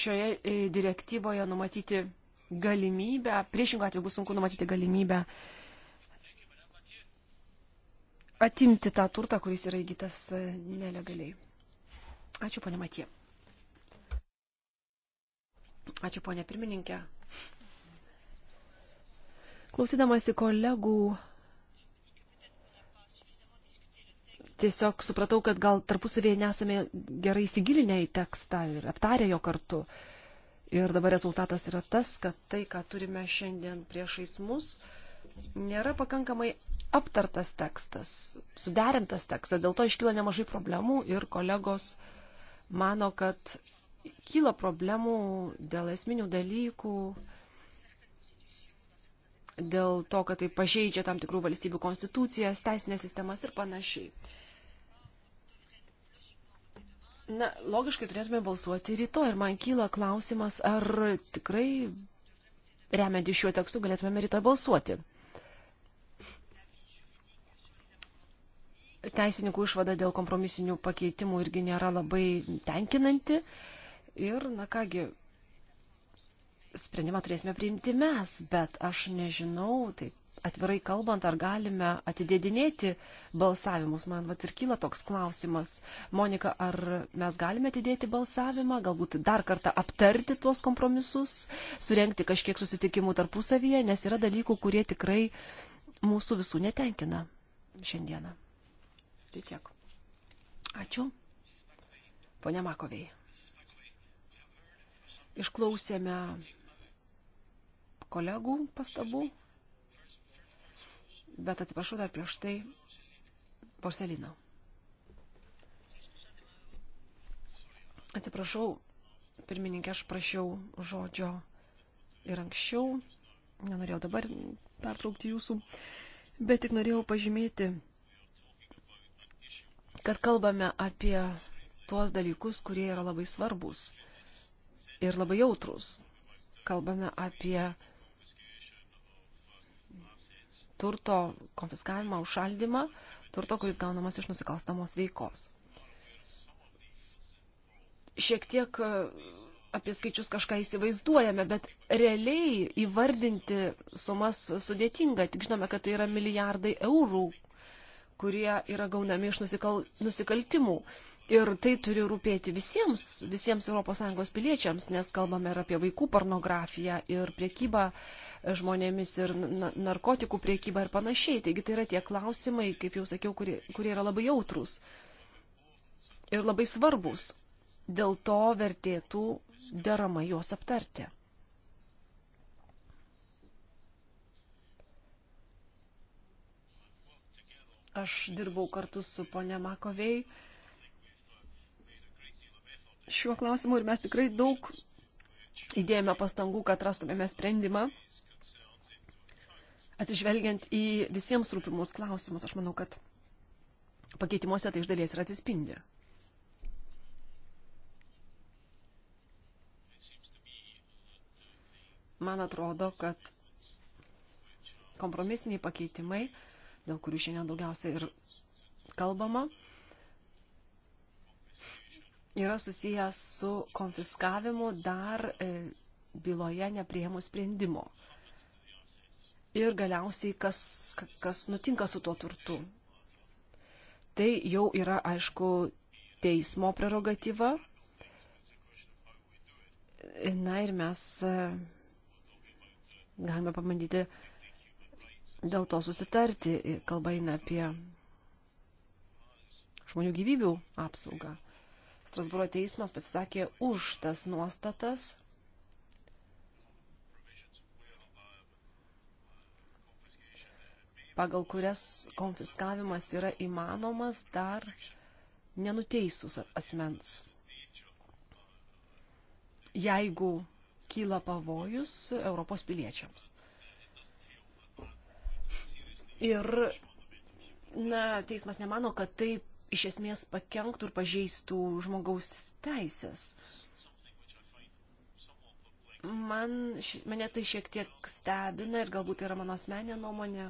šioje e, direktyvoje numatyti galimybę, priešingų atveju bus sunku numatyti galimybę atimti tą turtą, kuris yra įgytas e, nelegaliai. Ačiū, ponė Matie. Ačiū, ponė pirmininkė. Klausydamasi kolegų, tiesiog supratau, kad gal tarpusavėje nesame gerai įsigilinę į tekstą ir aptarę jo kartu. Ir dabar rezultatas yra tas, kad tai, ką turime šiandien priešais mus, nėra pakankamai aptartas tekstas, suderintas tekstas. Dėl to iškyla nemažai problemų ir kolegos mano, kad kyla problemų dėl esminių dalykų, dėl to, kad tai pažeidžia tam tikrų valstybių konstitucijas, teisinės sistemas ir panašiai. Na, logiškai turėtume balsuoti rytoj ir man kyla klausimas, ar tikrai remiantį šiuo tekstu galėtume rytoj balsuoti. Teisininkų išvada dėl kompromisinių pakeitimų irgi nėra labai tenkinanti. Uh, Ir, na kągi, sprendimą turėsime priimti mes, bet aš nežinau, taip atvirai kalbant, ar galime atidėdinėti balsavimus. Man vat ir kyla toks klausimas. Monika, ar mes galime atidėti balsavimą, galbūt dar kartą aptarti tuos kompromisus, surenkti kažkiek susitikimų tarpusavyje, nes yra dalykų, kurie tikrai mūsų visų netenkina šiandieną. Tai tiek. Ačiū. Pone Makovėjai. Išklausėme kolegų pastabų, bet atsiprašau dar prieš tai porcelino. Atsiprašau, pirmininkė, aš prašiau žodžio ir anksčiau, nenorėjau dabar pertraukti jūsų, bet tik norėjau pažymėti, kad kalbame apie tuos dalykus, kurie yra labai svarbus ir labai jautrus. Kalbame apie turto konfiskavimą, užšaldymą, turto, kuris gaunamas iš nusikalstamos veikos. Šiek tiek e, apie skaičius kažką įsivaizduojame, bet realiai įvardinti sumas sudėtinga. Tik žinome, kad tai yra milijardai eurų, kurie yra gaunami iš nusikal, nusikaltimų. Ir tai turi rūpėti visiems, visiems ES piliečiams, nes kalbame ir apie vaikų pornografiją, ir priekybą e, žmonėmis, ir narkotikų priekybą ir panašiai. Taigi tai yra tie klausimai, kaip jau sakiau, kurie, kurie yra labai jautrus ir labai svarbus. Dėl to vertėtų deramai juos aptarti. Aš dirbau kartu su ponia Makovei šiuo klausimu ir mes tikrai daug įdėjome pastangų, kad rastumėme sprendimą, atsižvelgiant į visiems rūpimus klausimus. Aš manau, kad pakeitimuose tai iš dalies ir atsispindi. Man atrodo, kad kompromisiniai pakeitimai, dėl kurių šiandien daugiausia ir kalbama, yra susijęs su konfiskavimu dar e, byloje neprieimus sprendimo. Ir galiausiai, kas, kas nutinka su tuo turtu. Tai jau yra, aišku, teismo prerogatyva. Na ir mes e, galime pamandyti dėl to susitarti. Kalba eina apie žmonių gyvybių apsaugą. Strasbūro teismas pasisakė už tas nuostatas. pagal kurias konfiskavimas yra įmanomas dar nenuteisus asmens. Jeigu kyla pavojus Europos piliečiams. Ir na, teismas nemano, kad taip iš esmės pakenktų ir pažeistų žmogaus teisės. Man, mane tai šiek tiek stebina ir galbūt tai yra mano asmenė nuomonė.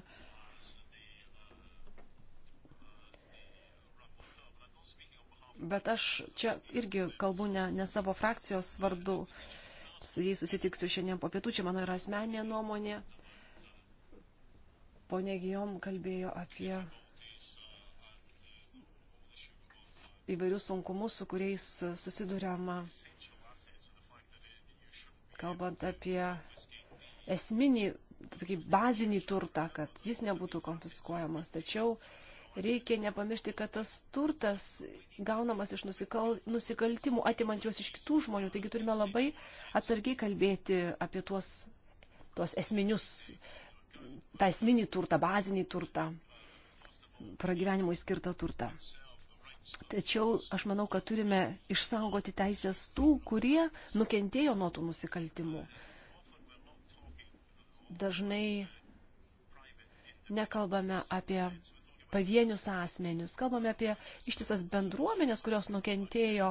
Bet aš čia irgi kalbu ne, ne savo frakcijos vardu. Su jais susitiksiu šiandien po pietų, čia mano yra asmenė nuomonė. Pone Gijom kalbėjo apie įvairius sunkumus, su kuriais susidurėma, kalbant apie esminį, tokį bazinį turtą, kad jis nebūtų konfiskuojamas. Tačiau reikia nepamiršti, kad tas turtas gaunamas iš nusikal, nusikaltimų, atimant juos iš kitų žmonių. Taigi turime labai atsargiai kalbėti apie tuos, tuos esminius, tą esminį turtą, bazinį turtą, pragyvenimui skirtą turtą. Tačiau aš manau, kad turime išsaugoti teisės tų, kurie nukentėjo nuo tų nusikaltimų. Dažnai nekalbame apie pavienius asmenius, kalbame apie ištisas bendruomenės, kurios nukentėjo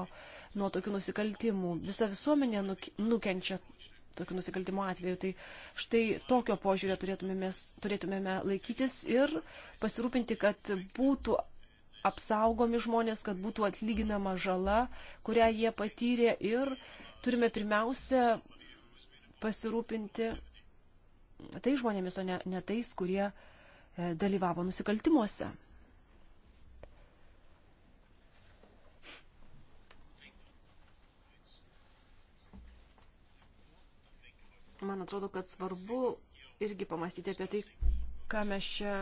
nuo tokių nusikaltimų. Visa visuomenė nukenčia tokių nusikaltimų atveju. Tai štai tokio požiūrio turėtumėme, turėtumėme laikytis ir pasirūpinti, kad būtų apsaugomi žmonės, kad būtų atlyginama žala, kurią jie patyrė ir turime pirmiausia pasirūpinti tai žmonėmis, o ne, ne tais, kurie e, dalyvavo nusikaltimuose. Man atrodo, kad svarbu irgi pamastyti apie tai, ką mes čia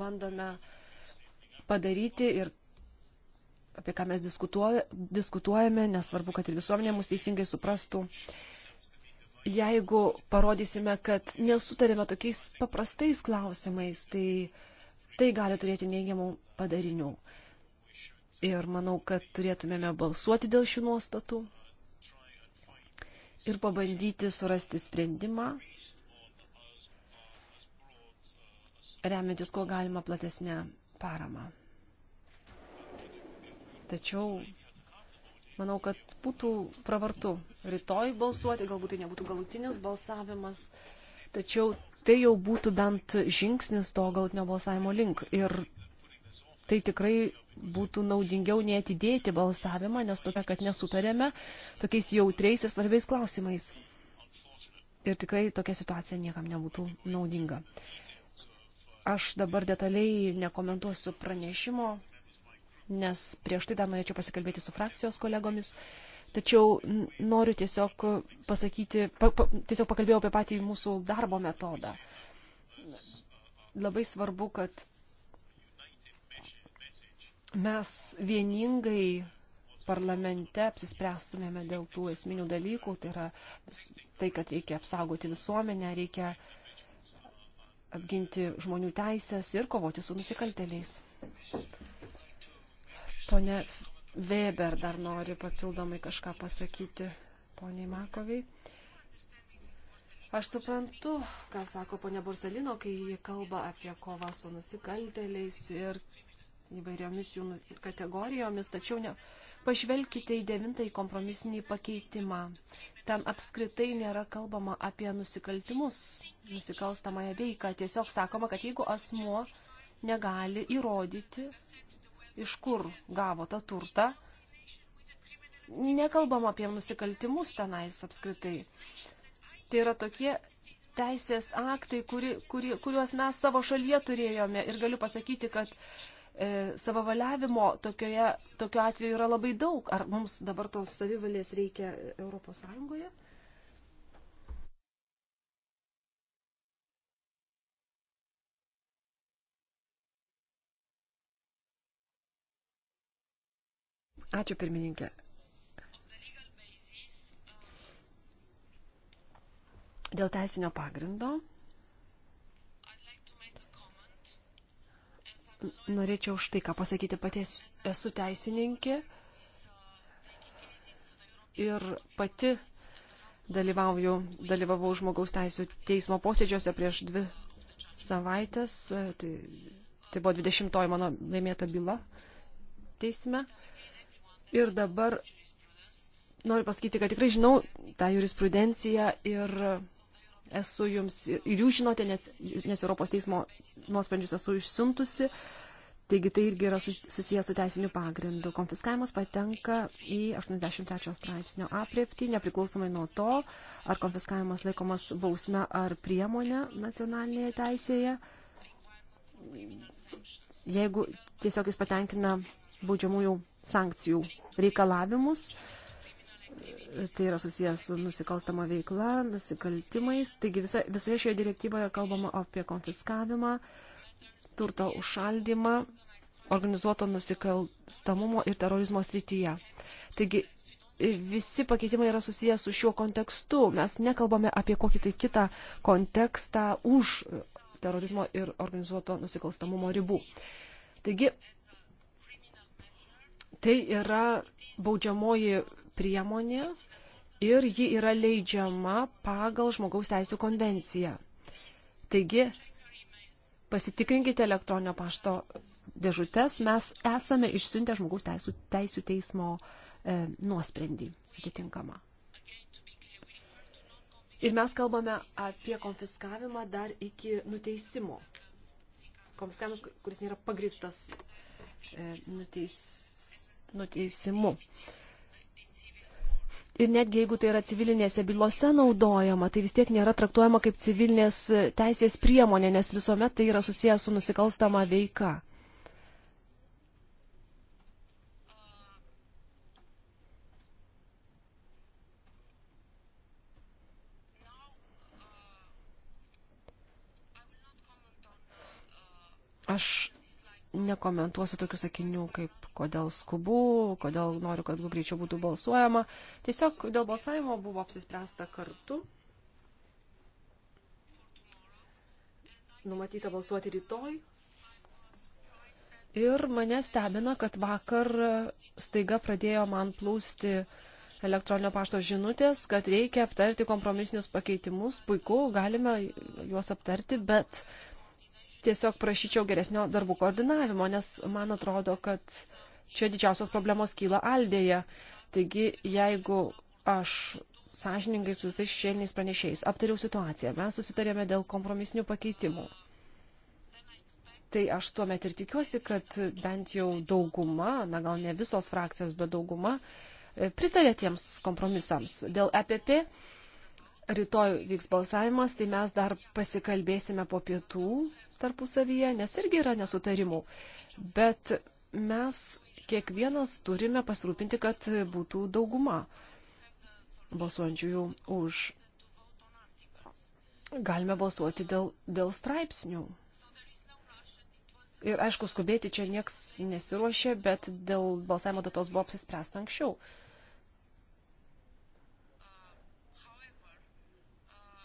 bandome uh, padaryti ir apie ką mes diskutuojame, nesvarbu, kad ir visuomenė mus teisingai suprastų. Jeigu parodysime, kad nesutarėme tokiais paprastais klausimais, tai tai gali turėti neigiamų padarinių. Ir manau, kad turėtumėme balsuoti dėl šių nuostatų ir pabandyti surasti sprendimą, remiantis kuo galima platesnę paramą. Tačiau manau, kad būtų pravartu rytoj balsuoti, galbūt tai nebūtų galutinis balsavimas, tačiau tai jau būtų bent žingsnis to galutinio balsavimo link. Ir tai tikrai būtų naudingiau neatidėti balsavimą, nes tokia, kad nesutarėme tokiais jautriais ir svarbiais klausimais. Ir tikrai tokia situacija niekam nebūtų naudinga. Aš dabar detaliai nekomentuosiu pranešimo, nes prieš tai dar norėčiau pasikalbėti su frakcijos kolegomis. Tačiau noriu tiesiog pasakyti, pa, pa, tiesiog pakalbėjau apie patį mūsų darbo metodą. Labai svarbu, kad mes vieningai parlamente apsispręstumėme dėl tų esminių dalykų, tai yra tai, kad reikia apsaugoti visuomenę, reikia uh, apginti žmonių teisės ir kovoti su nusikalteliais. Pone Weber dar nori papildomai kažką pasakyti poniai Makoviai. Aš suprantu, ką sako ponia Borsalino, kai jie kalba apie kovą su nusikalteliais ir įvairiomis jų kategorijomis, tačiau ne, Pažvelkite į devintąjį kompromisinį pakeitimą. Ten apskritai nėra kalbama apie nusikaltimus, nusikalstamąją veiką. Tiesiog sakoma, kad jeigu asmuo negali įrodyti, iš kur gavo tą turtą, nekalbama apie nusikaltimus tenais apskritai. Tai yra tokie teisės aktai, kuri, kuri, kuriuos mes savo šalyje turėjome. Ir galiu pasakyti, kad E, savavaliavimo tokioje, tokio atveju yra labai daug. Ar mums dabar tos savivalės reikia Europos Sąjungoje? Ačiū pirmininkė. Dėl teisinio pagrindo norėčiau štai ką pasakyti. Paties esu teisininkė ir pati dalyvauju, dalyvavau žmogaus teisų teismo posėdžiuose prieš dvi savaitės. Tai, tai buvo 20-oji mano laimėta byla teisme. Ir dabar noriu pasakyti, kad tikrai žinau tą jurisprudenciją ir esu jums, ir jūs žinote, nes, nes Europos teismo nuosprendžius esu išsiuntusi, taigi tai irgi yra susijęs su teisiniu pagrindu. Konfiskavimas patenka į 83 straipsnio apriepti, nepriklausomai nuo to, ar konfiskavimas laikomas bausme ar priemonė nacionalinėje teisėje. Jeigu tiesiog jis patenkina baudžiamųjų sankcijų reikalavimus, tai yra susijęs su nusikalstama veikla, nusikaltimais. Taigi visa, visoje šioje direktyvoje kalbama apie konfiskavimą, turto užšaldymą, organizuoto nusikalstamumo ir terorizmo srityje. Taigi e, visi pakeitimai yra susijęs su šiuo kontekstu. Mes nekalbame apie kokį tai kitą kontekstą už terorizmo ir organizuoto nusikalstamumo ribų. Taigi, tai yra baudžiamoji priemonė ir ji yra leidžiama pagal žmogaus teisų konvenciją. Taigi, pasitikrinkite elektroninio pašto dėžutės, mes esame išsiuntę žmogaus teisų, teisų teismo e, nuosprendį atitinkamą. Ir mes kalbame apie konfiskavimą dar iki nuteisimo. Konfiskavimas, kuris nėra pagristas e, nuteis, nuteisimu. E, Ir netgi jeigu tai yra civilinėse bylose naudojama, tai vis tiek nėra traktuojama kaip civilinės e, teisės priemonė, nes visuomet tai yra susijęs su nusikalstama veika. Aš nekomentuosiu tokių sakinių, kaip kodėl skubu, kodėl noriu, kad greičiau būtų balsuojama. Tiesiog dėl balsavimo buvo apsispręsta kartu. Numatyta balsuoti rytoj. Ir mane stebina, kad vakar staiga pradėjo man plūsti elektroninio pašto žinutės, kad reikia aptarti kompromisinius pakeitimus. Puiku, galime juos aptarti, bet uh, tiesiog prašyčiau geresnio darbų koordinavimo, nes man atrodo, kad čia didžiausios problemos kyla Aldėje. Taigi, jeigu aš sąžiningai su visais šėliniais pranešėjais aptariau situaciją, mes susitarėme dėl kompromisinių pakeitimų. Tai aš tuomet ir tikiuosi, kad bent jau dauguma, na gal ne visos frakcijos, bet dauguma pritarė tiems kompromisams. Dėl EPP rytoj vyks balsavimas, tai mes dar pasikalbėsime po pietų tarpusavyje, nes irgi yra nesutarimų. Bet mes kiekvienas turime pasirūpinti, kad būtų dauguma balsuojančiųjų už. Galime balsuoti dėl, dėl straipsnių. Ir aišku, skubėti čia nieks nesiruošė, bet dėl balsavimo datos buvo apsispręsta anksčiau. Uh,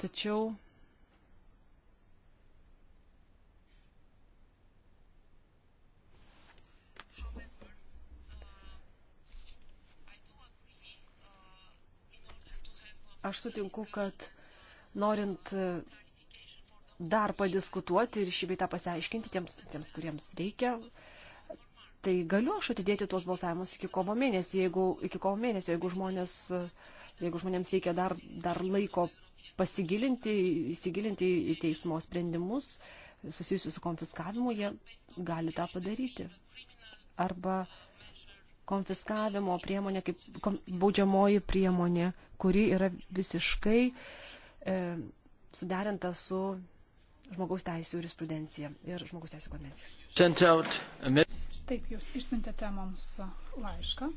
Tačiau aš sutinku, kad norint dar padiskutuoti ir šį beitą pasiaiškinti tiems, tiems, kuriems reikia, tai galiu aš atidėti tuos balsavimus iki kovo mėnesio, jeigu, iki kovo mėnesio, jeigu, žmonės, jeigu žmonėms reikia dar, dar laiko pasigilinti, įsigilinti į teismo sprendimus susijusius su konfiskavimu, jie gali tą padaryti. Arba konfiskavimo priemonė kaip baudžiamoji priemonė, kuri yra visiškai e, suderinta su žmogaus teisų jurisprudencija ir žmogaus teisų konvencija. Taip, jūs išsiuntėte mums laišką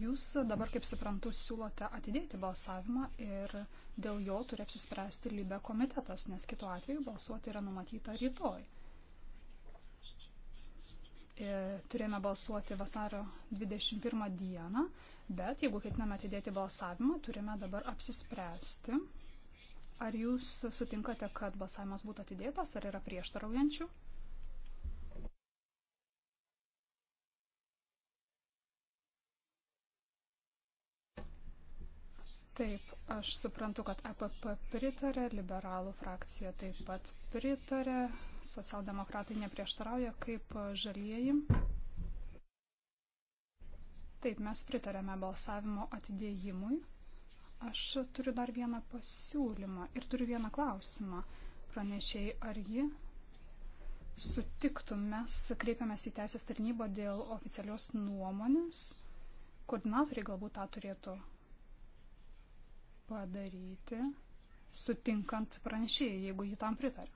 Jūs dabar, kaip suprantu, siūlote atidėti balsavimą ir dėl jo turi apsispręsti lybe komitetas, nes kitu atveju balsuoti yra numatyta rytoj. Ir e, turėjome balsuoti vasario 21 dieną, bet jeigu ketiname atidėti balsavimą, turime dabar apsispręsti, ar jūs sutinkate, kad balsavimas būtų atidėtas, ar yra prieštaraujančių. Taip, aš suprantu, kad APP e pritarė, liberalų frakcija taip pat pritarė, socialdemokratai neprieštarauja kaip žalieji. Taip, mes pritarėme balsavimo atidėjimui. Aš turiu dar vieną pasiūlymą ir turiu vieną klausimą. Pranešėjai, ar ji sutiktų, mes kreipiamės į teisės tarnybą dėl oficialios nuomonės. Koordinatoriai galbūt tą turėtų padaryti, sutinkant pranešėjai, jeigu jį tam pritarė.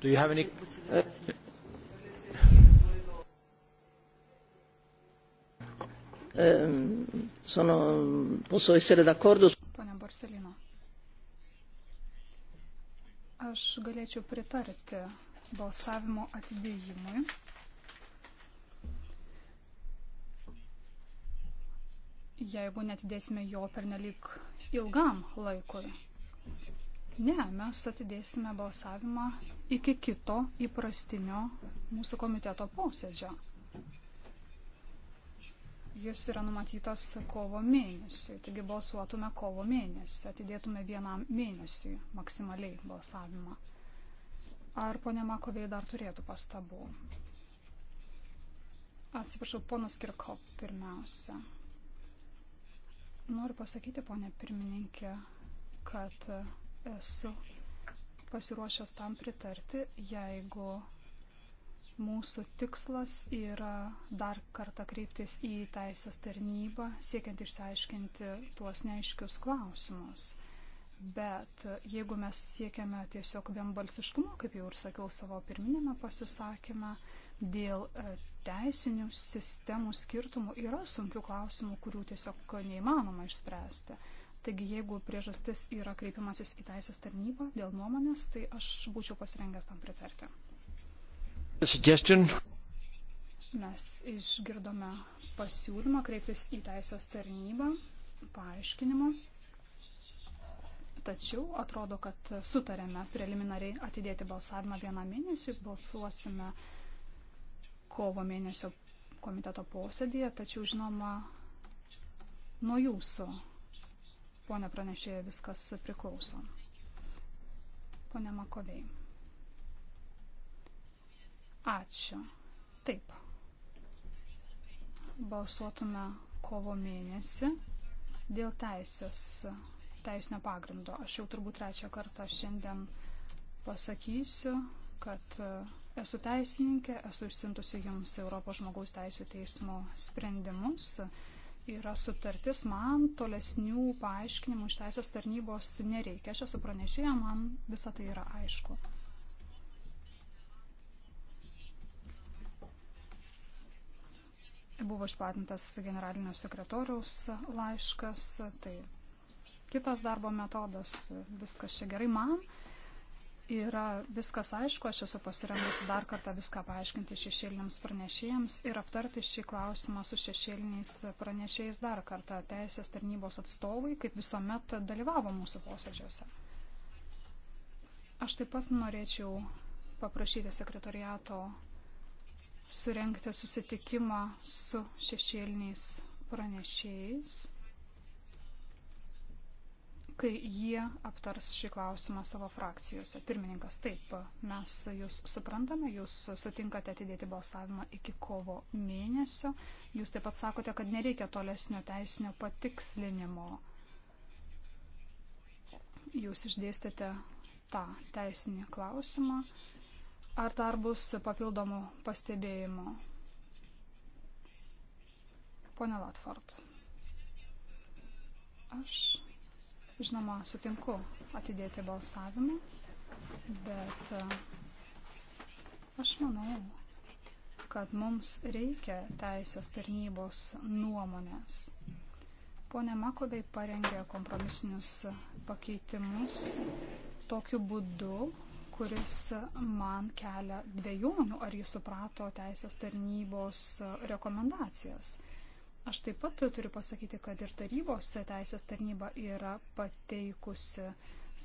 Do you have any... Um, sono, posso essere d'accordo su... Pane Barcelino, aš galėčiau pritarti balsavimo atidėjimui jeigu netidėsime jo pernelik ilgam laikui. Ne, mes atidėsime balsavimą iki kito įprastinio mūsų komiteto posėdžio. Jis yra numatytas kovo mėnesiui, taigi balsuotume kovo mėnesį, atidėtume vienam mėnesiui maksimaliai balsavimą. Ar ponia Makovėj dar turėtų pastabų? Atsiprašau, ponas Kirkop pirmiausia. Noriu pasakyti, ponė pirmininkė, kad esu pasiruošęs tam pritarti, jeigu mūsų tikslas yra dar kartą kreiptis į teisės tarnybą, siekiant išsiaiškinti tuos neaiškius klausimus. Bet jeigu mes siekiame tiesiog vienbalsiškumo, kaip jau ir sakiau savo pirminėme pasisakymą, dėl e, teisinių sistemų skirtumų yra sunkių klausimų, kurių tiesiog neįmanoma išspręsti. Taigi, jeigu priežastis yra kreipimasis į teisės tarnybą dėl nuomonės, tai aš būčiau pasirengęs tam pritarti. Suggestion. Mes išgirdome pasiūlymą kreiptis į teisės tarnybą, paaiškinimo. Tačiau atrodo, kad sutarėme preliminariai atidėti balsavimą vieną mėnesį, balsuosime uh, kovo mėnesio komiteto posėdėje, tačiau žinoma, nuo jūsų, ponė pranešėja, viskas priklauso. Pone Makovei. Ačiū. Taip. Balsuotume kovo mėnesį dėl teisės, teisinio pagrindo. Aš jau turbūt trečią kartą šiandien pasakysiu, kad uh, Esu teisininkė, esu išsintusi jums Europos žmogaus teisų teismo sprendimus. Yra sutartis, man tolesnių paaiškinimų iš teisės tarnybos nereikia. Aš esu pranešėja, man visa tai yra aišku. Buvo išplatintas generalinio sekretoriaus laiškas, tai kitas darbo metodas, viskas čia gerai man yra viskas aišku, aš esu pasirengusi dar kartą viską paaiškinti šešėliniams pranešėjams ir aptarti šį klausimą su šešėliniais pranešėjais dar kartą. Teisės tarnybos atstovai, kaip visuomet, dalyvavo mūsų posėdžiuose. Aš taip pat norėčiau paprašyti sekretoriato surenkti susitikimą su šešėliniais pranešėjais kai jie aptars šį klausimą savo frakcijose. Pirmininkas, taip, mes jūs suprantame, jūs sutinkate atidėti balsavimą iki kovo mėnesio. Jūs taip pat sakote, kad nereikia tolesnio teisinio patikslinimo. Jūs išdėstėte tą teisinį klausimą. Ar dar bus papildomų pastebėjimų? Pone Latford. Aš Žinoma, sutinku atidėti balsavimą, bet e, aš manau, kad mums reikia teisės tarnybos nuomonės. Pone Makovai parengė kompromisinius pakeitimus tokiu būdu, kuris man kelia dviejonių, ar jis suprato teisės tarnybos rekomendacijas. Aš taip pat turiu pasakyti, kad ir tarybos teisės tarnyba yra pateikusi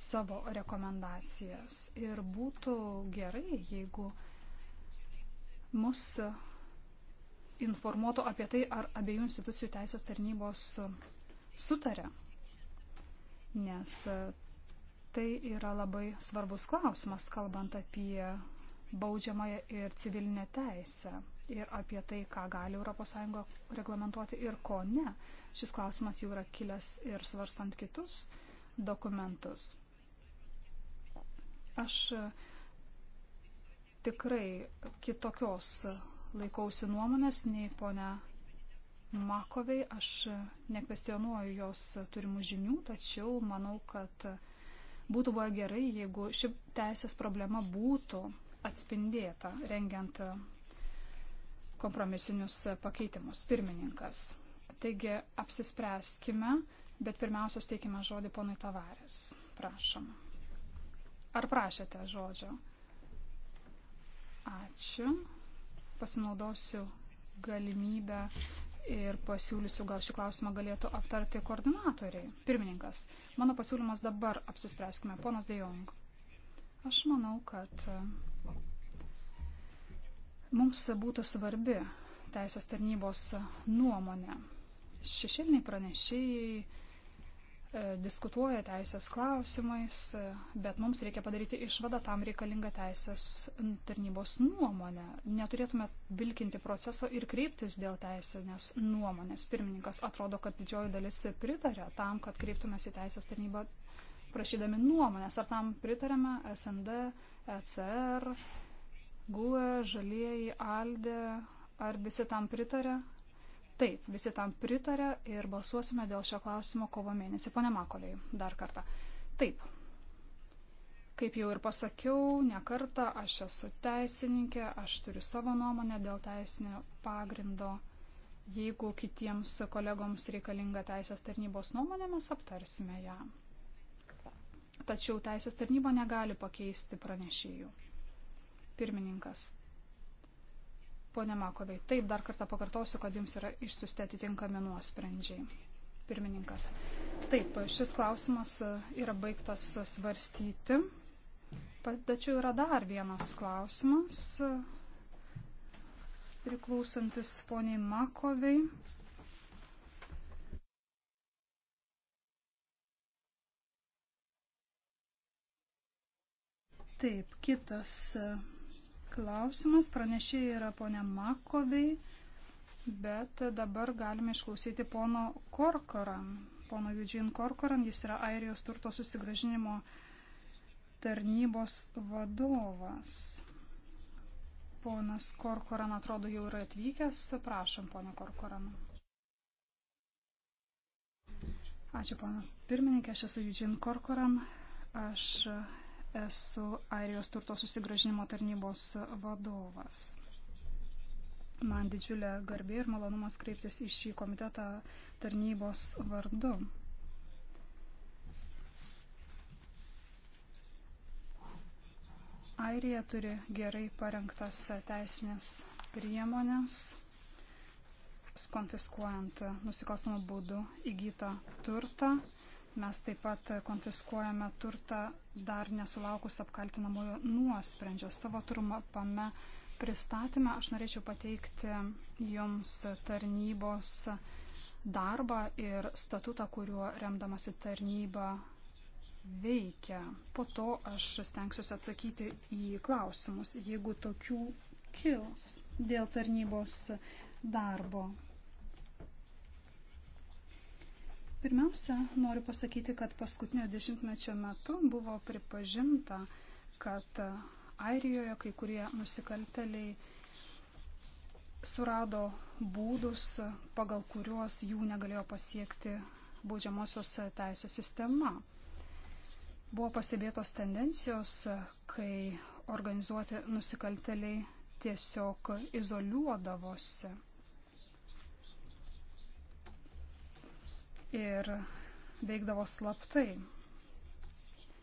savo rekomendacijas. Ir būtų gerai, jeigu mus informuotų apie tai, ar abiejų institucijų teisės tarnybos sutarė. Nes tai yra labai svarbus klausimas, kalbant apie baudžiamąją ir civilinę teisę ir apie tai, ką gali ES reglamentuoti ir ko ne. Šis klausimas jau yra kilęs ir svarstant kitus dokumentus. Aš tikrai kitokios laikausi nuomonės nei ponia Makovai. Aš nekvestionuoju jos turimų žinių, tačiau manau, kad būtų buvę gerai, jeigu ši teisės problema būtų atspindėta rengiant kompromisinius pakeitimus. Pirmininkas. Taigi apsispręskime, bet pirmiausia steikime žodį ponui Tavarės. Prašom. Ar prašėte žodžio? Ačiū. Pasinaudosiu galimybę ir pasiūlysiu, gal šį klausimą galėtų aptarti koordinatoriai. Pirmininkas, mano pasiūlymas dabar apsispręskime, ponas Dejong. Aš manau, kad Mums būtų svarbi teisės tarnybos nuomonė. Šešėliniai pranešėjai e, diskutuoja teisės klausimais, e, bet mums reikia padaryti išvadą, tam reikalinga teisės tarnybos nuomonė. Neturėtume vilkinti proceso ir kreiptis dėl teisinės nuomonės. Pirmininkas atrodo, kad didžioji dalis pritarė tam, kad kreiptumės į teisės tarnybą prašydami nuomonės. Ar tam pritarėme SND, ECR, GUE, žalieji, ALDE, ar visi tam pritarė? Taip, visi tam pritarė ir balsuosime dėl šio klausimo kovo mėnesį. Pone Makoliai, dar kartą. Taip. Kaip jau ir pasakiau, ne kartą aš esu teisininkė, aš turiu savo nuomonę dėl teisinio pagrindo. Jeigu kitiems kolegoms reikalinga teisės tarnybos nuomonė, mes aptarsime ją. Tačiau teisės tarnyba negali pakeisti pranešėjų. Pirmininkas. Pone Makovai, taip dar kartą pakartosiu, kad jums yra išsiusti atitinkami nuosprendžiai. Pirmininkas. Taip, šis klausimas yra baigtas svarstyti. Tačiau yra dar vienas klausimas, priklausantis poniai Makovai. Taip, kitas klausimas. Pranešėjai yra ponia Makovei, bet dabar galime išklausyti pono Korkoran. Pono Eugene Korkoran, jis yra Airijos turto susigražinimo tarnybos vadovas. Ponas Korkoran atrodo jau yra atvykęs. Prašom, ponio Korkoran. Ačiū, pana pirmininkė, aš esu Eugene Korkoran. Aš Esu Airijos turto susigražinimo tarnybos vadovas. Man didžiulė garbė ir malonumas kreiptis į šį komitetą tarnybos vardu. Airija turi gerai parengtas teisinės priemonės, konfiskuojant nusikalstamą būdų įgytą turtą. Mes taip pat konfiskuojame turtą dar nesulaukus apkaltinamojo nuosprendžio. Savo trumpame pristatymą aš norėčiau pateikti jums tarnybos darbą ir statutą, kuriuo remdamasi tarnyba veikia. Po to aš stengsiuosi atsakyti į klausimus, jeigu tokių kils dėl tarnybos darbo. Pirmiausia, noriu pasakyti, kad paskutinio dešimtmečio metu buvo pripažinta, kad Airijoje kai kurie nusikalteliai surado būdus, pagal kuriuos jų negalėjo pasiekti baudžiamosios teisės sistema. Buvo pastebėtos tendencijos, kai organizuoti nusikalteliai tiesiog izoliuodavosi ir veikdavo slaptai.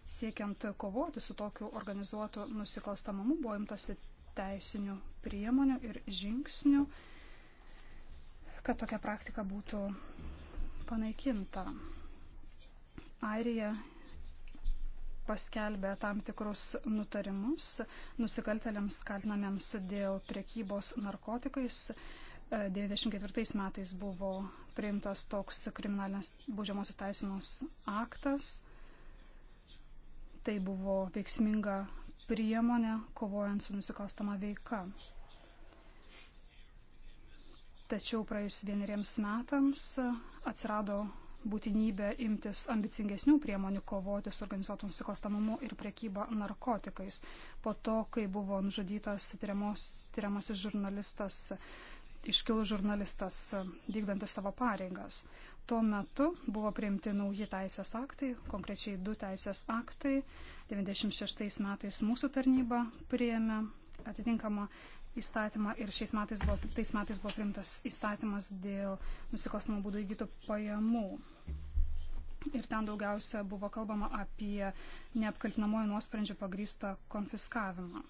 Siekiant kovoti su tokiu organizuotu nusikalstamumu buvo imtasi teisinių priemonių ir žingsnių, kad tokia praktika būtų panaikinta. Airija paskelbė tam tikrus nutarimus nusikaltėliams kaltinamiems dėl priekybos narkotikais. 1994 e, metais buvo priimtas toks kriminalinės baudžiamosios teisinos aktas. Tai buvo veiksminga priemonė kovojant su nusikalstama veika. Tačiau praėjus vieneriems metams atsirado būtinybė imtis ambicingesnių priemonių kovoti su organizuotų nusikalstamumu ir priekyba narkotikais. Po to, kai buvo nužudytas tyriamasis žurnalistas iškilus žurnalistas e, vykdantis savo pareigas. Tuo metu buvo priimti nauji teisės aktai, konkrečiai du teisės aktai. 96 metais mūsų tarnyba priėmė atitinkamą įstatymą ir šiais metais buvo, tais metais buvo priimtas įstatymas dėl nusikalstamų būdų įgytų pajamų. Ir ten daugiausia buvo kalbama apie neapkaltinamojo nuosprendžio pagrįstą konfiskavimą.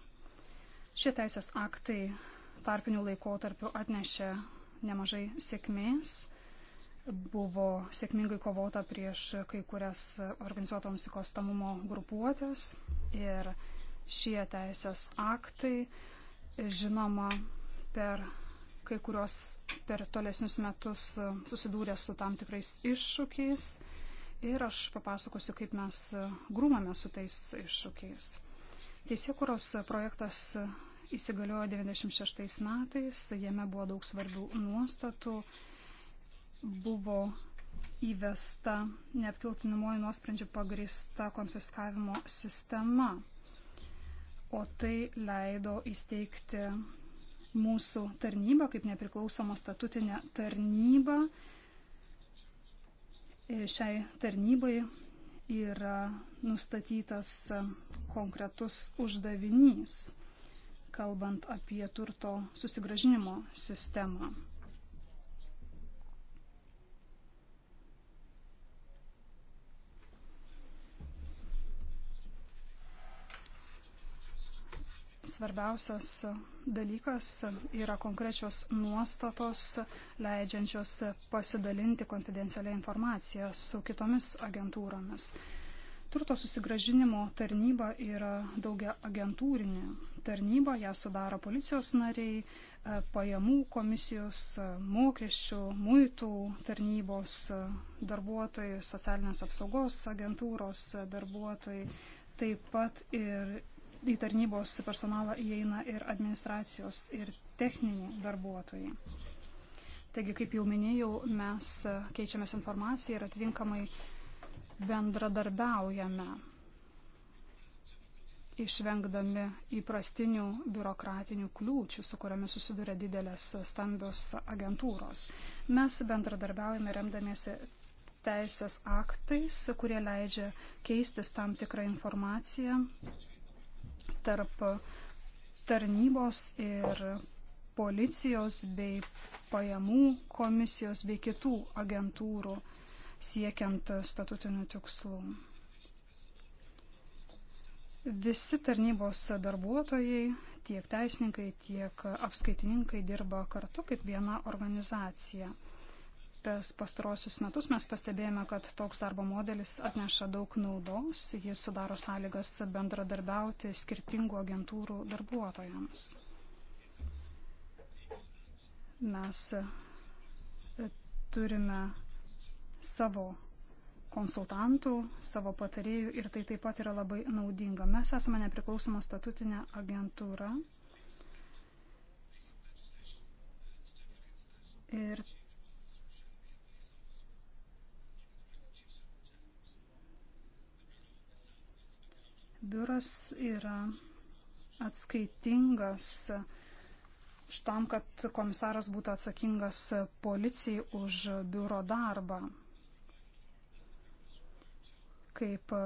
Šie teisės aktai tarpinių laikotarpių atnešė nemažai sėkmės. Buvo sėkmingai kovota prieš kai kurias organizuoto nusikalstamumo grupuotės ir šie teisės aktai, žinoma, per kai kurios per tolesnius metus susidūrė su tam tikrais iššūkiais ir aš papasakosiu, kaip mes grūmame su tais iššūkiais. Teisėkuros projektas įsigaliojo 96 metais, jame buvo daug svarbių nuostatų, buvo įvesta neapkiltinamoji nuosprendžių pagrįsta konfiskavimo sistema, o tai leido įsteigti mūsų tarnybą kaip nepriklausomą statutinę tarnybą. Šiai tarnybai yra nustatytas konkretus uždavinys kalbant apie turto susigražinimo sistemą. Svarbiausias dalykas yra konkrečios nuostatos, leidžiančios pasidalinti konfidencialią informaciją su kitomis agentūromis. Turto susigražinimo tarnyba yra daugia agentūrinė tarnybą, ją sudaro policijos nariai, e, pajamų komisijos, e, mokesčių, muitų tarnybos e, darbuotojai, socialinės apsaugos agentūros darbuotojai, taip pat ir į tarnybos personalą įeina ir administracijos ir techniniai darbuotojai. Taigi, kaip jau minėjau, mes keičiamės informaciją ir atitinkamai bendradarbiaujame išvengdami įprastinių biurokratinių kliūčių, su kuriamis susiduria didelės stambios agentūros. Mes bendradarbiaujame remdamiesi teisės aktais, kurie leidžia keistis tam tikrą informaciją tarp tarnybos ir policijos bei pajamų komisijos bei kitų agentūrų siekiant statutinių tikslų. Visi tarnybos darbuotojai, tiek teisininkai, tiek apskaitininkai dirba kartu kaip viena organizacija. Per pastarosius metus mes pastebėjome, kad toks darbo modelis atneša daug naudos, jis sudaro sąlygas bendradarbiauti skirtingų agentūrų darbuotojams. Mes e, turime savo konsultantų, savo patarėjų ir tai taip pat yra labai naudinga. Mes esame nepriklausoma statutinė agentūra ir biuras yra atskaitingas štam, kad komisaras būtų atsakingas policijai už biuro darbą kaip e,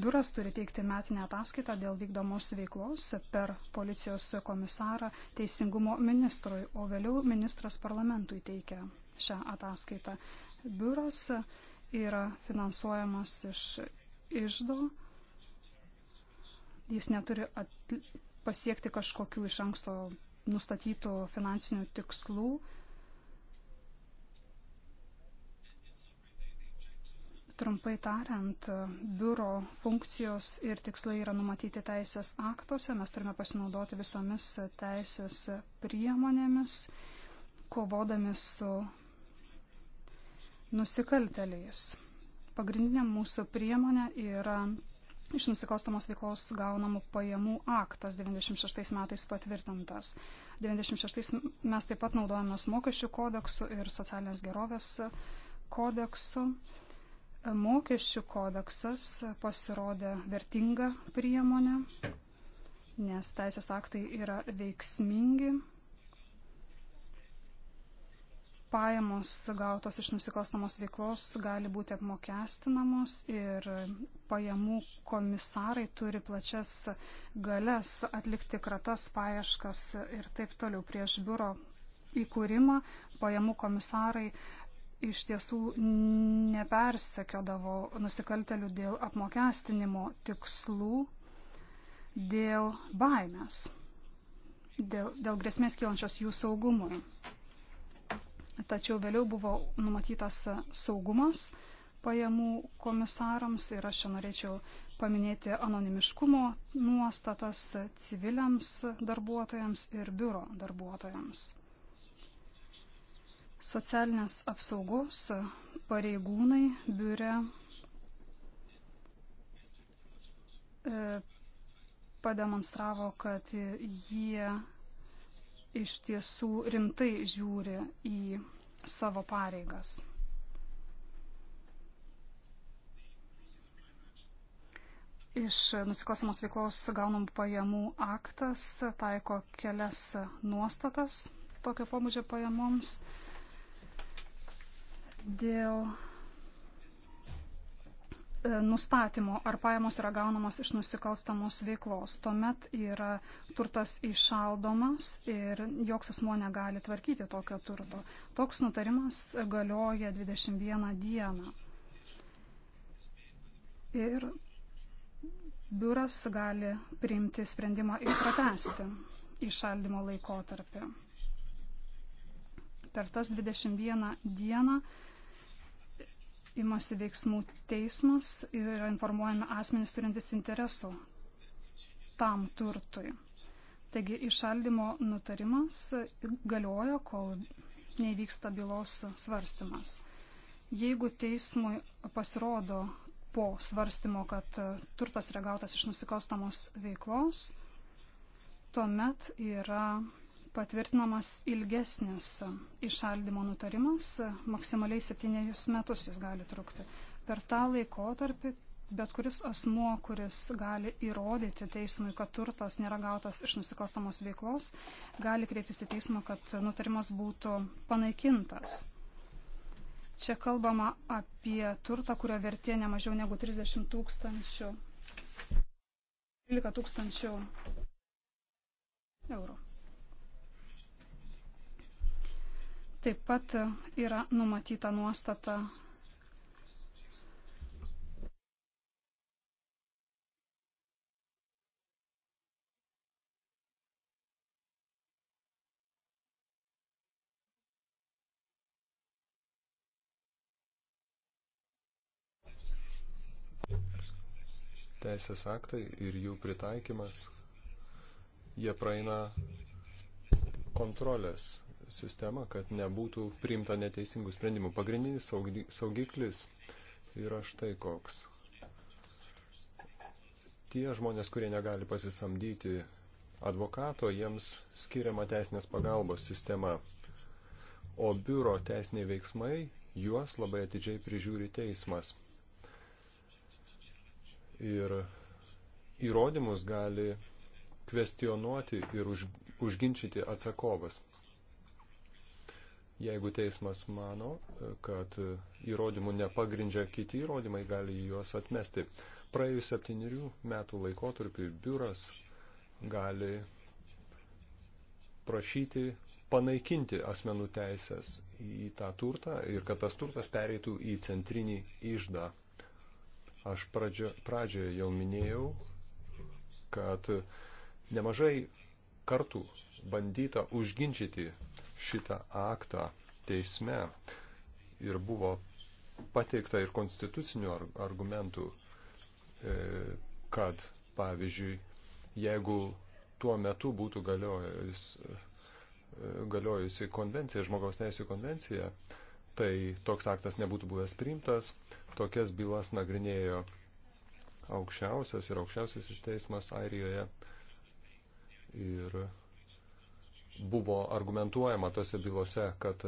biuras turi teikti metinę ataskaitą dėl vykdomos veiklos per policijos komisarą teisingumo ministrui, o vėliau ministras parlamentui teikia šią ataskaitą. Biuras yra finansuojamas iš išdo. Jis neturi pasiekti kažkokių iš anksto nustatytų finansinių tikslų, Trumpai tariant, biuro funkcijos ir tikslai yra numatyti teisės aktuose. Mes turime pasinaudoti visomis teisės priemonėmis, kovodami su nusikalteliais. Pagrindinė mūsų priemonė yra iš nusikalstamos veikos gaunamų pajamų aktas 96 metais patvirtintas. 96 mes taip pat naudojamės mokesčių kodeksu ir socialinės gerovės kodeksu. Mokesčių kodeksas pasirodė vertinga priemonė, nes teisės aktai yra veiksmingi. Pajamos gautos iš nusikalstamos veiklos gali būti apmokestinamos ir pajamų komisarai turi plačias galias atlikti kratas paieškas ir taip toliau prieš biuro įkūrimą pajamų komisarai iš tiesų nepersekiodavo nusikaltelių dėl apmokestinimo tikslų, dėl baimės, dėl, dėl grėsmės kylančios jų saugumui. Tačiau vėliau buvo numatytas saugumas pajamų komisarams ir aš čia norėčiau paminėti anonimiškumo nuostatas civiliams darbuotojams ir biuro darbuotojams. Socialinės apsaugos pareigūnai biure e, pademonstravo, kad jie iš tiesų rimtai žiūri į savo pareigas. Iš nusikalstamos veiklos gaunamų pajamų aktas taiko kelias nuostatas tokio pobūdžio pajamoms dėl e, nustatymo, ar pajamos yra gaunamos iš nusikalstamos veiklos. Tuomet yra turtas išaldomas ir joks asmo negali tvarkyti tokio turto. Toks nutarimas galioja 21 dieną. Ir biuras gali priimti sprendimą ir pratesti išaldimo laikotarpį. Per tas 21 dieną imasi veiksmų teismas ir yra informuojami asmenys turintis interesų tam turtui. Taigi išaldymo nutarimas galioja, kol nevyksta bylos svarstymas. Jeigu teismui pasirodo po svarstymo, kad turtas yra gautas iš nusikalstamos veiklos, tuomet yra patvirtinamas ilgesnis išaldimo nutarimas, maksimaliai septynėjus metus jis gali trukti. Per tą laikotarpį bet kuris asmuo, kuris gali įrodyti teismui, kad turtas nėra gautas iš nusikalstamos veiklos, gali kreiptis į teismą, kad nutarimas būtų panaikintas. Čia kalbama apie turtą, kurio vertė ne mažiau negu 30 tūkstančių, 13 tūkstančių eurų. Taip pat yra numatyta nuostata teisės aktai ir jų pritaikymas, jie praeina kontrolės sistemą, kad nebūtų priimta neteisingų sprendimų. Pagrindinis saugiklis yra štai koks. Tie žmonės, kurie negali pasisamdyti advokato, jiems skiriama teisinės pagalbos sistema, o biuro teisiniai veiksmai juos labai atidžiai prižiūri teismas. Ir įrodymus gali kvestionuoti ir už, užginčyti atsakovas. Jeigu teismas mano, kad įrodymų nepagrindžia kiti įrodymai, gali juos atmesti. Praėjus septyniarių metų laikotarpį biuras gali prašyti panaikinti asmenų teisės į tą turtą ir kad tas turtas pereitų į centrinį išdą. Aš pradžio, pradžioje jau minėjau, kad nemažai kartų bandyta užginčyti šitą aktą teisme ir buvo pateikta ir konstitucinių argumentų, e, kad, pavyzdžiui, jeigu tuo metu būtų galiojus, e, galiojusi konvencija, žmogaus teisų konvencija, tai toks aktas nebūtų buvęs priimtas, tokias bylas nagrinėjo aukščiausias ir aukščiausiasis teismas Airijoje Ir buvo argumentuojama tose bylose, kad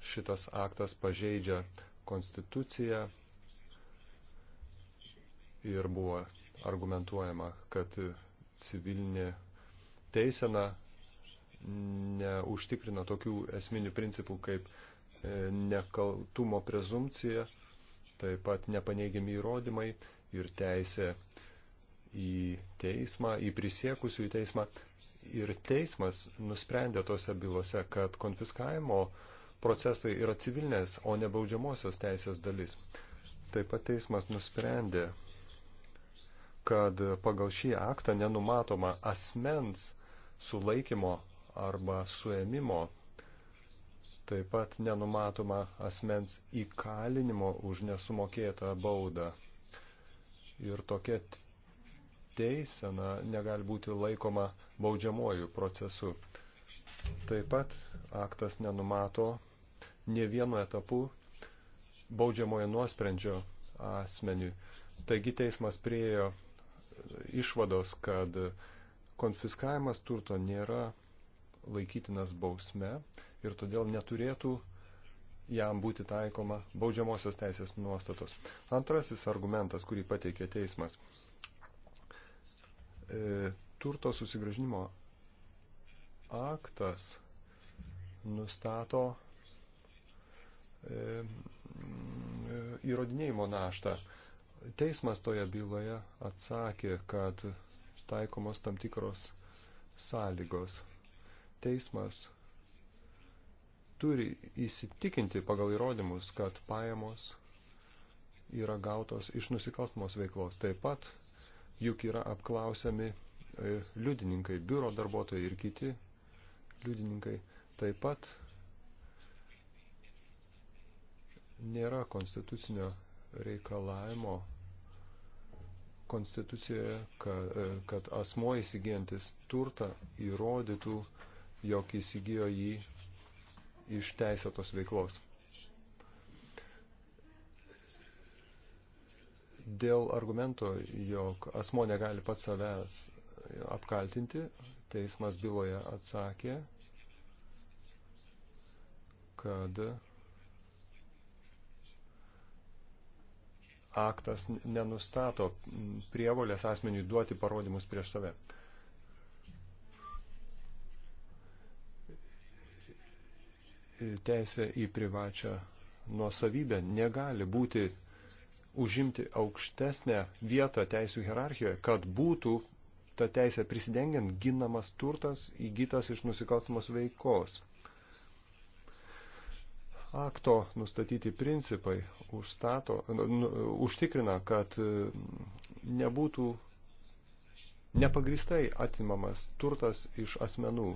šitas aktas pažeidžia konstituciją. Ir buvo argumentuojama, kad civilinė teisena neužtikrina tokių esminių principų kaip e, nekaltumo prezumcija, taip pat nepaneigiami įrodymai ir teisė į teismą, į prisiekusių į teismą. Ir teismas nusprendė tose bylose, kad konfiskavimo procesai yra civilinės, o ne baudžiamosios teisės dalis. Taip pat teismas nusprendė, kad pagal šį aktą nenumatoma asmens sulaikymo arba suėmimo, taip pat nenumatoma asmens įkalinimo už nesumokėtą baudą. Ir tokia teisena negali būti laikoma baudžiamuoju procesu. Taip pat aktas nenumato ne vienu etapu baudžiamojo nuosprendžio asmeniui. Taigi teismas priejo išvados, kad konfiskavimas turto nėra laikytinas bausme ir todėl neturėtų jam būti taikoma baudžiamosios teisės nuostatos. Antrasis argumentas, kurį pateikė teismas E, turto susigražinimo aktas nustato e, mm, įrodinėjimo naštą. Teismas toje byloje atsakė, kad taikomos tam tikros sąlygos. Teismas turi įsitikinti pagal įrodymus, kad pajamos yra gautos iš nusikalstamos veiklos. Taip pat juk yra apklausiami e, liudininkai, biuro darbuotojai ir kiti liudininkai. Taip pat nėra konstitucinio reikalavimo konstitucijoje, e, kad, kad asmo įsigijantis turtą įrodytų, jog įsigijo jį iš teisėtos veiklos. dėl argumento, jog asmo negali pats savęs apkaltinti, teismas byloje atsakė, kad aktas nenustato prievolės asmeniui duoti parodymus prieš save. Teisė į privačią nuosavybę negali būti užimti aukštesnę vietą teisų hierarchijoje, kad būtų ta teisė prisidengiant ginamas turtas įgytas iš nusikalstamos veikos. Akto nustatyti principai užstato, nu, nu užtikrina, kad e, nebūtų nepagristai atimamas turtas iš asmenų.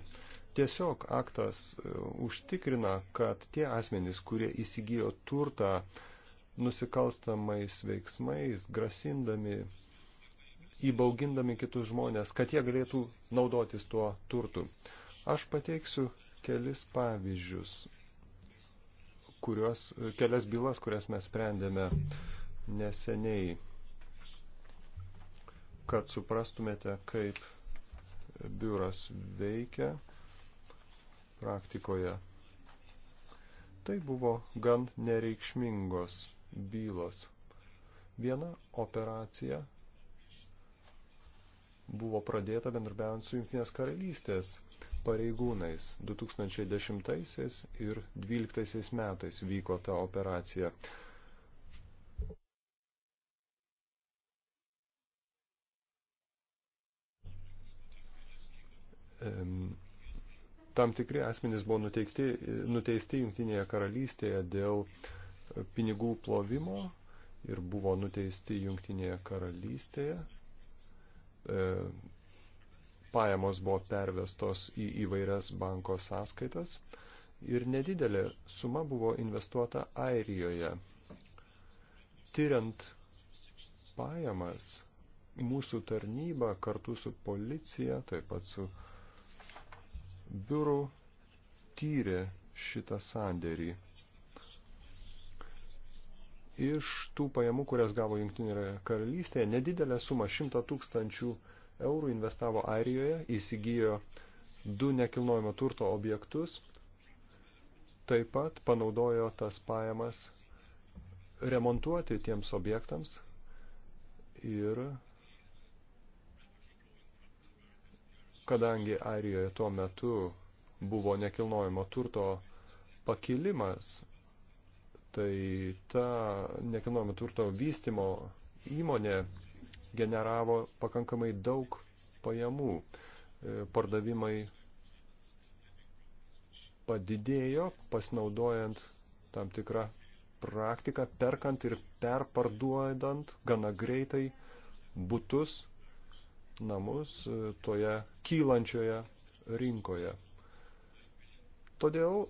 Tiesiog aktas e, užtikrina, kad tie asmenys, kurie įsigijo turtą, uh, nusikalstamais veiksmais, grasindami, įbaugindami kitus žmonės, kad jie galėtų naudotis tuo turtu. Aš pateiksiu kelis pavyzdžius, kurios, kelias bylas, kurias mes sprendėme neseniai, kad suprastumėte, kaip biuras veikia praktikoje. Tai buvo gan nereikšmingos bylos. Viena operacija buvo pradėta bendrabiaujant su Junktinės karalystės pareigūnais. 2010 ir 2012 metais vyko ta operacija. Tam tikri asmenys buvo nuteikti, nuteisti Junktinėje karalystėje dėl uh, pinigų plovimo ir buvo nuteisti Junktinėje karalystėje. E, pajamos buvo pervestos į įvairias banko sąskaitas ir nedidelė suma buvo investuota Airijoje. Tyriant pajamas, mūsų tarnyba kartu su policija, taip pat su biuru, tyrė šitą sandėrį iš tų pajamų, kurias gavo Junktinėje karalystėje, nedidelę sumą 100 tūkstančių eurų investavo Airijoje, įsigijo du nekilnojamo turto objektus, taip pat panaudojo tas pajamas remontuoti tiems objektams ir kadangi Airijoje tuo metu buvo nekilnojamo turto pakilimas, tai ta nekilnojamo turto vystimo įmonė generavo pakankamai daug pajamų. E, pardavimai padidėjo, pasinaudojant tam tikrą praktiką, perkant ir perparduodant gana greitai butus, namus e, toje kylančioje rinkoje. Todėl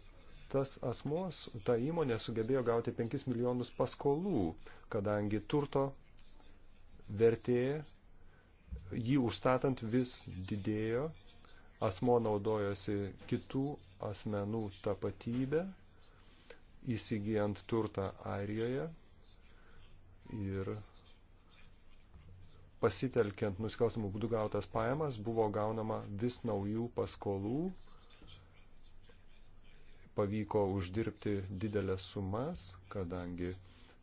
tas asmos, ta įmonė sugebėjo gauti 5 milijonus paskolų, kadangi turto vertė jį užstatant vis didėjo, asmo naudojosi kitų asmenų tapatybę, įsigijant turtą Airijoje ir pasitelkiant nusikalstamų būdų gautas pajamas buvo gaunama vis naujų paskolų pavyko uždirbti didelės sumas, kadangi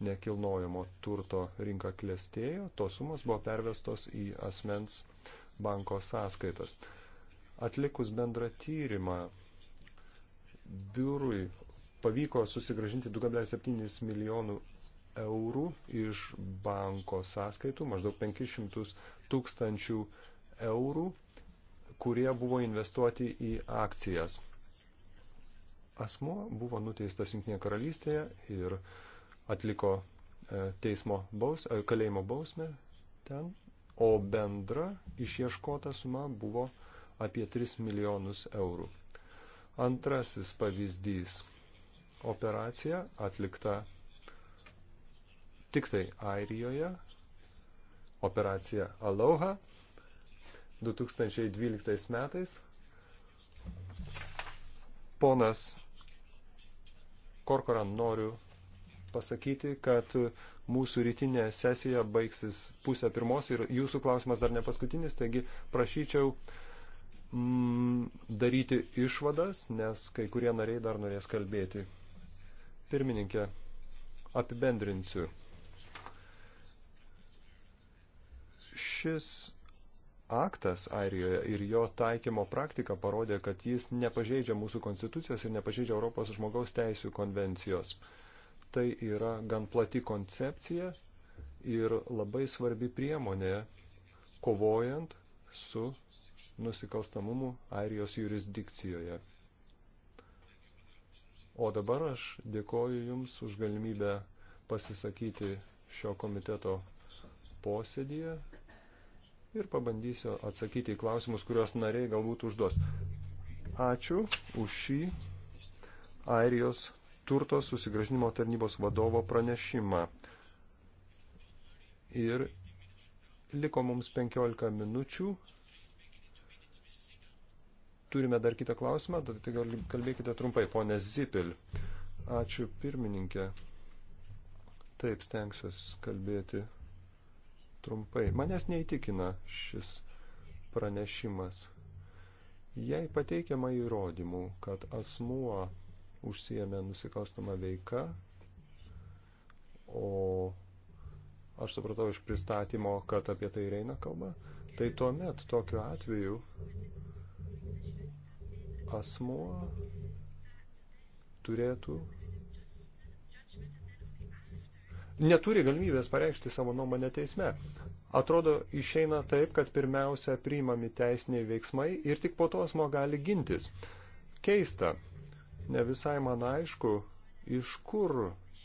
nekilnojamo turto rinka klestėjo, tos sumos buvo pervestos į asmens banko sąskaitas. Atlikus bendrą tyrimą, biurui pavyko susigražinti 2,7 milijonų eurų iš banko sąskaitų, maždaug 500 tūkstančių eurų, kurie buvo investuoti į akcijas asmo buvo nuteistas Junktinėje karalystėje ir atliko e, teismo baus, e, kalėjimo bausmę ten, o bendra išieškota suma buvo apie 3 milijonus eurų. Antrasis pavyzdys - operacija atlikta tik tai Airijoje, operacija Aloha 2012 metais. Ponas Korkoran noriu pasakyti, kad mūsų rytinė sesija baigsis pusę pirmos ir jūsų klausimas dar ne paskutinis, taigi prašyčiau mm, daryti išvadas, nes kai kurie nariai dar norės kalbėti. Pirmininkė, apibendrinsiu. Šis aktas Airijoje ir jo taikymo praktika parodė, kad jis nepažeidžia mūsų konstitucijos ir nepažeidžia Europos žmogaus teisų konvencijos. Tai yra gan plati koncepcija ir labai svarbi priemonė kovojant su nusikalstamumu Airijos jurisdikcijoje. O dabar aš dėkoju Jums už galimybę pasisakyti šio komiteto posėdėje ir pabandysiu atsakyti į klausimus, kuriuos nariai galbūt užduos. Ačiū už šį Airijos turto susigražinimo tarnybos vadovo pranešimą. Ir liko mums 15 minučių. Turime dar kitą klausimą, tai kalbėkite trumpai, ponė Zipil. Ačiū pirmininkė. Taip stengsiuosi kalbėti trumpai. Manęs neįtikina šis pranešimas. Jei pateikiama įrodymų, kad asmuo užsijėmė nusikalstamą veiką, o aš supratau iš pristatymo, kad apie tai reina kalba, tai tuomet tokiu atveju asmuo turėtų neturi galimybės pareikšti savo nuomonę teisme. Atrodo, išeina taip, kad pirmiausia priimami teisiniai veiksmai ir tik po to asmo gali gintis. Keista, ne visai man aišku, iš kur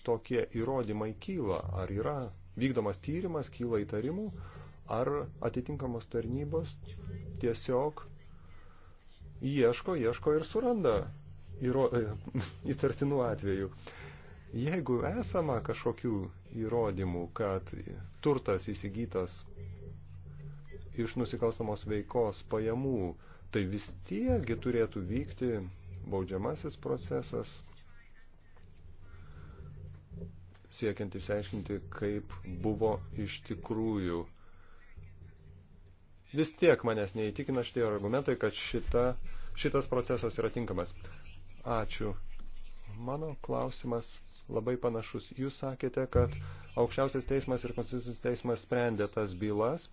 tokie įrodymai kyla. Ar yra vykdomas tyrimas, kyla įtarimų, ar atitinkamos tarnybos tiesiog ieško, ieško ir suranda įro... įtartinų atvejų. Jeigu esama kažkokių įrodymų, kad turtas įsigytas iš nusikalstamos veikos pajamų, tai vis tiekgi turėtų vykti baudžiamasis procesas, siekiant išsiaiškinti, kaip buvo iš tikrųjų. Vis tiek manęs neįtikina šitie argumentai, kad šita, šitas procesas yra tinkamas. Ačiū. Mano klausimas labai panašus. Jūs sakėte, kad aukščiausias teismas ir konstitucinis teismas sprendė tas bylas,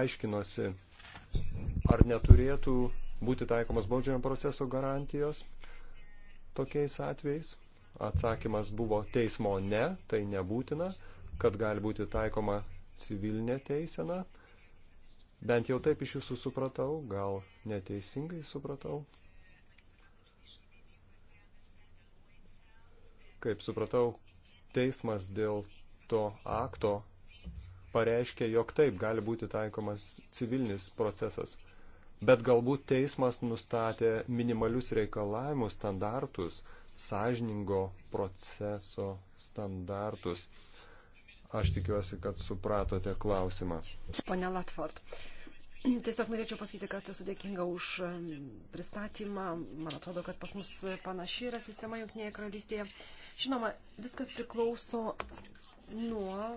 aiškinosi, ar neturėtų būti taikomas baudžiamo proceso garantijos tokiais atvejais. Atsakymas buvo teismo ne, tai nebūtina, kad gali būti taikoma civilinė teisena. Bent jau taip iš jūsų supratau, gal neteisingai supratau. Kaip supratau, teismas dėl to akto pareiškė, jog taip gali būti taikomas civilinis procesas. Bet galbūt teismas nustatė minimalius reikalavimus, standartus, sąžiningo proceso standartus. Aš tikiuosi, kad supratote klausimą. Pone Latvort, Tiesiog norėčiau pasakyti, kad esu dėkinga už e, pristatymą. Man atrodo, kad pas mus panaši yra sistema Junktinėje karalystėje. Žinoma, viskas priklauso nuo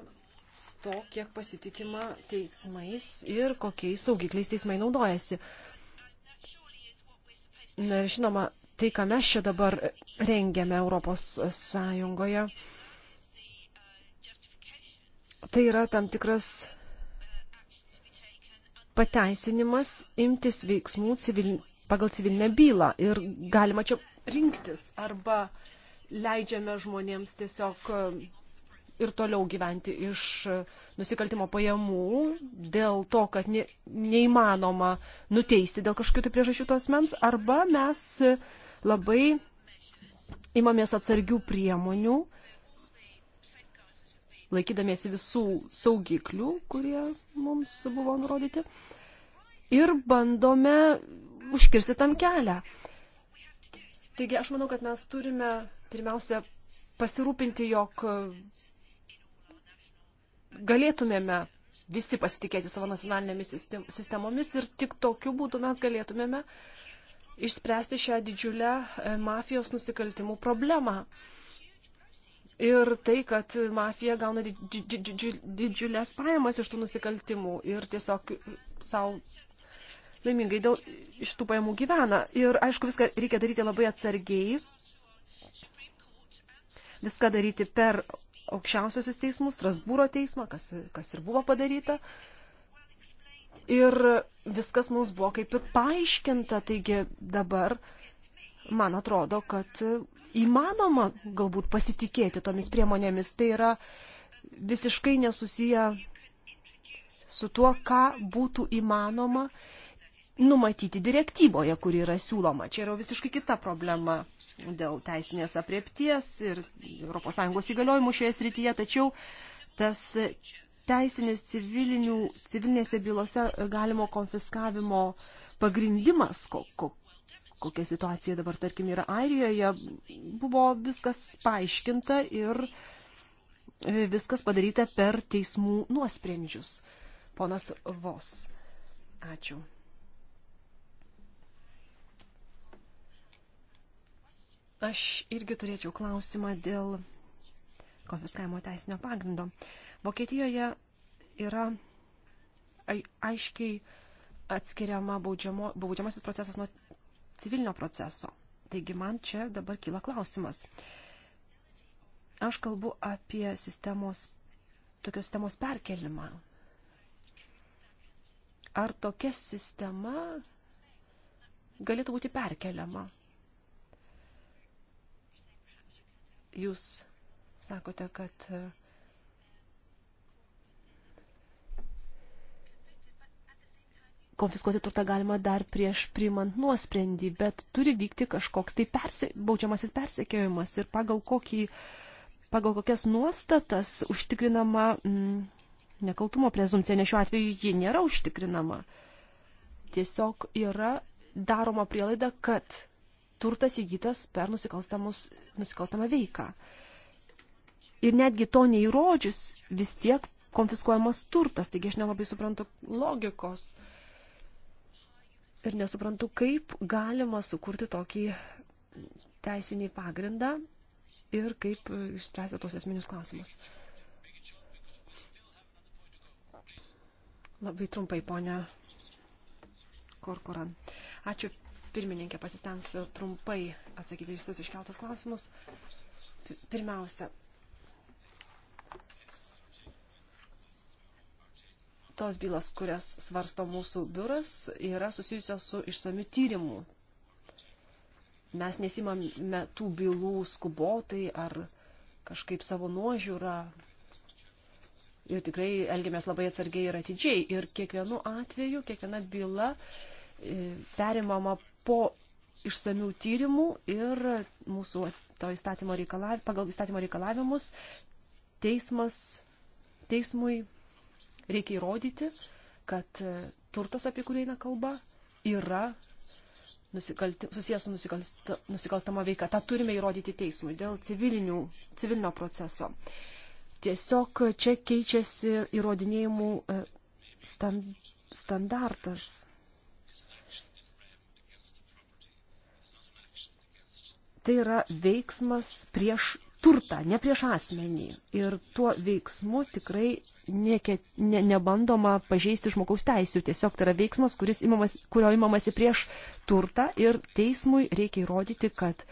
to, kiek pasitikima teismais ir kokiais saugikliais teismai naudojasi. Na ir žinoma, tai, ką mes čia dabar rengiame Europos Sąjungoje, tai yra tam tikras pateisinimas imtis veiksmų civil, pagal civilinę bylą ir galima čia rinktis arba leidžiame žmonėms tiesiog e, ir toliau gyventi iš e, nusikaltimo pajamų dėl to, kad ne, neįmanoma nuteisti dėl kažkokių tai priežasčių tos mens, arba mes e, labai imamės atsargių priemonių, uh, laikydamiesi visų saugiklių, kurie mums buvo nurodyti, ir bandome užkirsti tam kelią. Taigi aš manau, kad mes turime pirmiausia pasirūpinti, jog galėtumėme visi pasitikėti savo nacionalinėmis sistemomis ir tik tokiu būdu mes galėtumėme išspręsti šią didžiulę e, mafijos nusikaltimų problemą. Ir tai, kad mafija gauna didžiulės pajamas iš tų nusikaltimų ir tiesiog savo laimingai dėl iš tų pajamų gyvena. Ir aišku, viską reikia daryti labai atsargiai, viską daryti per aukščiausiosius teismus, Strasbūro teismą, kas, kas ir buvo padaryta. Ir viskas mums buvo kaip ir paaiškinta, taigi dabar uh, man atrodo, kad įmanoma galbūt pasitikėti tomis priemonėmis. Tai yra visiškai nesusiję su tuo, ką būtų įmanoma numatyti direktyvoje, kuri yra siūloma. Čia yra visiškai kita problema dėl teisinės apriepties ir ES įgaliojimų šioje srityje, tačiau tas teisinės civilinėse bylose galimo konfiskavimo pagrindimas, ko, ko, kokia situacija dabar, tarkim, yra Airijoje, buvo viskas paaiškinta ir e, viskas padaryta per teismų nuosprendžius. Ponas Vos. Ačiū. Aš irgi turėčiau klausimą dėl konfiskavimo teisinio pagrindo. Vokietijoje yra aiškiai atskiriama baudžiamo, baudžiamasis procesas nuo civilinio proceso. Taigi man čia dabar kyla klausimas. Aš kalbu apie sistemos, tokios sistemos perkelimą. Ar tokia sistema galėtų būti perkeliama? Jūs sakote, kad uh, konfiskuoti turtą galima dar prieš priimant nuosprendį, bet turi vykti kažkoks tai perse, baudžiamasis persekiojimas ir pagal, kokį, pagal kokias nuostatas užtikrinama mm, nekaltumo prezumcija, nes šiuo atveju ji nėra užtikrinama. Tiesiog yra daroma prielaida, kad turtas įgytas per nusikalstamą veiką. Ir netgi to neįrodžius vis tiek konfiskuojamas turtas, taigi aš nelabai suprantu logikos. Uh, ir nesuprantu, kaip galima sukurti tokį teisinį pagrindą ir kaip išspręsti tos esminius klausimus. Labai trumpai, ponia Korkoran. Ačiū pirmininkė, pasistengsiu trumpai atsakyti visus iškeltus klausimus. Pirmiausia, Tos bylas, kurias svarsto mūsų biuras, yra susijusios su išsamiu tyrimu. Mes nesimame tų bylų skubotai ar kažkaip savo nuožiūrą. Ir tikrai elgiamės labai atsargiai ir atidžiai. Ir kiekvienu atveju, kiekviena byla e, perimama po išsamių tyrimų ir mūsų įstatymo pagal įstatymo reikalavimus teismas, teismui reikia įrodyti, kad e, turtas, apie kurį eina kalba, yra nusikalti, susijęs su nusikalsta, nusikalstama veika. Ta turime įrodyti teismui dėl civilinio proceso. Tiesiog čia keičiasi įrodinėjimų e, stand, standartas. Tai yra veiksmas prieš turtą, ne prieš asmenį. Ir tuo veiksmu tikrai nieke, ne, nebandoma pažeisti žmogaus teisų. Tiesiog tai yra veiksmas, imamas, kurio imamasi prieš turtą ir teismui reikia įrodyti, kad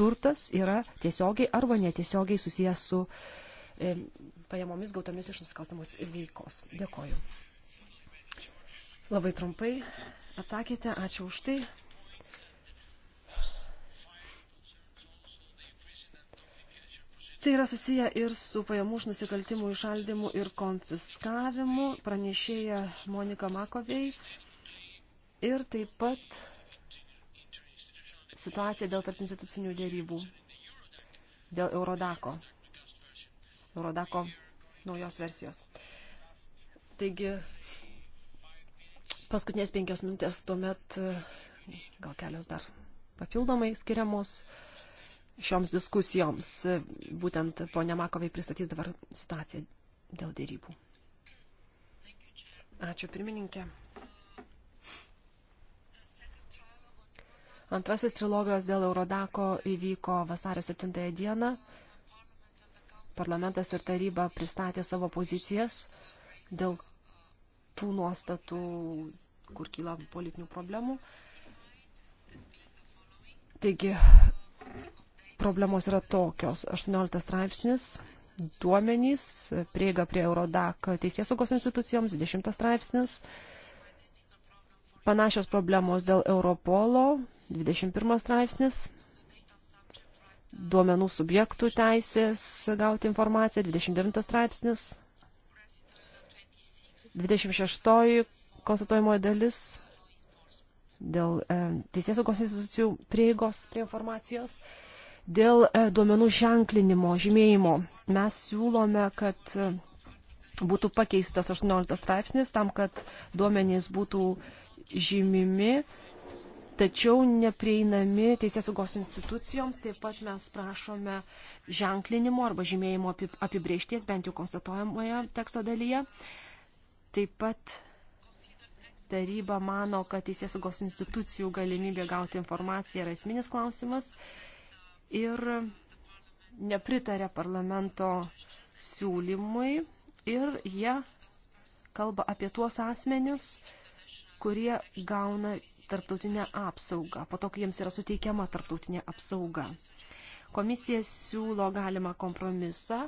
turtas yra tiesiogiai arba netiesiogiai susijęs su e, pajamomis gautomis iš nusikalstamos veikos. Dėkoju. Labai trumpai atsakėte, ačiū už tai. Tai yra susiję ir su pajamų iš nusikaltimų išaldimu ir konfiskavimu, pranešėja Monika Makovei. Ir taip pat situacija dėl tarp institucinių dėrybų, dėl Eurodako, Eurodako naujos versijos. Taigi, paskutinės penkios minutės tuomet, gal kelios dar papildomai skiriamos. Uh, šioms diskusijoms. Būtent ponia Makovai pristatys dabar situaciją dėl dėrybų. Ačiū pirmininkė. Antrasis trilogijos dėl Eurodako įvyko vasario 7 dieną. Parlamentas ir taryba pristatė savo pozicijas dėl tų nuostatų, kur kyla politinių problemų. Taigi, problemos yra tokios. 18 straipsnis duomenys, prieiga prie Eurodak teisėsaugos institucijoms, 20 straipsnis, panašios problemos dėl Europolo, 21 straipsnis, duomenų subjektų teisės gauti informaciją, 29 straipsnis, 26 konstatuojamoji dalis dėl e, teisėsaugos institucijų prieigos prie informacijos, Dėl e, duomenų ženklinimo, žymėjimo mes siūlome, kad e, būtų pakeistas 18 straipsnis tam, kad duomenys būtų žymimi, tačiau neprieinami teisės saugos institucijoms. Taip pat mes prašome ženklinimo arba žymėjimo apibriešties, bent jau konstatuojamoje teksto dalyje. Taip pat taryba mano, kad teisės saugos institucijų galimybė gauti informaciją yra esminis klausimas ir nepritarė parlamento siūlymui ir jie kalba apie tuos asmenis, kurie gauna tarptautinę apsaugą, po to, kai jiems yra suteikiama tarptautinė apsauga. Komisija siūlo galimą kompromisą,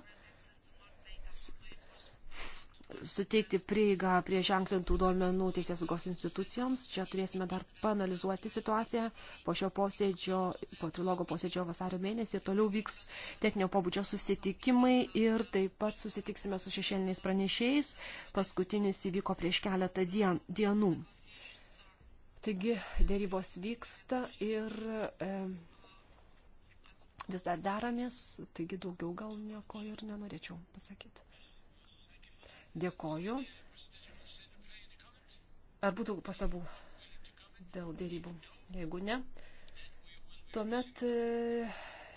suteikti prieigą prie ženklintų duomenų teisės saugos institucijoms. Čia turėsime dar panalizuoti situaciją po šio posėdžio, po trilogo posėdžio vasario mėnesį. Toliau vyks techninio pobūdžio susitikimai ir taip pat susitiksime su šešėliniais pranešėjais. Paskutinis įvyko prieš keletą dien, dienų. Taigi dėrybos vyksta ir e, vis dar deramės, taigi daugiau gal nieko ir nenorėčiau pasakyti. Dėkoju. Ar būtų pastabų dėl dėrybų? Jeigu ne, tuomet e,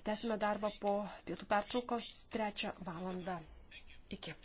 tęsime darbą po pietų pertraukos trečią valandą. Iki.